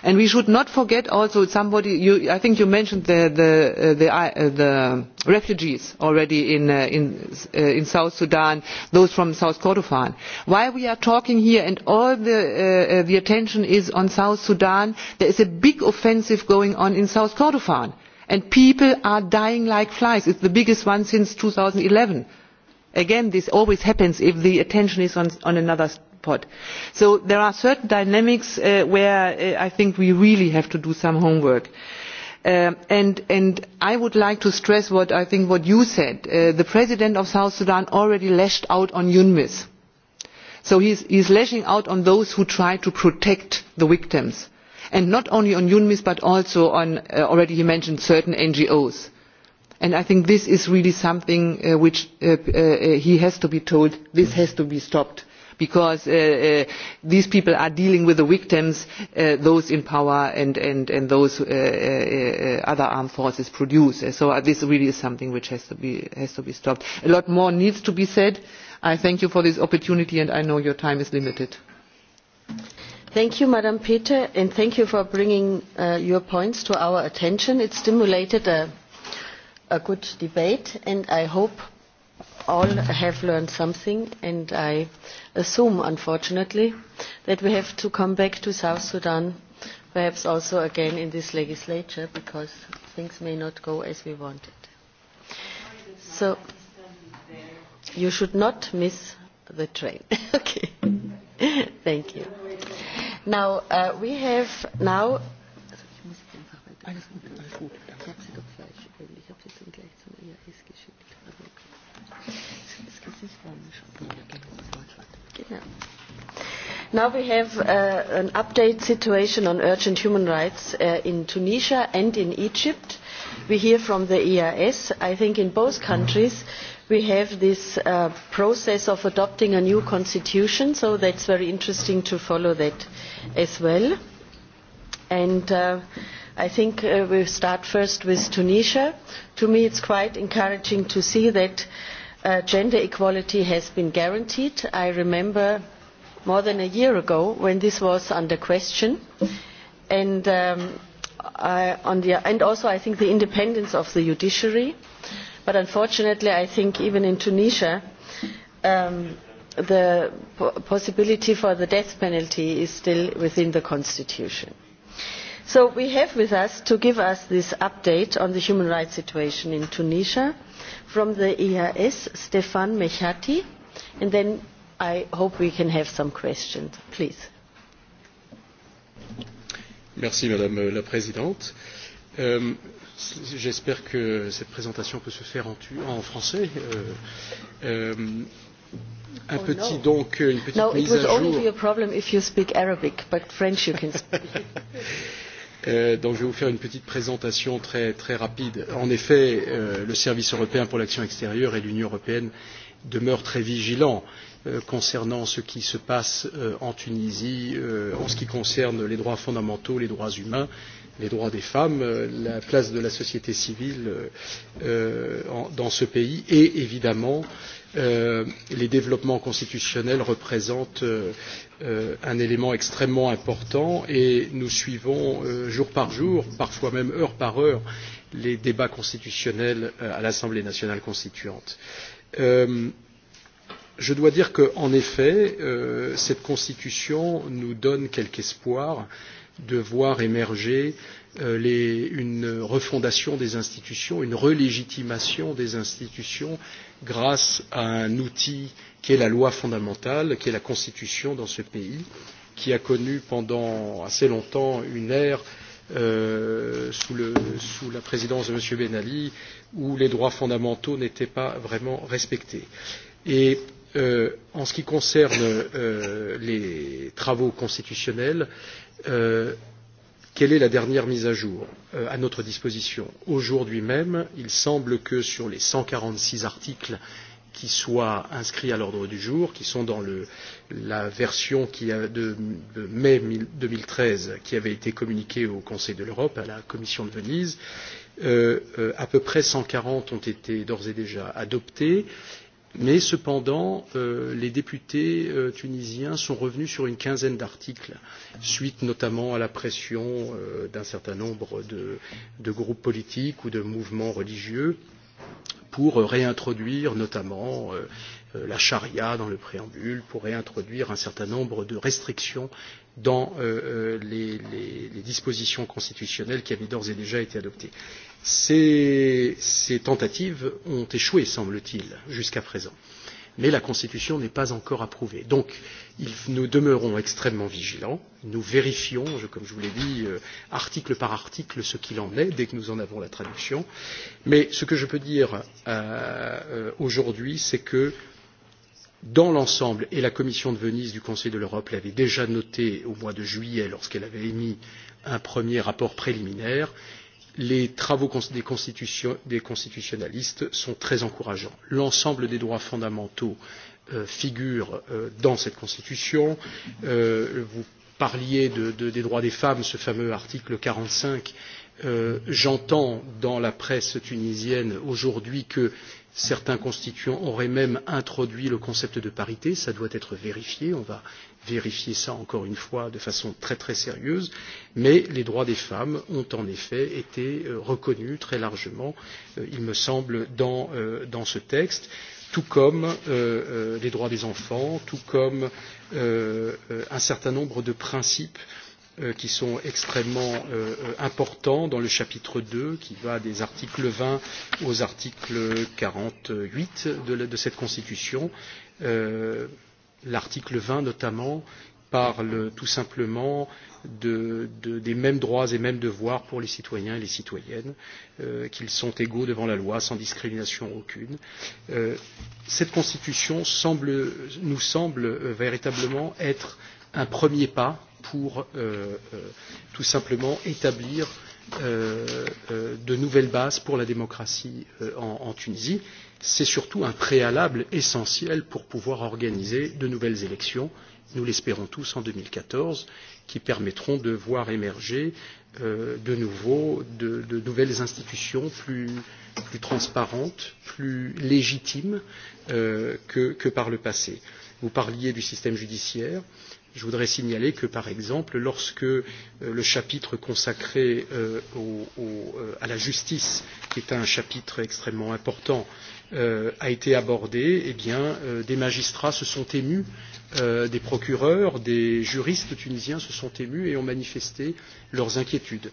and we should not forget also somebody i think you mentioned the, uh, uh, refugees already uh, in, south sudan those from south kordofan. while we are talking here and all the attention is on south sudan there is a big offensive going on in south kordofan and people are dying like flies. it is the biggest one since. two thousand and eleven again this always happens if the attention is on another pod. so there are certain dynamics uh, where uh, i think we really have to do some homework. Uh, and, and i would like to stress what i think what you said uh, the president of south sudan already lashed out on unmiss so he is lashing out on those who try to protect the victims and not only on unmiss but also on uh, already he mentioned certain ngos. And i think this is really something uh, which he has to be told this has to be stopped because uh, uh, these people are dealing with the victims uh, those in power and, those other armed forces produce. so this really is something which has to, be, stopped. a lot more needs to be said. i thank you for this opportunity and i know your time is limited thank you madam peter and thank you for bringing uh, your points to our attention. it stimulated a, a good debate and i hope all have learned something and i assume, unfortunately, that we have to come back to South Sudan, perhaps also again in this legislature, because things may not go as we wanted. So you should not miss the train. okay. Thank you. Now, uh, we have now... Now we have uh, an update situation on urgent human rights uh, in Tunisia and in Egypt. We hear from the EIS. I think in both countries we have this uh, process of adopting a new constitution, so that's very interesting to follow that as well. And uh, I think uh, we'll start first with Tunisia. To me, it's quite encouraging to see that uh, gender equality has been guaranteed. I remember more than a year ago when this was under question and, um, I, on the, and also I think the independence of the judiciary but unfortunately I think even in Tunisia um, the possibility for the death penalty is still within the constitution. So we have with us to give us this update on the human rights situation in Tunisia from the EAS, Stefan Mechati, and then I hope we can have some questions, please. Merci Madame la Présidente. Euh, j'espère que cette présentation peut se faire en, en français. Euh, euh, un oh, petit no. donc une petite no, mise à jour. Only be a problem if you speak Arabic, but French you can speak. donc je vais vous faire une petite présentation très, très rapide. En effet, euh, le Service européen pour l'action extérieure et l'Union européenne demeurent très vigilants euh, Euh, concernant ce qui se passe euh, en Tunisie euh, en ce qui concerne les droits fondamentaux, les droits humains, les droits des femmes, la place de la société civile dans ce pays et évidemment les développements constitutionnels représentent un élément extrêmement important et nous suivons jour par jour, parfois même heure par heure, les débats constitutionnels à l'Assemblée nationale constituante. Euh, Je dois dire qu'en effet, euh, cette constitution nous donne quelque espoir de voir émerger euh, les, une refondation des institutions, une relégitimation des institutions grâce à un outil qui est la loi fondamentale, qui est la constitution dans ce pays, qui a connu pendant assez longtemps une ère euh, sous, le, sous la présidence de M. Ben Ali où les droits fondamentaux n'étaient pas vraiment respectés. Et Euh, en ce qui concerne euh, les travaux constitutionnels, euh, quelle est la dernière mise à jour euh, à notre disposition Aujourd'hui même, il semble que sur les 146 articles qui soient inscrits à l'ordre du jour, qui sont dans le, la version qui a de, de mai 2013 qui avait été communiquée au Conseil de l'Europe, à la Commission de Venise, euh, euh, à peu près 140 ont été d'ores et déjà adoptés Mais cependant, euh, les députés euh, tunisiens sont revenus sur une quinzaine d'articles, suite notamment à la pression euh, d'un certain nombre de, de groupes politiques ou de mouvements religieux, pour réintroduire notamment euh, euh la charia dans le préambule, pour réintroduire un certain nombre de restrictions dans euh, euh les, les, les dispositions constitutionnelles qui avaient d'ores et déjà été adoptées. Euh, Ces, ces tentatives ont échoué, semble-t-il, jusqu'à présent. Mais la Constitution n'est pas encore approuvée. Donc, il, nous demeurons extrêmement vigilants. Nous vérifions, je, comme je vous l'ai dit, euh, article par article, ce qu'il en est dès que nous en avons la traduction. Mais ce que je peux dire euh, euh aujourd'hui, c'est que dans l'ensemble, et la Commission de Venise du Conseil de l'Europe l'avait déjà noté au mois de juillet lorsqu'elle avait émis un premier rapport préliminaire, les travaux des, constitution, des constitutionnalistes sont très encourageants. L'ensemble des droits fondamentaux euh, figure euh, dans cette constitution. Euh, vous parliez de, de, des droits des femmes, ce fameux article 45. Euh, J'entends dans la presse tunisienne aujourd'hui que certains constituants auraient même introduit le concept de parité. Ça doit être vérifié. On va vérifier cela encore une fois de façon très très sérieuse, mais les droits des femmes ont en effet été euh, reconnus très largement, euh, il me semble, euh, dans, ce texte tout comme les droits des enfants, tout comme un certain nombre de principes qui sont extrêmement importants dans le chapitre 2, qui va des articles vingt aux articles quarante huit de cette Constitution. Euh, l'article vingt notamment parle tout simplement de, de, des mêmes droits et mêmes devoirs pour les citoyens et les citoyennes, euh, qu'ils sont égaux devant la loi, sans discrimination aucune. Euh, cette Constitution semble, nous semble euh, véritablement être un premier pas pour euh, euh, tout simplement établir euh, euh, de nouvelles bases pour la démocratie euh, en, en Tunisie c'est surtout un préalable essentiel pour pouvoir organiser de nouvelles élections, nous l'espérons tous en 2014, qui permettront de voir émerger euh, de nouveau de, de nouvelles institutions plus, plus transparentes, plus légitimes euh, que, que par le passé. Vous parliez du système judiciaire. Je voudrais signaler que, par exemple, lorsque euh, le chapitre consacré euh, au, au, euh, à la justice, qui est un chapitre extrêmement important, Euh, a été abordée, eh bien, euh, des magistrats se sont émus, euh, des procureurs, des juristes tunisiens se sont émus et ont manifesté leurs inquiétudes.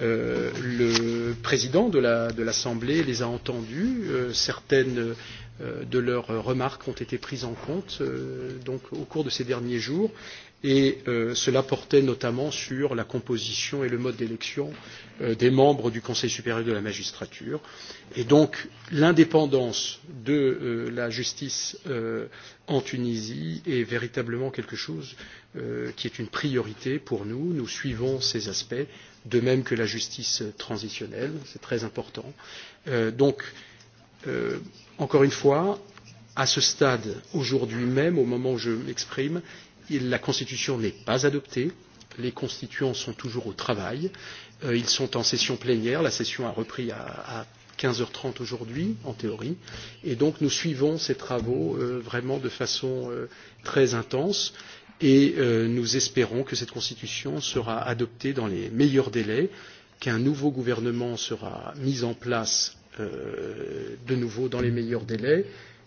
Euh, le président de l'Assemblée la, de les a entendus, euh, certaines euh, de leurs remarques ont été prises en compte euh, donc, au cours de ces derniers jours et euh, cela portait notamment sur la composition et le mode d'élection euh, des membres du Conseil supérieur de la magistrature. Et donc l'indépendance de euh, la justice en Tunisie est véritablement quelque chose qui est une priorité pour nous. Nous suivons ces aspects, de même que la justice transitionnelle, c'est très important. donc, encore une fois, à ce stade, aujourd'hui même, au moment où je m'exprime, la Constitution n'est pas adoptée, les constituants sont toujours au travail, euh, ils sont en session plénière, la session a repris à, à 15h30 aujourd'hui, en théorie, et donc nous suivons ces travaux euh, vraiment de façon euh, très intense et euh, nous espérons que cette Constitution sera adoptée dans les meilleurs délais, qu'un nouveau gouvernement sera mis en place euh, de nouveau dans les meilleurs délais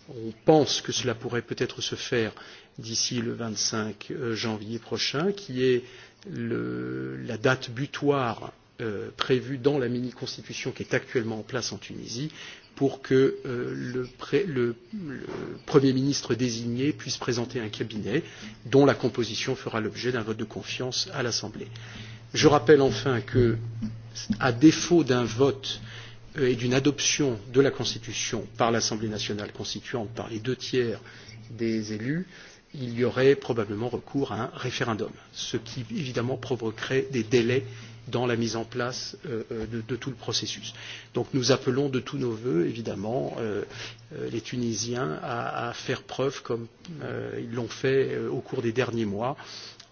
on pense que cela pourrait peut-être se faire d'ici le 25 euh, janvier prochain, qui est le, la date butoir euh, prévue dans la mini-constitution qui est actuellement en place en Tunisie pour que euh, le, pré, le, le Premier ministre désigné puisse présenter un cabinet dont la composition fera l'objet d'un vote de confiance à l'Assemblée. Je rappelle enfin que, à défaut d'un vote euh, Euh, et d'une adoption de la Constitution par l'Assemblée nationale constituante par les deux tiers des élus, il y aurait probablement recours à un référendum, ce qui évidemment provoquerait des délais dans la mise en place euh, euh de, de tout le processus. Donc nous appelons de tous nos voeux, évidemment, euh, euh, les Tunisiens à, à faire preuve, comme euh, ils l'ont fait euh, au cours des derniers mois,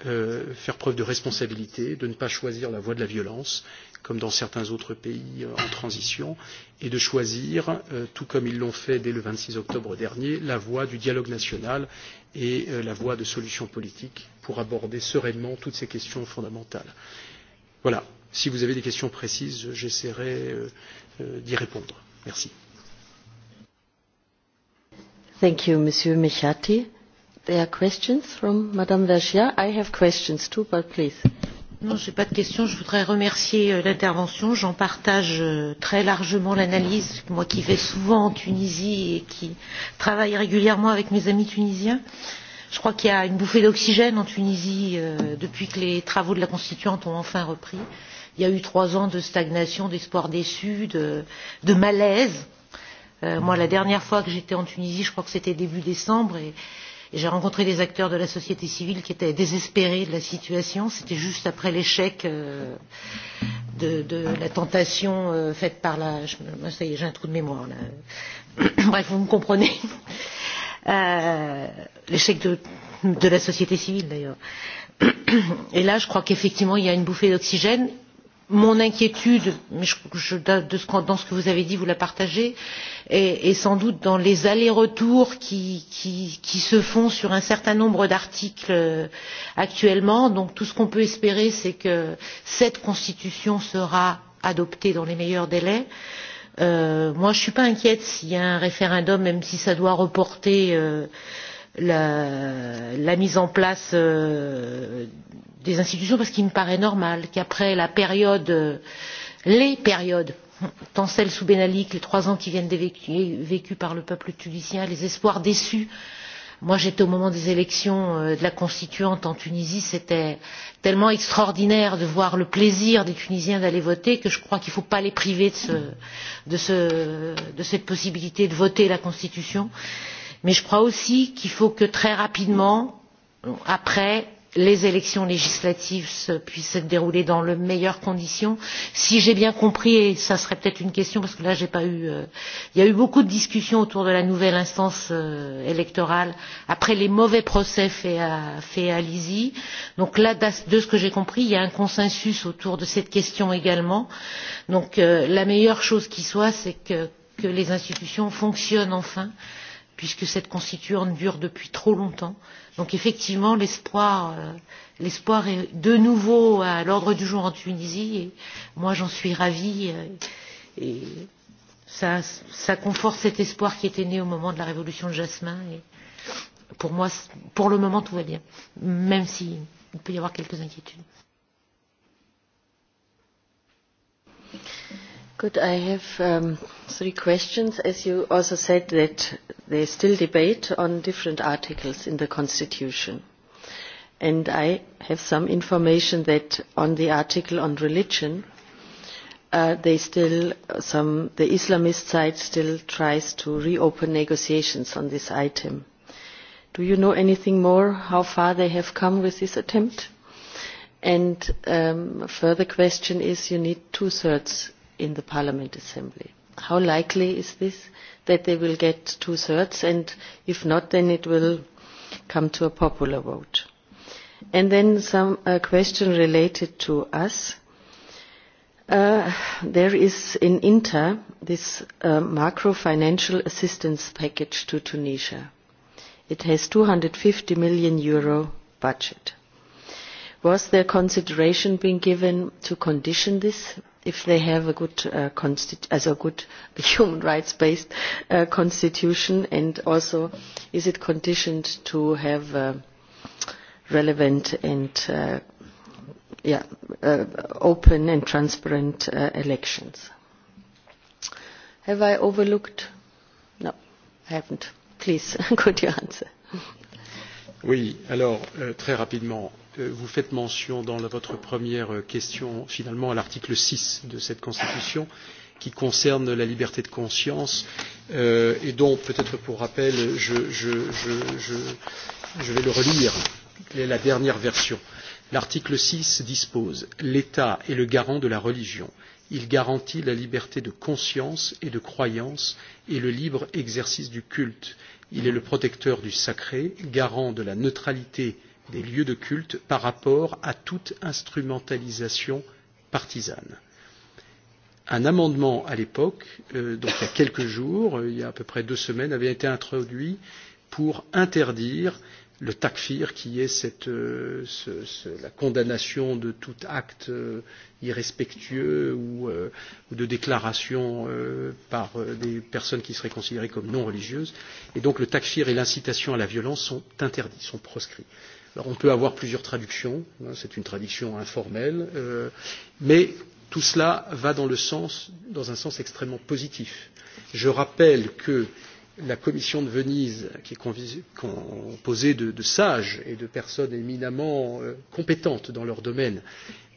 euh, faire preuve de responsabilité, de ne pas choisir la voie de la violence, comme dans certains autres pays euh, en transition, et de choisir, euh, tout comme ils l'ont fait dès le 26 octobre dernier, la voie du dialogue national et euh, la voie de solutions politiques pour aborder sereinement toutes ces questions fondamentales. Voilà. Si vous avez des questions précises, j'essaierai d'y répondre. Merci. Thank you, Monsieur Michati. There are questions from Madame Vergia. I have questions too, but please. Non, je pas de question. Je voudrais remercier euh, l'intervention. J'en partage euh, très largement l'analyse, moi qui vais souvent en Tunisie et qui travaille régulièrement avec mes amis tunisiens. Je crois qu'il y a une bouffée d'oxygène en Tunisie euh, depuis que les travaux de la Constituante ont enfin repris. Il y a eu trois ans de stagnation, d'espoir déçu, de, de malaise. Euh, moi, la dernière fois que j'étais en Tunisie, je crois que c'était début décembre, et et j'ai rencontré des acteurs de la société civile qui étaient désespérés de la situation c'était juste après l'échec euh, de, de la tentation euh, faite par la Moi, ça y est j'ai un trou de mémoire là bref vous me comprenez euh, l'échec de, de la société civile d'ailleurs et là je crois qu'effectivement il y a une bouffée d'oxygène mon inquiétude mais je, de ce, dans ce que vous avez dit vous la partagez est, est sans doute dans les allers retours qui, qui, qui se font sur un certain nombre d'articles euh, actuellement. donc tout ce qu'on peut espérer c'est que cette constitution sera adoptée dans les meilleurs délais. Euh, moi je ne suis pas inquiète s'il y a un référendum même si ça doit reporter euh, la, la mise en place euh, des institutions parce qu'il me paraît normal qu'après la période euh, les périodes tant celle sous ben ali que les trois ans qui viennent d'être vécus par le peuple tunisien les espoirs déçus moi j'étais au moment des élections euh, de la constituante en tunisie c'était tellement extraordinaire de voir le plaisir des tunisiens d'aller voter que je crois qu'il ne faut pas les priver de, ce, de, ce, de cette possibilité de voter la constitution mais je crois aussi qu'il faut que très rapidement après les élections législatives puissent se dérouler dans les meilleures conditions. si j'ai bien compris et ce serait peut être une question parce que là j'ai pas eu euh, il y a eu beaucoup de discussions autour de la nouvelle instance euh, électorale après les mauvais procès faits à, fait à Lizy. donc là de ce que j'ai compris il y a un consensus autour de cette question également. donc euh, la meilleure chose qui soit c'est que, que les institutions fonctionnent enfin puisque cette constituante dure depuis trop longtemps. Euh, Donc effectivement, l'espoir, euh, l'espoir est de nouveau à l'ordre du jour en Tunisie. Et moi, j'en suis ravie. Euh, et ça, ça conforte cet espoir qui était né au moment de la révolution de Jasmin. Et pour moi, pour le moment, tout va bien, même s'il si peut y avoir quelques inquiétudes. Thank you. Good. I have um, three questions. As you also said that there is still debate on different articles in the Constitution. And I have some information that on the article on religion, uh, they still, some, the Islamist side still tries to reopen negotiations on this item. Do you know anything more, how far they have come with this attempt? And um, a further question is you need two-thirds in the Parliament Assembly. How likely is this that they will get two-thirds? And if not, then it will come to a popular vote. And then some a question related to us. Uh, there is in Inter this uh, macro financial assistance package to Tunisia. It has 250 million euro budget. Was there consideration being given to condition this if they have a good, uh, as a good human rights based uh, constitution and also is it conditioned to have uh, relevant and uh, yeah, uh, open and transparent uh, elections. Have I overlooked? No, I haven't. Please, could you answer? alors euh, très rapidement, euh, vous faites mention dans la, votre première euh, question finalement à l'article 6 de cette Constitution qui concerne la liberté de conscience euh, et dont peut-être pour rappel je, je, je, je, je vais le relire, la dernière version. L'article 6 dispose L'État est le garant de la religion. Il garantit la liberté de conscience et de croyance et le libre exercice du culte Il est le protecteur du sacré, garant de la neutralité des lieux de culte par rapport à toute instrumentalisation partisane. Un amendement à l'époque, euh, donc il y a quelques jours, euh, il y a à peu près deux semaines, avait été introduit pour interdire le takfir, qui est cette, euh, ce, ce, la condamnation de tout acte euh, irrespectueux ou, euh, ou de déclaration euh, par euh, des personnes qui seraient considérées comme non religieuses. Et donc le takfir et l'incitation à la violence sont interdits, sont proscrits. Alors on peut avoir plusieurs traductions, hein, c'est une traduction informelle, euh, mais tout cela va dans, le sens, dans un sens extrêmement positif. Je rappelle que euh, la commission de Venise, qui est composée de, de sages et de personnes éminemment euh, compétentes dans leur domaine,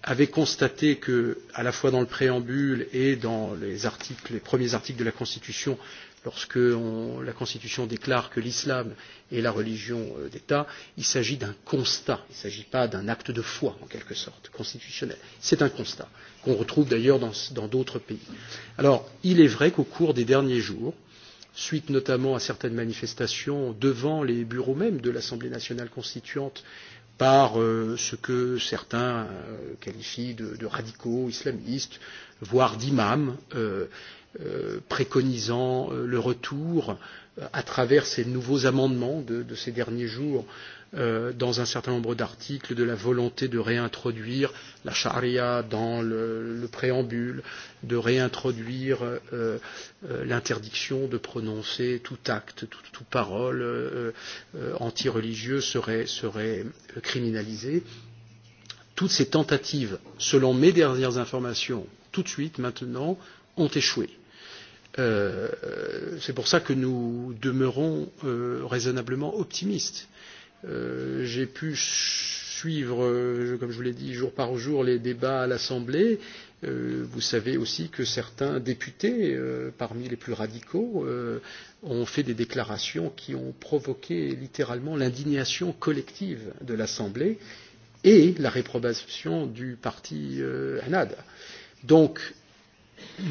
avait constaté que, à la fois dans le préambule et dans les, articles, les premiers articles de la Constitution, lorsque on, la Constitution déclare que l'islam est la religion euh, d'État, il s'agit d'un constat, il ne s'agit pas d'un acte de foi, en quelque sorte, constitutionnel. C'est un constat, qu'on retrouve d'ailleurs dans d'autres pays. Alors, il est vrai qu'au cours des derniers jours, suite notamment à certaines manifestations devant les bureaux même de l'Assemblée nationale constituante par euh, ce que certains euh, qualifient de, de radicaux islamistes, voire d'imams, euh, euh, préconisant euh, le retour à travers ces nouveaux amendements de, de ces derniers jours euh, Euh, dans un certain nombre d'articles de la volonté de réintroduire la charia dans le, le préambule, de réintroduire euh, euh, l'interdiction de prononcer tout acte, toute tout parole euh, euh, antireligieux serait, serait criminalisée. Toutes ces tentatives, selon mes dernières informations, tout de suite, maintenant, ont échoué. Euh, euh c'est pour ça que nous demeurons euh, raisonnablement optimistes. Euh, Euh, j'ai pu suivre, euh, comme je vous l'ai dit, jour par jour les débats à l'Assemblée. Euh, vous savez aussi que certains députés, euh, parmi les plus radicaux, euh, ont fait des déclarations qui ont provoqué littéralement l'indignation collective de l'Assemblée et la réprobation du parti euh, Hanad. Donc,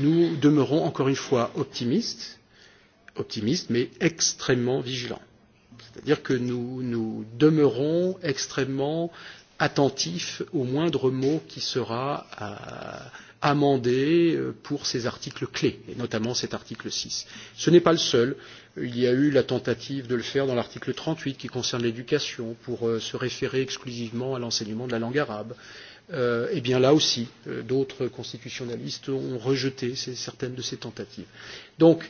nous demeurons encore une fois optimistes, optimistes mais extrêmement vigilants. C'est-à-dire que nous, nous demeurons extrêmement attentifs au moindre mot qui sera euh, amendé euh, pour ces articles clés, et notamment cet article 6. Ce n'est pas le seul. Il y a eu la tentative de le faire dans l'article 38 qui concerne l'éducation pour euh, se référer exclusivement à l'enseignement de la langue arabe. Euh, eh bien là aussi, euh, d'autres constitutionnalistes ont rejeté ces, certaines de ces tentatives. Donc,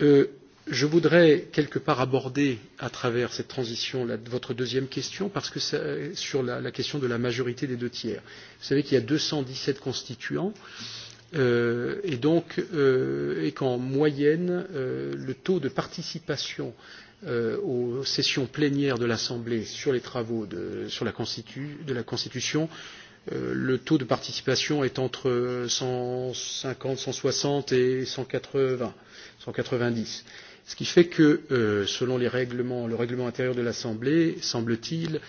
euh, je voudrais quelque part aborder à travers cette transition votre deuxième question parce que sur la, la question de la majorité des deux tiers. Vous savez qu'il y a 217 constituants euh, et donc euh, et qu'en moyenne euh, le taux de participation euh, aux sessions plénières de l'Assemblée sur les travaux de, sur la, constitu, de la Constitution euh, le taux de participation est entre 150, 160 et 180, 190 Ce qui fait que, euh, selon les règlements, le règlement intérieur de l'Assemblée, semble-t-il,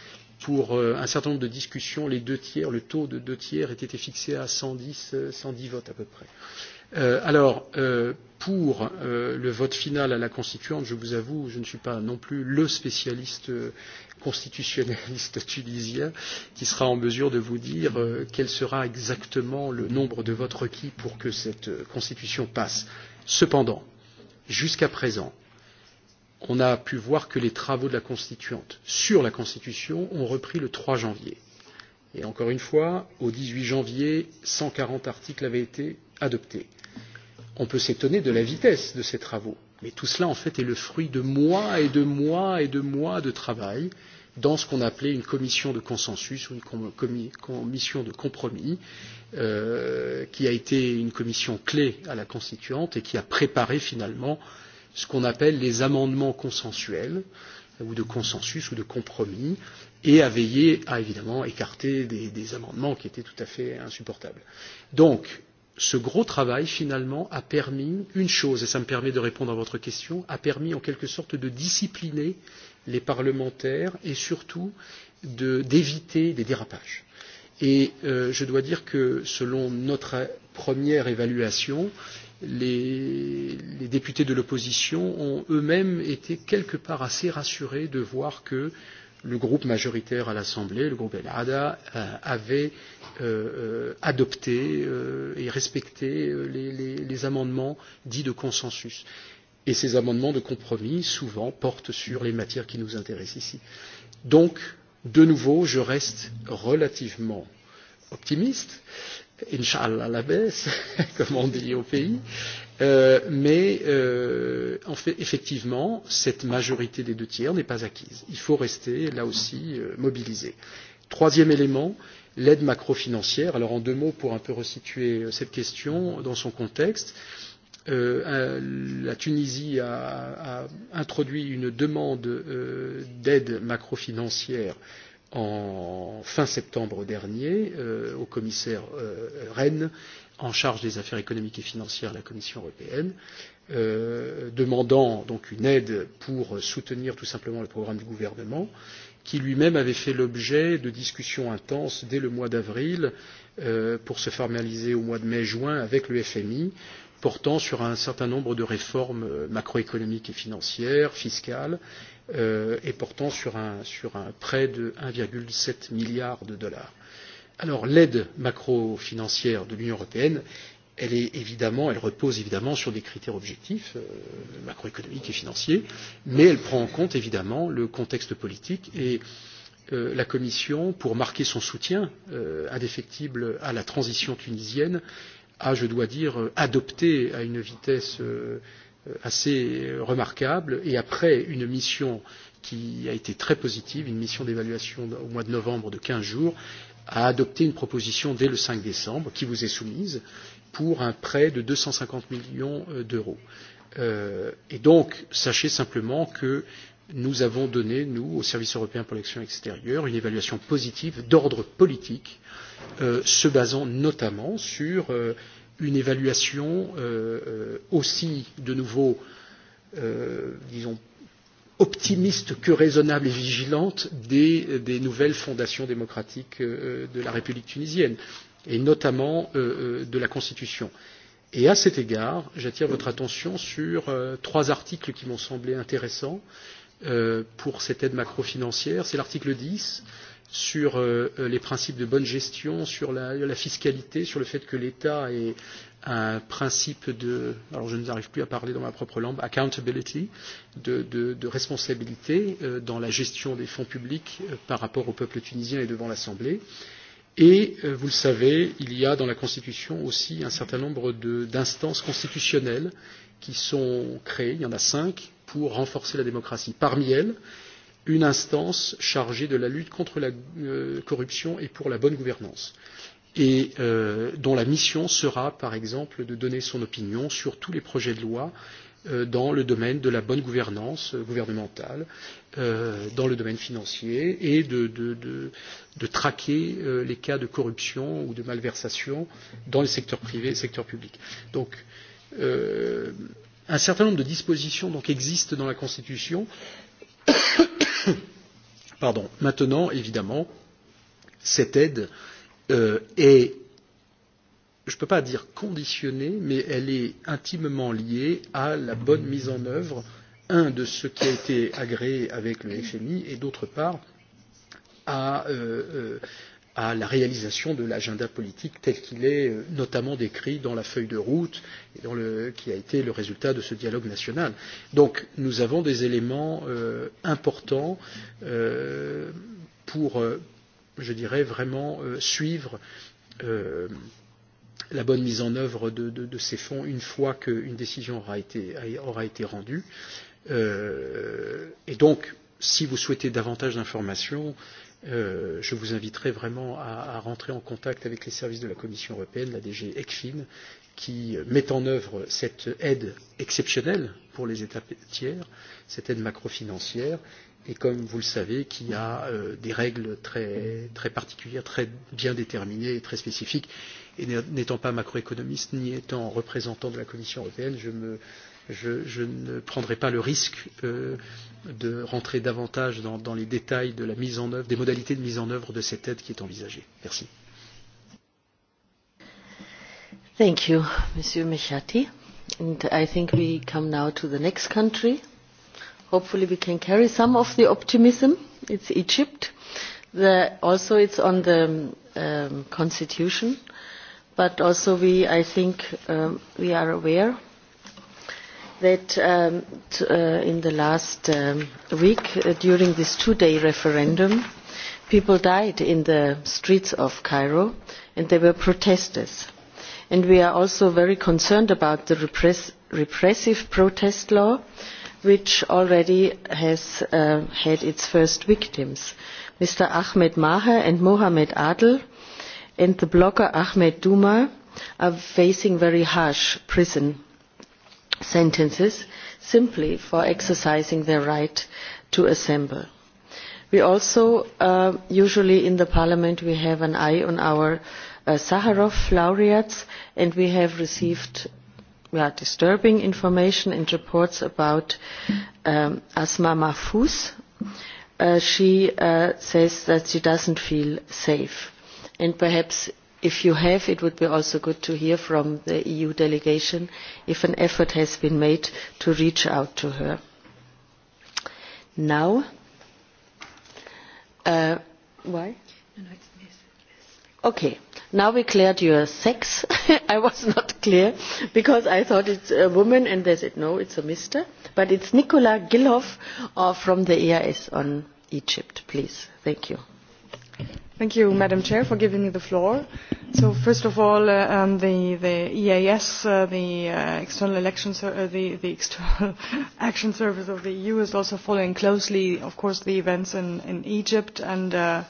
pour euh, un certain nombre de discussions, les deux tiers, le taux de deux tiers ait été fixé à 110, 110 euh, votes à peu près. Euh, alors, euh, pour euh, le vote final à la constituante, je vous avoue, je ne suis pas non plus le spécialiste constitutionnaliste tunisien qui sera en mesure de vous dire euh, quel sera exactement le nombre de votes requis pour que cette constitution passe. Cependant, jusqu'à présent, on a pu voir que les travaux de la constituante sur la Constitution ont repris le 3 janvier. Et encore une fois, au 18 janvier, 140 articles avaient été adoptés. On peut s'étonner de la vitesse de ces travaux, mais tout cela en fait est le fruit de mois et de mois et de mois de travail euh, dans ce qu'on appelait une commission de consensus ou une commission de compromis, euh, qui a été une commission clé à la constituante et qui a préparé finalement ce qu'on appelle les amendements consensuels euh, ou de consensus ou de compromis et a veillé à évidemment écarter des, des amendements qui étaient tout à fait insupportables. Donc, ce gros travail finalement a permis une chose, et ça me permet de répondre à votre question, a permis en quelque sorte de discipliner les parlementaires et surtout d'éviter des dérapages. Et euh, je dois dire que selon notre première évaluation, les, les députés de l'opposition ont eux-mêmes été quelque part assez rassurés de voir que le groupe majoritaire à l'Assemblée, le groupe El Hada, euh, avait euh, euh, adopté euh, et respecté les, les, les amendements dits de consensus. Et ces amendements de compromis, souvent, portent sur les matières qui nous intéressent ici. Donc, de nouveau, je reste relativement optimiste, Inch'Allah la baisse, comme on dit au pays, euh, mais euh, en fait, effectivement, cette majorité des deux tiers n'est pas acquise. Il faut rester, là aussi, euh, mobilisé. Troisième élément, l'aide macrofinancière. Alors, en deux mots, pour un peu resituer euh, cette question dans son contexte, euh, Euh, la Tunisie a, a introduit une demande euh, d'aide macrofinancière en fin septembre dernier euh, au commissaire euh, Rennes en charge des affaires économiques et financières de la Commission européenne, euh, demandant donc une aide pour soutenir tout simplement le programme du gouvernement, qui lui-même avait fait l'objet de discussions intenses dès le mois d'avril euh, pour se formaliser au mois de mai-juin avec le FMI. Euh, portant sur un certain nombre de réformes euh, macroéconomiques et financières, fiscales, euh, et portant sur un, sur un prêt de 1,7 milliard de dollars. Alors l'aide macro-financière de l'Union européenne, elle, est évidemment, elle repose évidemment sur des critères objectifs euh, macroéconomiques et financiers, mais elle prend en compte évidemment le contexte politique et euh, la Commission, pour marquer son soutien euh, indéfectible à la transition tunisienne, a, je dois dire, adopté à une vitesse euh, assez remarquable et après une mission qui a été très positive, une mission d'évaluation au mois de novembre de 15 jours, a adopté une proposition dès le 5 décembre qui vous est soumise pour un prêt de 250 millions euh, d'euros. Euh, et donc, sachez simplement que nous avons donné, nous, au Service européen pour l'action extérieure, une évaluation positive d'ordre politique euh, Euh, se basant notamment sur euh, une évaluation euh, aussi, de nouveau, euh, disons, optimiste que raisonnable et vigilante des, des nouvelles fondations démocratiques euh, de la République tunisienne, et notamment euh, euh de la Constitution. Et à cet égard, j'attire votre attention sur euh, trois articles qui m'ont semblé intéressants euh, pour cette aide macrofinancière. C'est l'article 10, euh, sur euh, euh, les principes de bonne gestion, sur la, la fiscalité, sur le fait que l'État ait un principe de, alors je n'arrive plus à parler dans ma propre langue, accountability, de, de, de responsabilité euh, dans la gestion des fonds publics euh, par rapport au peuple tunisien et devant l'Assemblée. Et vous le savez, il y a dans la Constitution aussi un certain nombre d'instances constitutionnelles qui sont créées, il y en a cinq, pour renforcer la démocratie. Parmi elles, euh, une instance chargée de la lutte contre la euh, corruption et pour la bonne gouvernance et euh, dont la mission sera, par exemple, de donner son opinion sur tous les projets de loi euh, dans le domaine de la bonne gouvernance euh, gouvernementale, euh, dans le domaine financier, et de, de, de, de traquer euh, les cas de corruption ou de malversation dans les secteurs privés et le secteur public. Donc, euh, un certain nombre de dispositions donc, existent dans la Constitution Pardon. Maintenant, évidemment, cette aide euh, est, je ne peux pas dire conditionnée, mais elle est intimement liée à la bonne mise en œuvre, un, de ce qui a été agréé avec le FMI, et d'autre part, à euh, euh, à la réalisation de l'agenda politique tel qu'il est euh, notamment décrit dans la feuille de route et dans le, qui a été le résultat de ce dialogue national. Donc nous avons des éléments euh, importants euh, pour, euh, je dirais, vraiment euh, suivre euh, la bonne mise en œuvre de, de, de ces fonds une fois qu'une décision aura été, aura été rendue. Euh, et donc, si vous souhaitez davantage d'informations, euh, je vous inviterai vraiment à, à rentrer en contact avec les services de la Commission européenne, la DG ECFIN, qui met en œuvre cette aide exceptionnelle pour les États tiers, cette aide macrofinancière, et comme vous le savez, qui a euh, des règles très, très particulières, très bien déterminées et très spécifiques. Et n'étant pas macroéconomiste, ni étant représentant de la Commission européenne, je me je, je ne prendrai pas le risque euh, de rentrer davantage dans, dans les détails de la mise en œuvre, des modalités de mise en œuvre de cette aide qui est envisagée. Merci. Thank you, Monsieur Mechati. And I think we come now to the next country. Hopefully we can carry some of the optimism. It's Egypt. The, also it's on the um, constitution. But also we, I think, um, we are aware that um, t, uh, in the last um, week, uh, during this two-day referendum, people died in the streets of Cairo, and they were protesters. And we are also very concerned about the repress repressive protest law, which already has uh, had its first victims. Mr. Ahmed Maher and Mohamed Adel and the blogger Ahmed Duma are facing very harsh prison sentences simply for exercising their right to assemble. We also uh, usually in the parliament we have an eye on our uh, Sakharov laureates and we have received disturbing information and reports about um, Asma Mahfouz. Uh, she uh, says that she doesn't feel safe and perhaps if you have it would also be good to hear from the eu delegation if an effort has been made to reach out to her. now uh, why okay now we cleared your sex i was not clear because i thought it's a woman and they said no it's a mister but it's nicola gilhoff uh, from the eas on egypt please thank you Thank you, Madam Chair, for giving me the floor. So first of all, uh, um, the, the EAS, uh, the uh, External Election, Ser uh, the, the External Action Service of the EU, is also following closely, of course, the events in, in Egypt, and uh,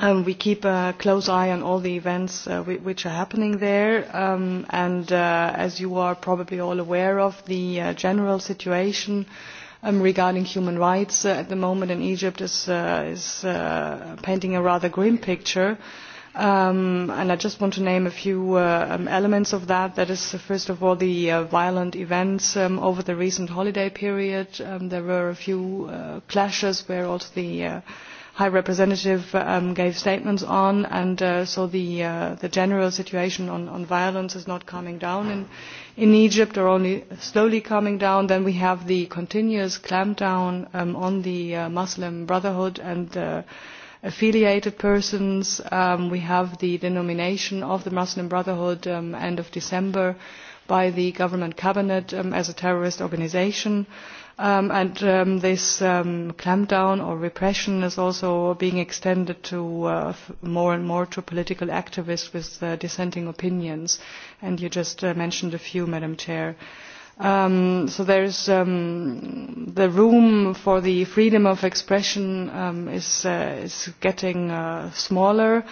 um, we keep a close eye on all the events uh, which are happening there. Um, and uh, as you are probably all aware of, the uh, general situation um, regarding human rights uh, at the moment in Egypt is, uh, is uh, painting a rather grim picture. Um, and I just want to name a few uh, um, elements of that. That is, uh, first of all, the uh, violent events um, over the recent holiday period. Um, there were a few uh, clashes where also the uh, High Representative um, gave statements on, and uh, so the, uh, the general situation on, on violence is not coming down in, in Egypt are only slowly coming down. Then we have the continuous clampdown um, on the uh, Muslim Brotherhood and the affiliated persons. Um, we have the denomination of the Muslim Brotherhood um, end of December by the government cabinet um, as a terrorist organization. Uh, Um, and um, this um, clampdown or repression is also being extended to uh, more and more to political activists with uh, dissenting opinions. And you just uh, mentioned a few, Madam Chair. Um, so there's um, the room for the freedom of expression um, is, uh, is getting uh, smaller. Uh,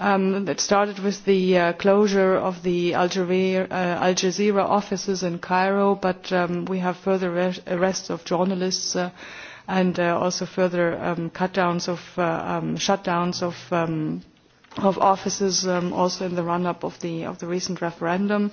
Um, that started with the uh, closure of the Al Jazeera uh, offices in Cairo, but um, we have further arrests of journalists uh, and uh, also further um, cutdowns of uh, um, shutdowns of um, of offices um, also in the run-up of the of the recent referendum.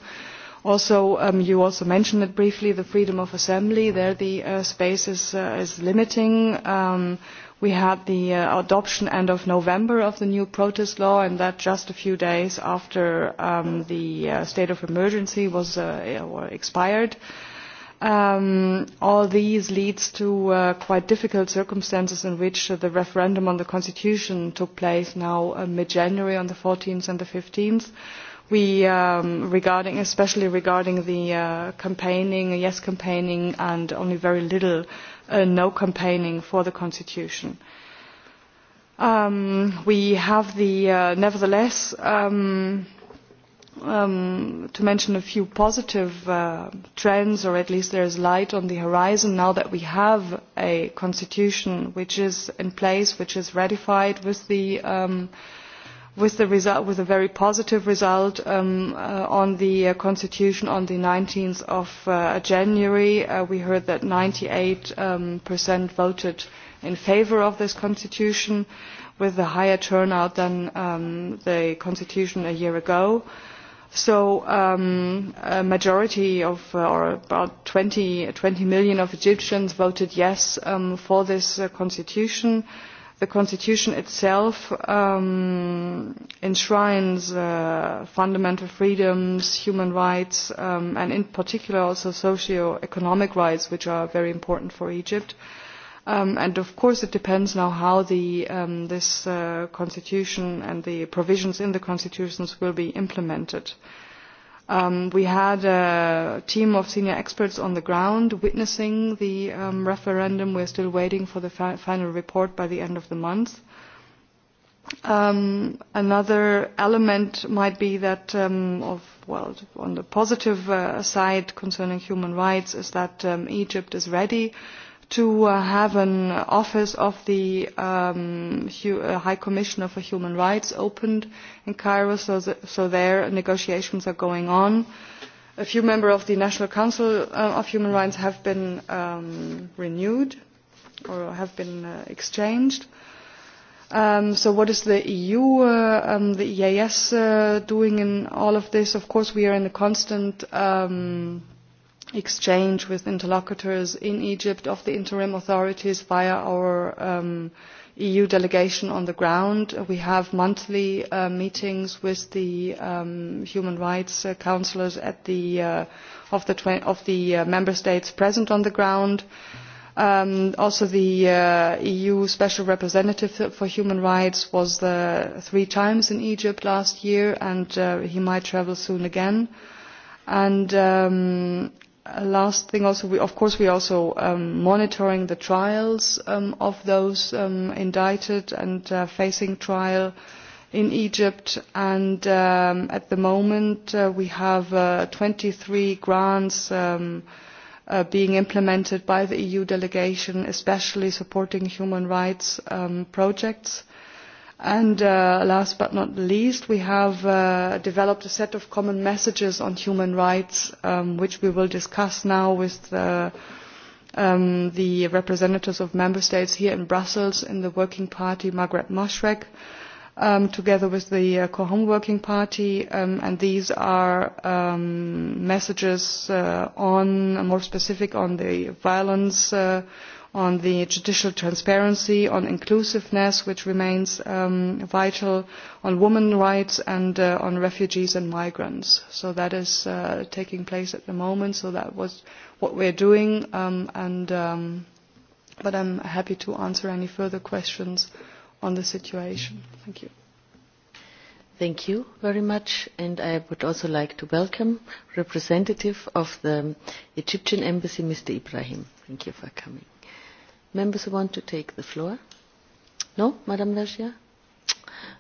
Also, um, you also mentioned it briefly, the freedom of assembly. There, the uh, space is, uh, is limiting. Um, we had the uh, adoption end of November of the new protest law, and that just a few days after um, the uh, state of emergency was uh, expired. Um, all these leads to uh, quite difficult circumstances in which the referendum on the constitution took place now in mid-January on fourteen and fifteen um, especially regarding the campaigning, yes campaigning, and only very little uh, no campaigning for the constitution. Um, we have the, uh, nevertheless, um, um, to mention a few positive uh, trends, or at least there is light on the horizon now that we have a constitution which is in place, which is ratified with the um, uh, with, the result, with a very positive result um, uh, on the uh, constitution on the 19th of uh, January. Uh, we heard that 98% um, voted in favour of this constitution with a higher turnout than um, the constitution a year ago. So um, a majority of, uh, or about 20, 20 million of Egyptians voted yes um, for this uh, constitution. Uh, the constitution itself um, enshrines uh, fundamental freedoms, human rights, um, and in particular also socio-economic rights, which are very important for Egypt. Um, and of course it depends now how the, um, this uh, constitution and the provisions in the constitutions will be implemented. Uh, Um, we had a team of senior experts on the ground witnessing the um, referendum. We're still waiting for the final report by the end of the month. Um, another element might be that, um, of, well, on the positive uh, side concerning human rights is that um, Egypt is ready. Uh, to uh, have an office of the um, Hu uh, High Commissioner for Human Rights opened in Cairo, so, th so there negotiations are going on. A few members of the National Council uh, of Human Rights have been um, renewed or have been uh, exchanged. Um, so what is the EU, uh, um, the EAS uh, doing in all of this? Of course, we are in a constant um, exchange with interlocutors in Egypt of the interim authorities via our um, EU delegation on the ground. We have monthly uh, meetings with the um, human rights uh, councillors at the, uh, of the, of the uh, member states present on the ground. Um, also, the uh, EU Special Representative for Human Rights was the uh, three times in Egypt last year, and uh, he might travel soon again. And um, last thing also, we, of course, we are also um, monitoring the trials um, of those um, indicted and uh, facing trial in Egypt. And um, at the moment, uh, we have uh, 23 grants um, uh, being implemented by the EU delegation, especially supporting human rights um, projects. Uh, And uh, last but not least, we have uh, developed a set of common messages on human rights, um, which we will discuss now with the, um, the representatives of member states here in Brussels in the Working Party, Margaret Mushrek, um, together with the uh, COHOM Working Party. Um, and these are um, messages uh, on, more specific on the violence uh, on the judicial transparency, on inclusiveness, which remains um, vital, on women's rights and uh, on refugees and migrants. So that is uh, taking place at the moment. So that was what we're doing. Um, and, um, but I'm happy to answer any further questions on the situation. Thank you. Thank you very much. And I would also like to welcome representative of the Egyptian embassy, Mr. Ibrahim. Thank you for coming. Members who want to take the floor? No, Madame Vergia?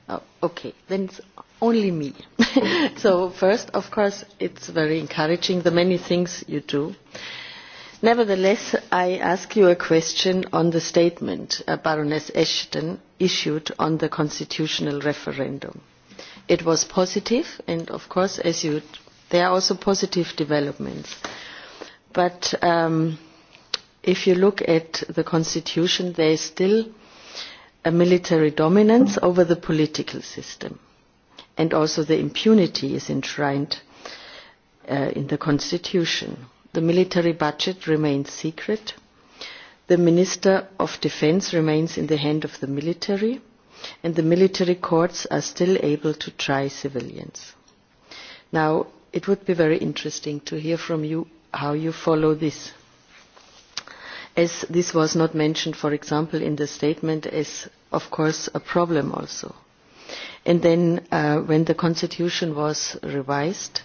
Oh, okay, then it's only me. so first, of course, it's very encouraging, the many things you do. Nevertheless, I ask you a question on the statement uh, Baroness Ashton issued on the constitutional referendum. It was positive, and of course, as you, there are also positive developments. But um, if you look at the constitution, there is still a military dominance over the political system. And also the impunity is enshrined uh, in the constitution. The military budget remains secret. The Minister of Defence remains in the hand of the military, and the military courts are still able to try civilians. Now, it would be very interesting to hear from you how you follow this as this was not mentioned, for example, in the statement, is of course a problem also. And then uh, when the constitution was revised,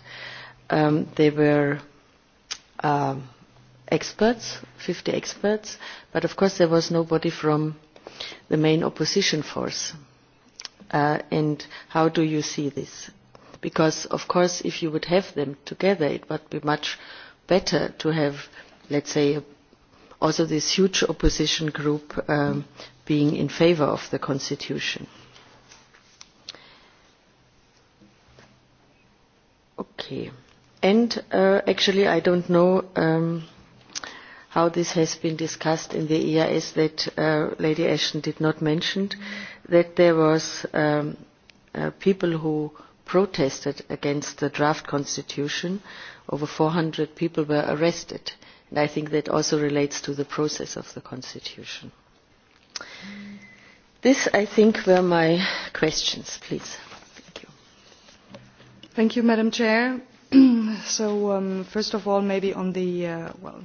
um, there were uh, experts, 50 experts, but of course there was nobody from the main opposition force. Uh, and how do you see this? Because of course if you would have them together, it would be much better to have, let's say, a also this huge opposition group um, being in favour of the constitution. Okay. And uh, actually, I don't know um, how this has been discussed in the EIS that uh, Lady Ashton did not mention, that there was um, uh, people who protested against the draft constitution, over 400 people were arrested. And I think that also relates to the process of the constitution. This, I think, were my questions. Please. Thank you. Thank you, Madam Chair. so, um, first of all, maybe on the, uh, well,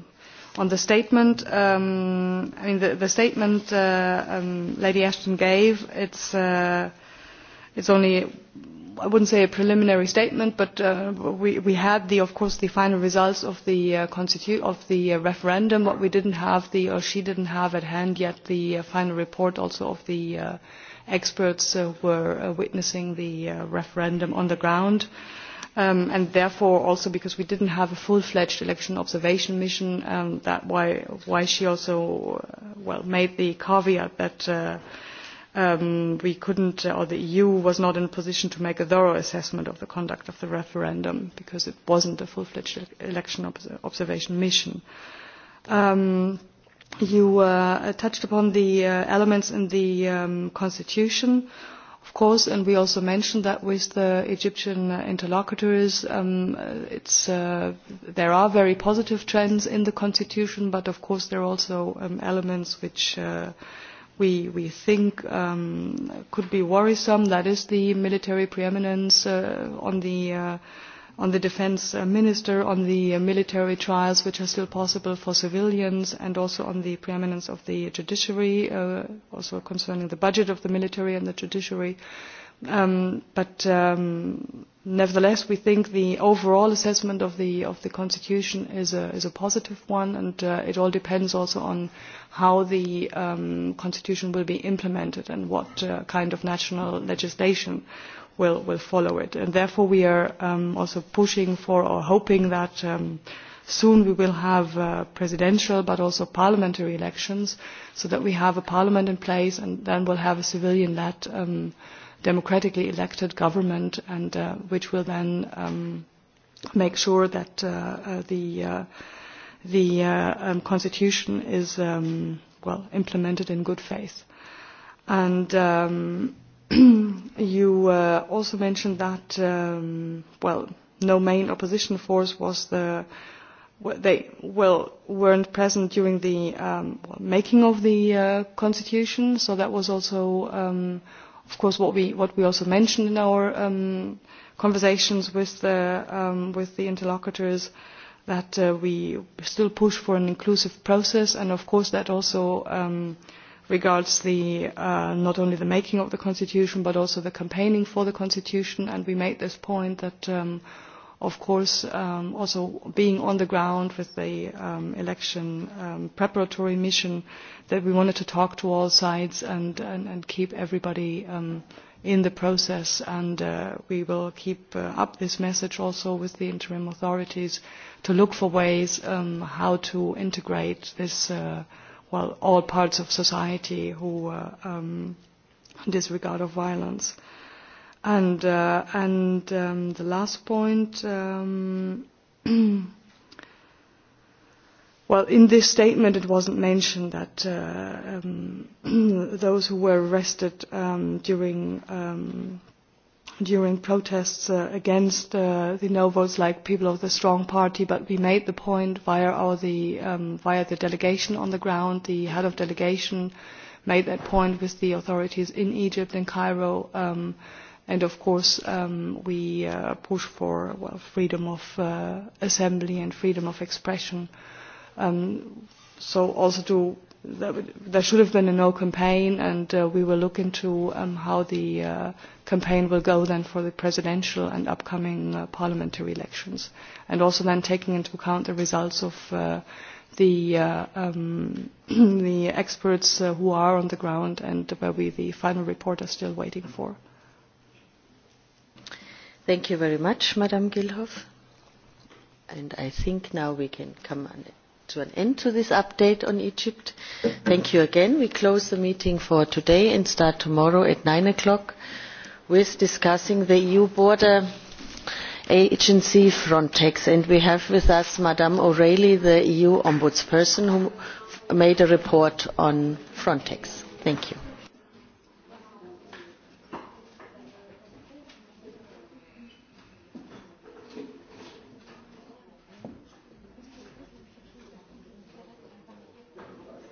on the statement, um, I mean, the, the statement uh, um, Lady Ashton gave, it's, uh, it's only I wouldn't say a preliminary statement, but uh, we, we had, the, of course, the final results of the, uh, constitu- of the uh, referendum. What we didn't have, the, or she didn't have at hand yet, the uh, final report also of the uh, experts uh, were uh, witnessing the uh, referendum on the ground. Um, and therefore, also because we didn't have a full-fledged election observation mission, um, that why, why she also, uh, well, made the caveat that uh, um, we couldn't, uh, or the EU was not in a position to make a thorough assessment of the conduct of the referendum because it wasn't a full-fledged e-, election observation mission. Um, you uh, touched upon the uh, elements in the um, constitution, of course, and we also mentioned that with the Egyptian interlocutors, um, uh, it's, uh, there are very positive trends in the constitution, but of course there are also um, elements which uh, we, we think um, could be worrisome. That is the military preeminence uh, on the uh, on the defence uh, minister, on the uh, military trials which are still possible for civilians, and also on the preeminence of the judiciary, uh, also concerning the budget of the military and the judiciary. Um, but um, nevertheless, we think the overall assessment of the, of the Constitution is a, is a positive one, and uh, it all depends also on how the um, Constitution will be implemented and what uh, kind of national legislation will, will follow it. And therefore, we are um, also pushing for or hoping that um, soon we will have uh, presidential but also parliamentary elections so that we have a parliament in place and then we'll have a civilian-led um, democratically elected government and uh, which will then um, make sure that uh, uh, the uh, the uh, um, constitution is um, well implemented in good faith and um, you uh, also mentioned that um, well no main opposition force was the they well weren't present during the um, making of the uh, constitution so that was also um, of course, what we, what we also mentioned in our um, conversations with the, um, with the interlocutors, that uh, we still push for an inclusive process, and of course that also um, regards the, uh, not only the making of the constitution, but also the campaigning for the constitution, and we made this point that um, – of course, um, also being on the ground with the um, election um, preparatory mission, that we wanted to talk to all sides and, and, and keep everybody um, in the process. And uh, we will keep uh, up this message also with the interim authorities to look for ways um, how to integrate this, uh, well, all parts of society who uh, um, disregard of violence. And, uh, and um, the last point, um, well, in this statement it wasn't mentioned that uh, um, those who were arrested um, during um, during protests uh, against uh, the no votes like people of the strong party, but we made the point via our the um, via the delegation on the ground, the head of delegation made that point with the authorities in Egypt and Cairo. Um, And of course, um, we uh, push for well, freedom of uh, assembly and freedom of expression. Um, so also to there should have been a no campaign, and uh, we will look into um, how the uh, campaign will go then for the presidential and upcoming uh, parliamentary elections, and also then taking into account the results of uh, the uh, um, the experts uh, who are on the ground and where we the final report are still waiting for. Thank you very much, Madam Gilhoff. And I think now we can come on to an end to this update on Egypt. Thank you again. We close the meeting for today and start tomorrow at 9 o'clock with discussing the EU border agency Frontex. And we have with us Madame O'Reilly, the EU ombudsperson, who made a report on Frontex. Thank you.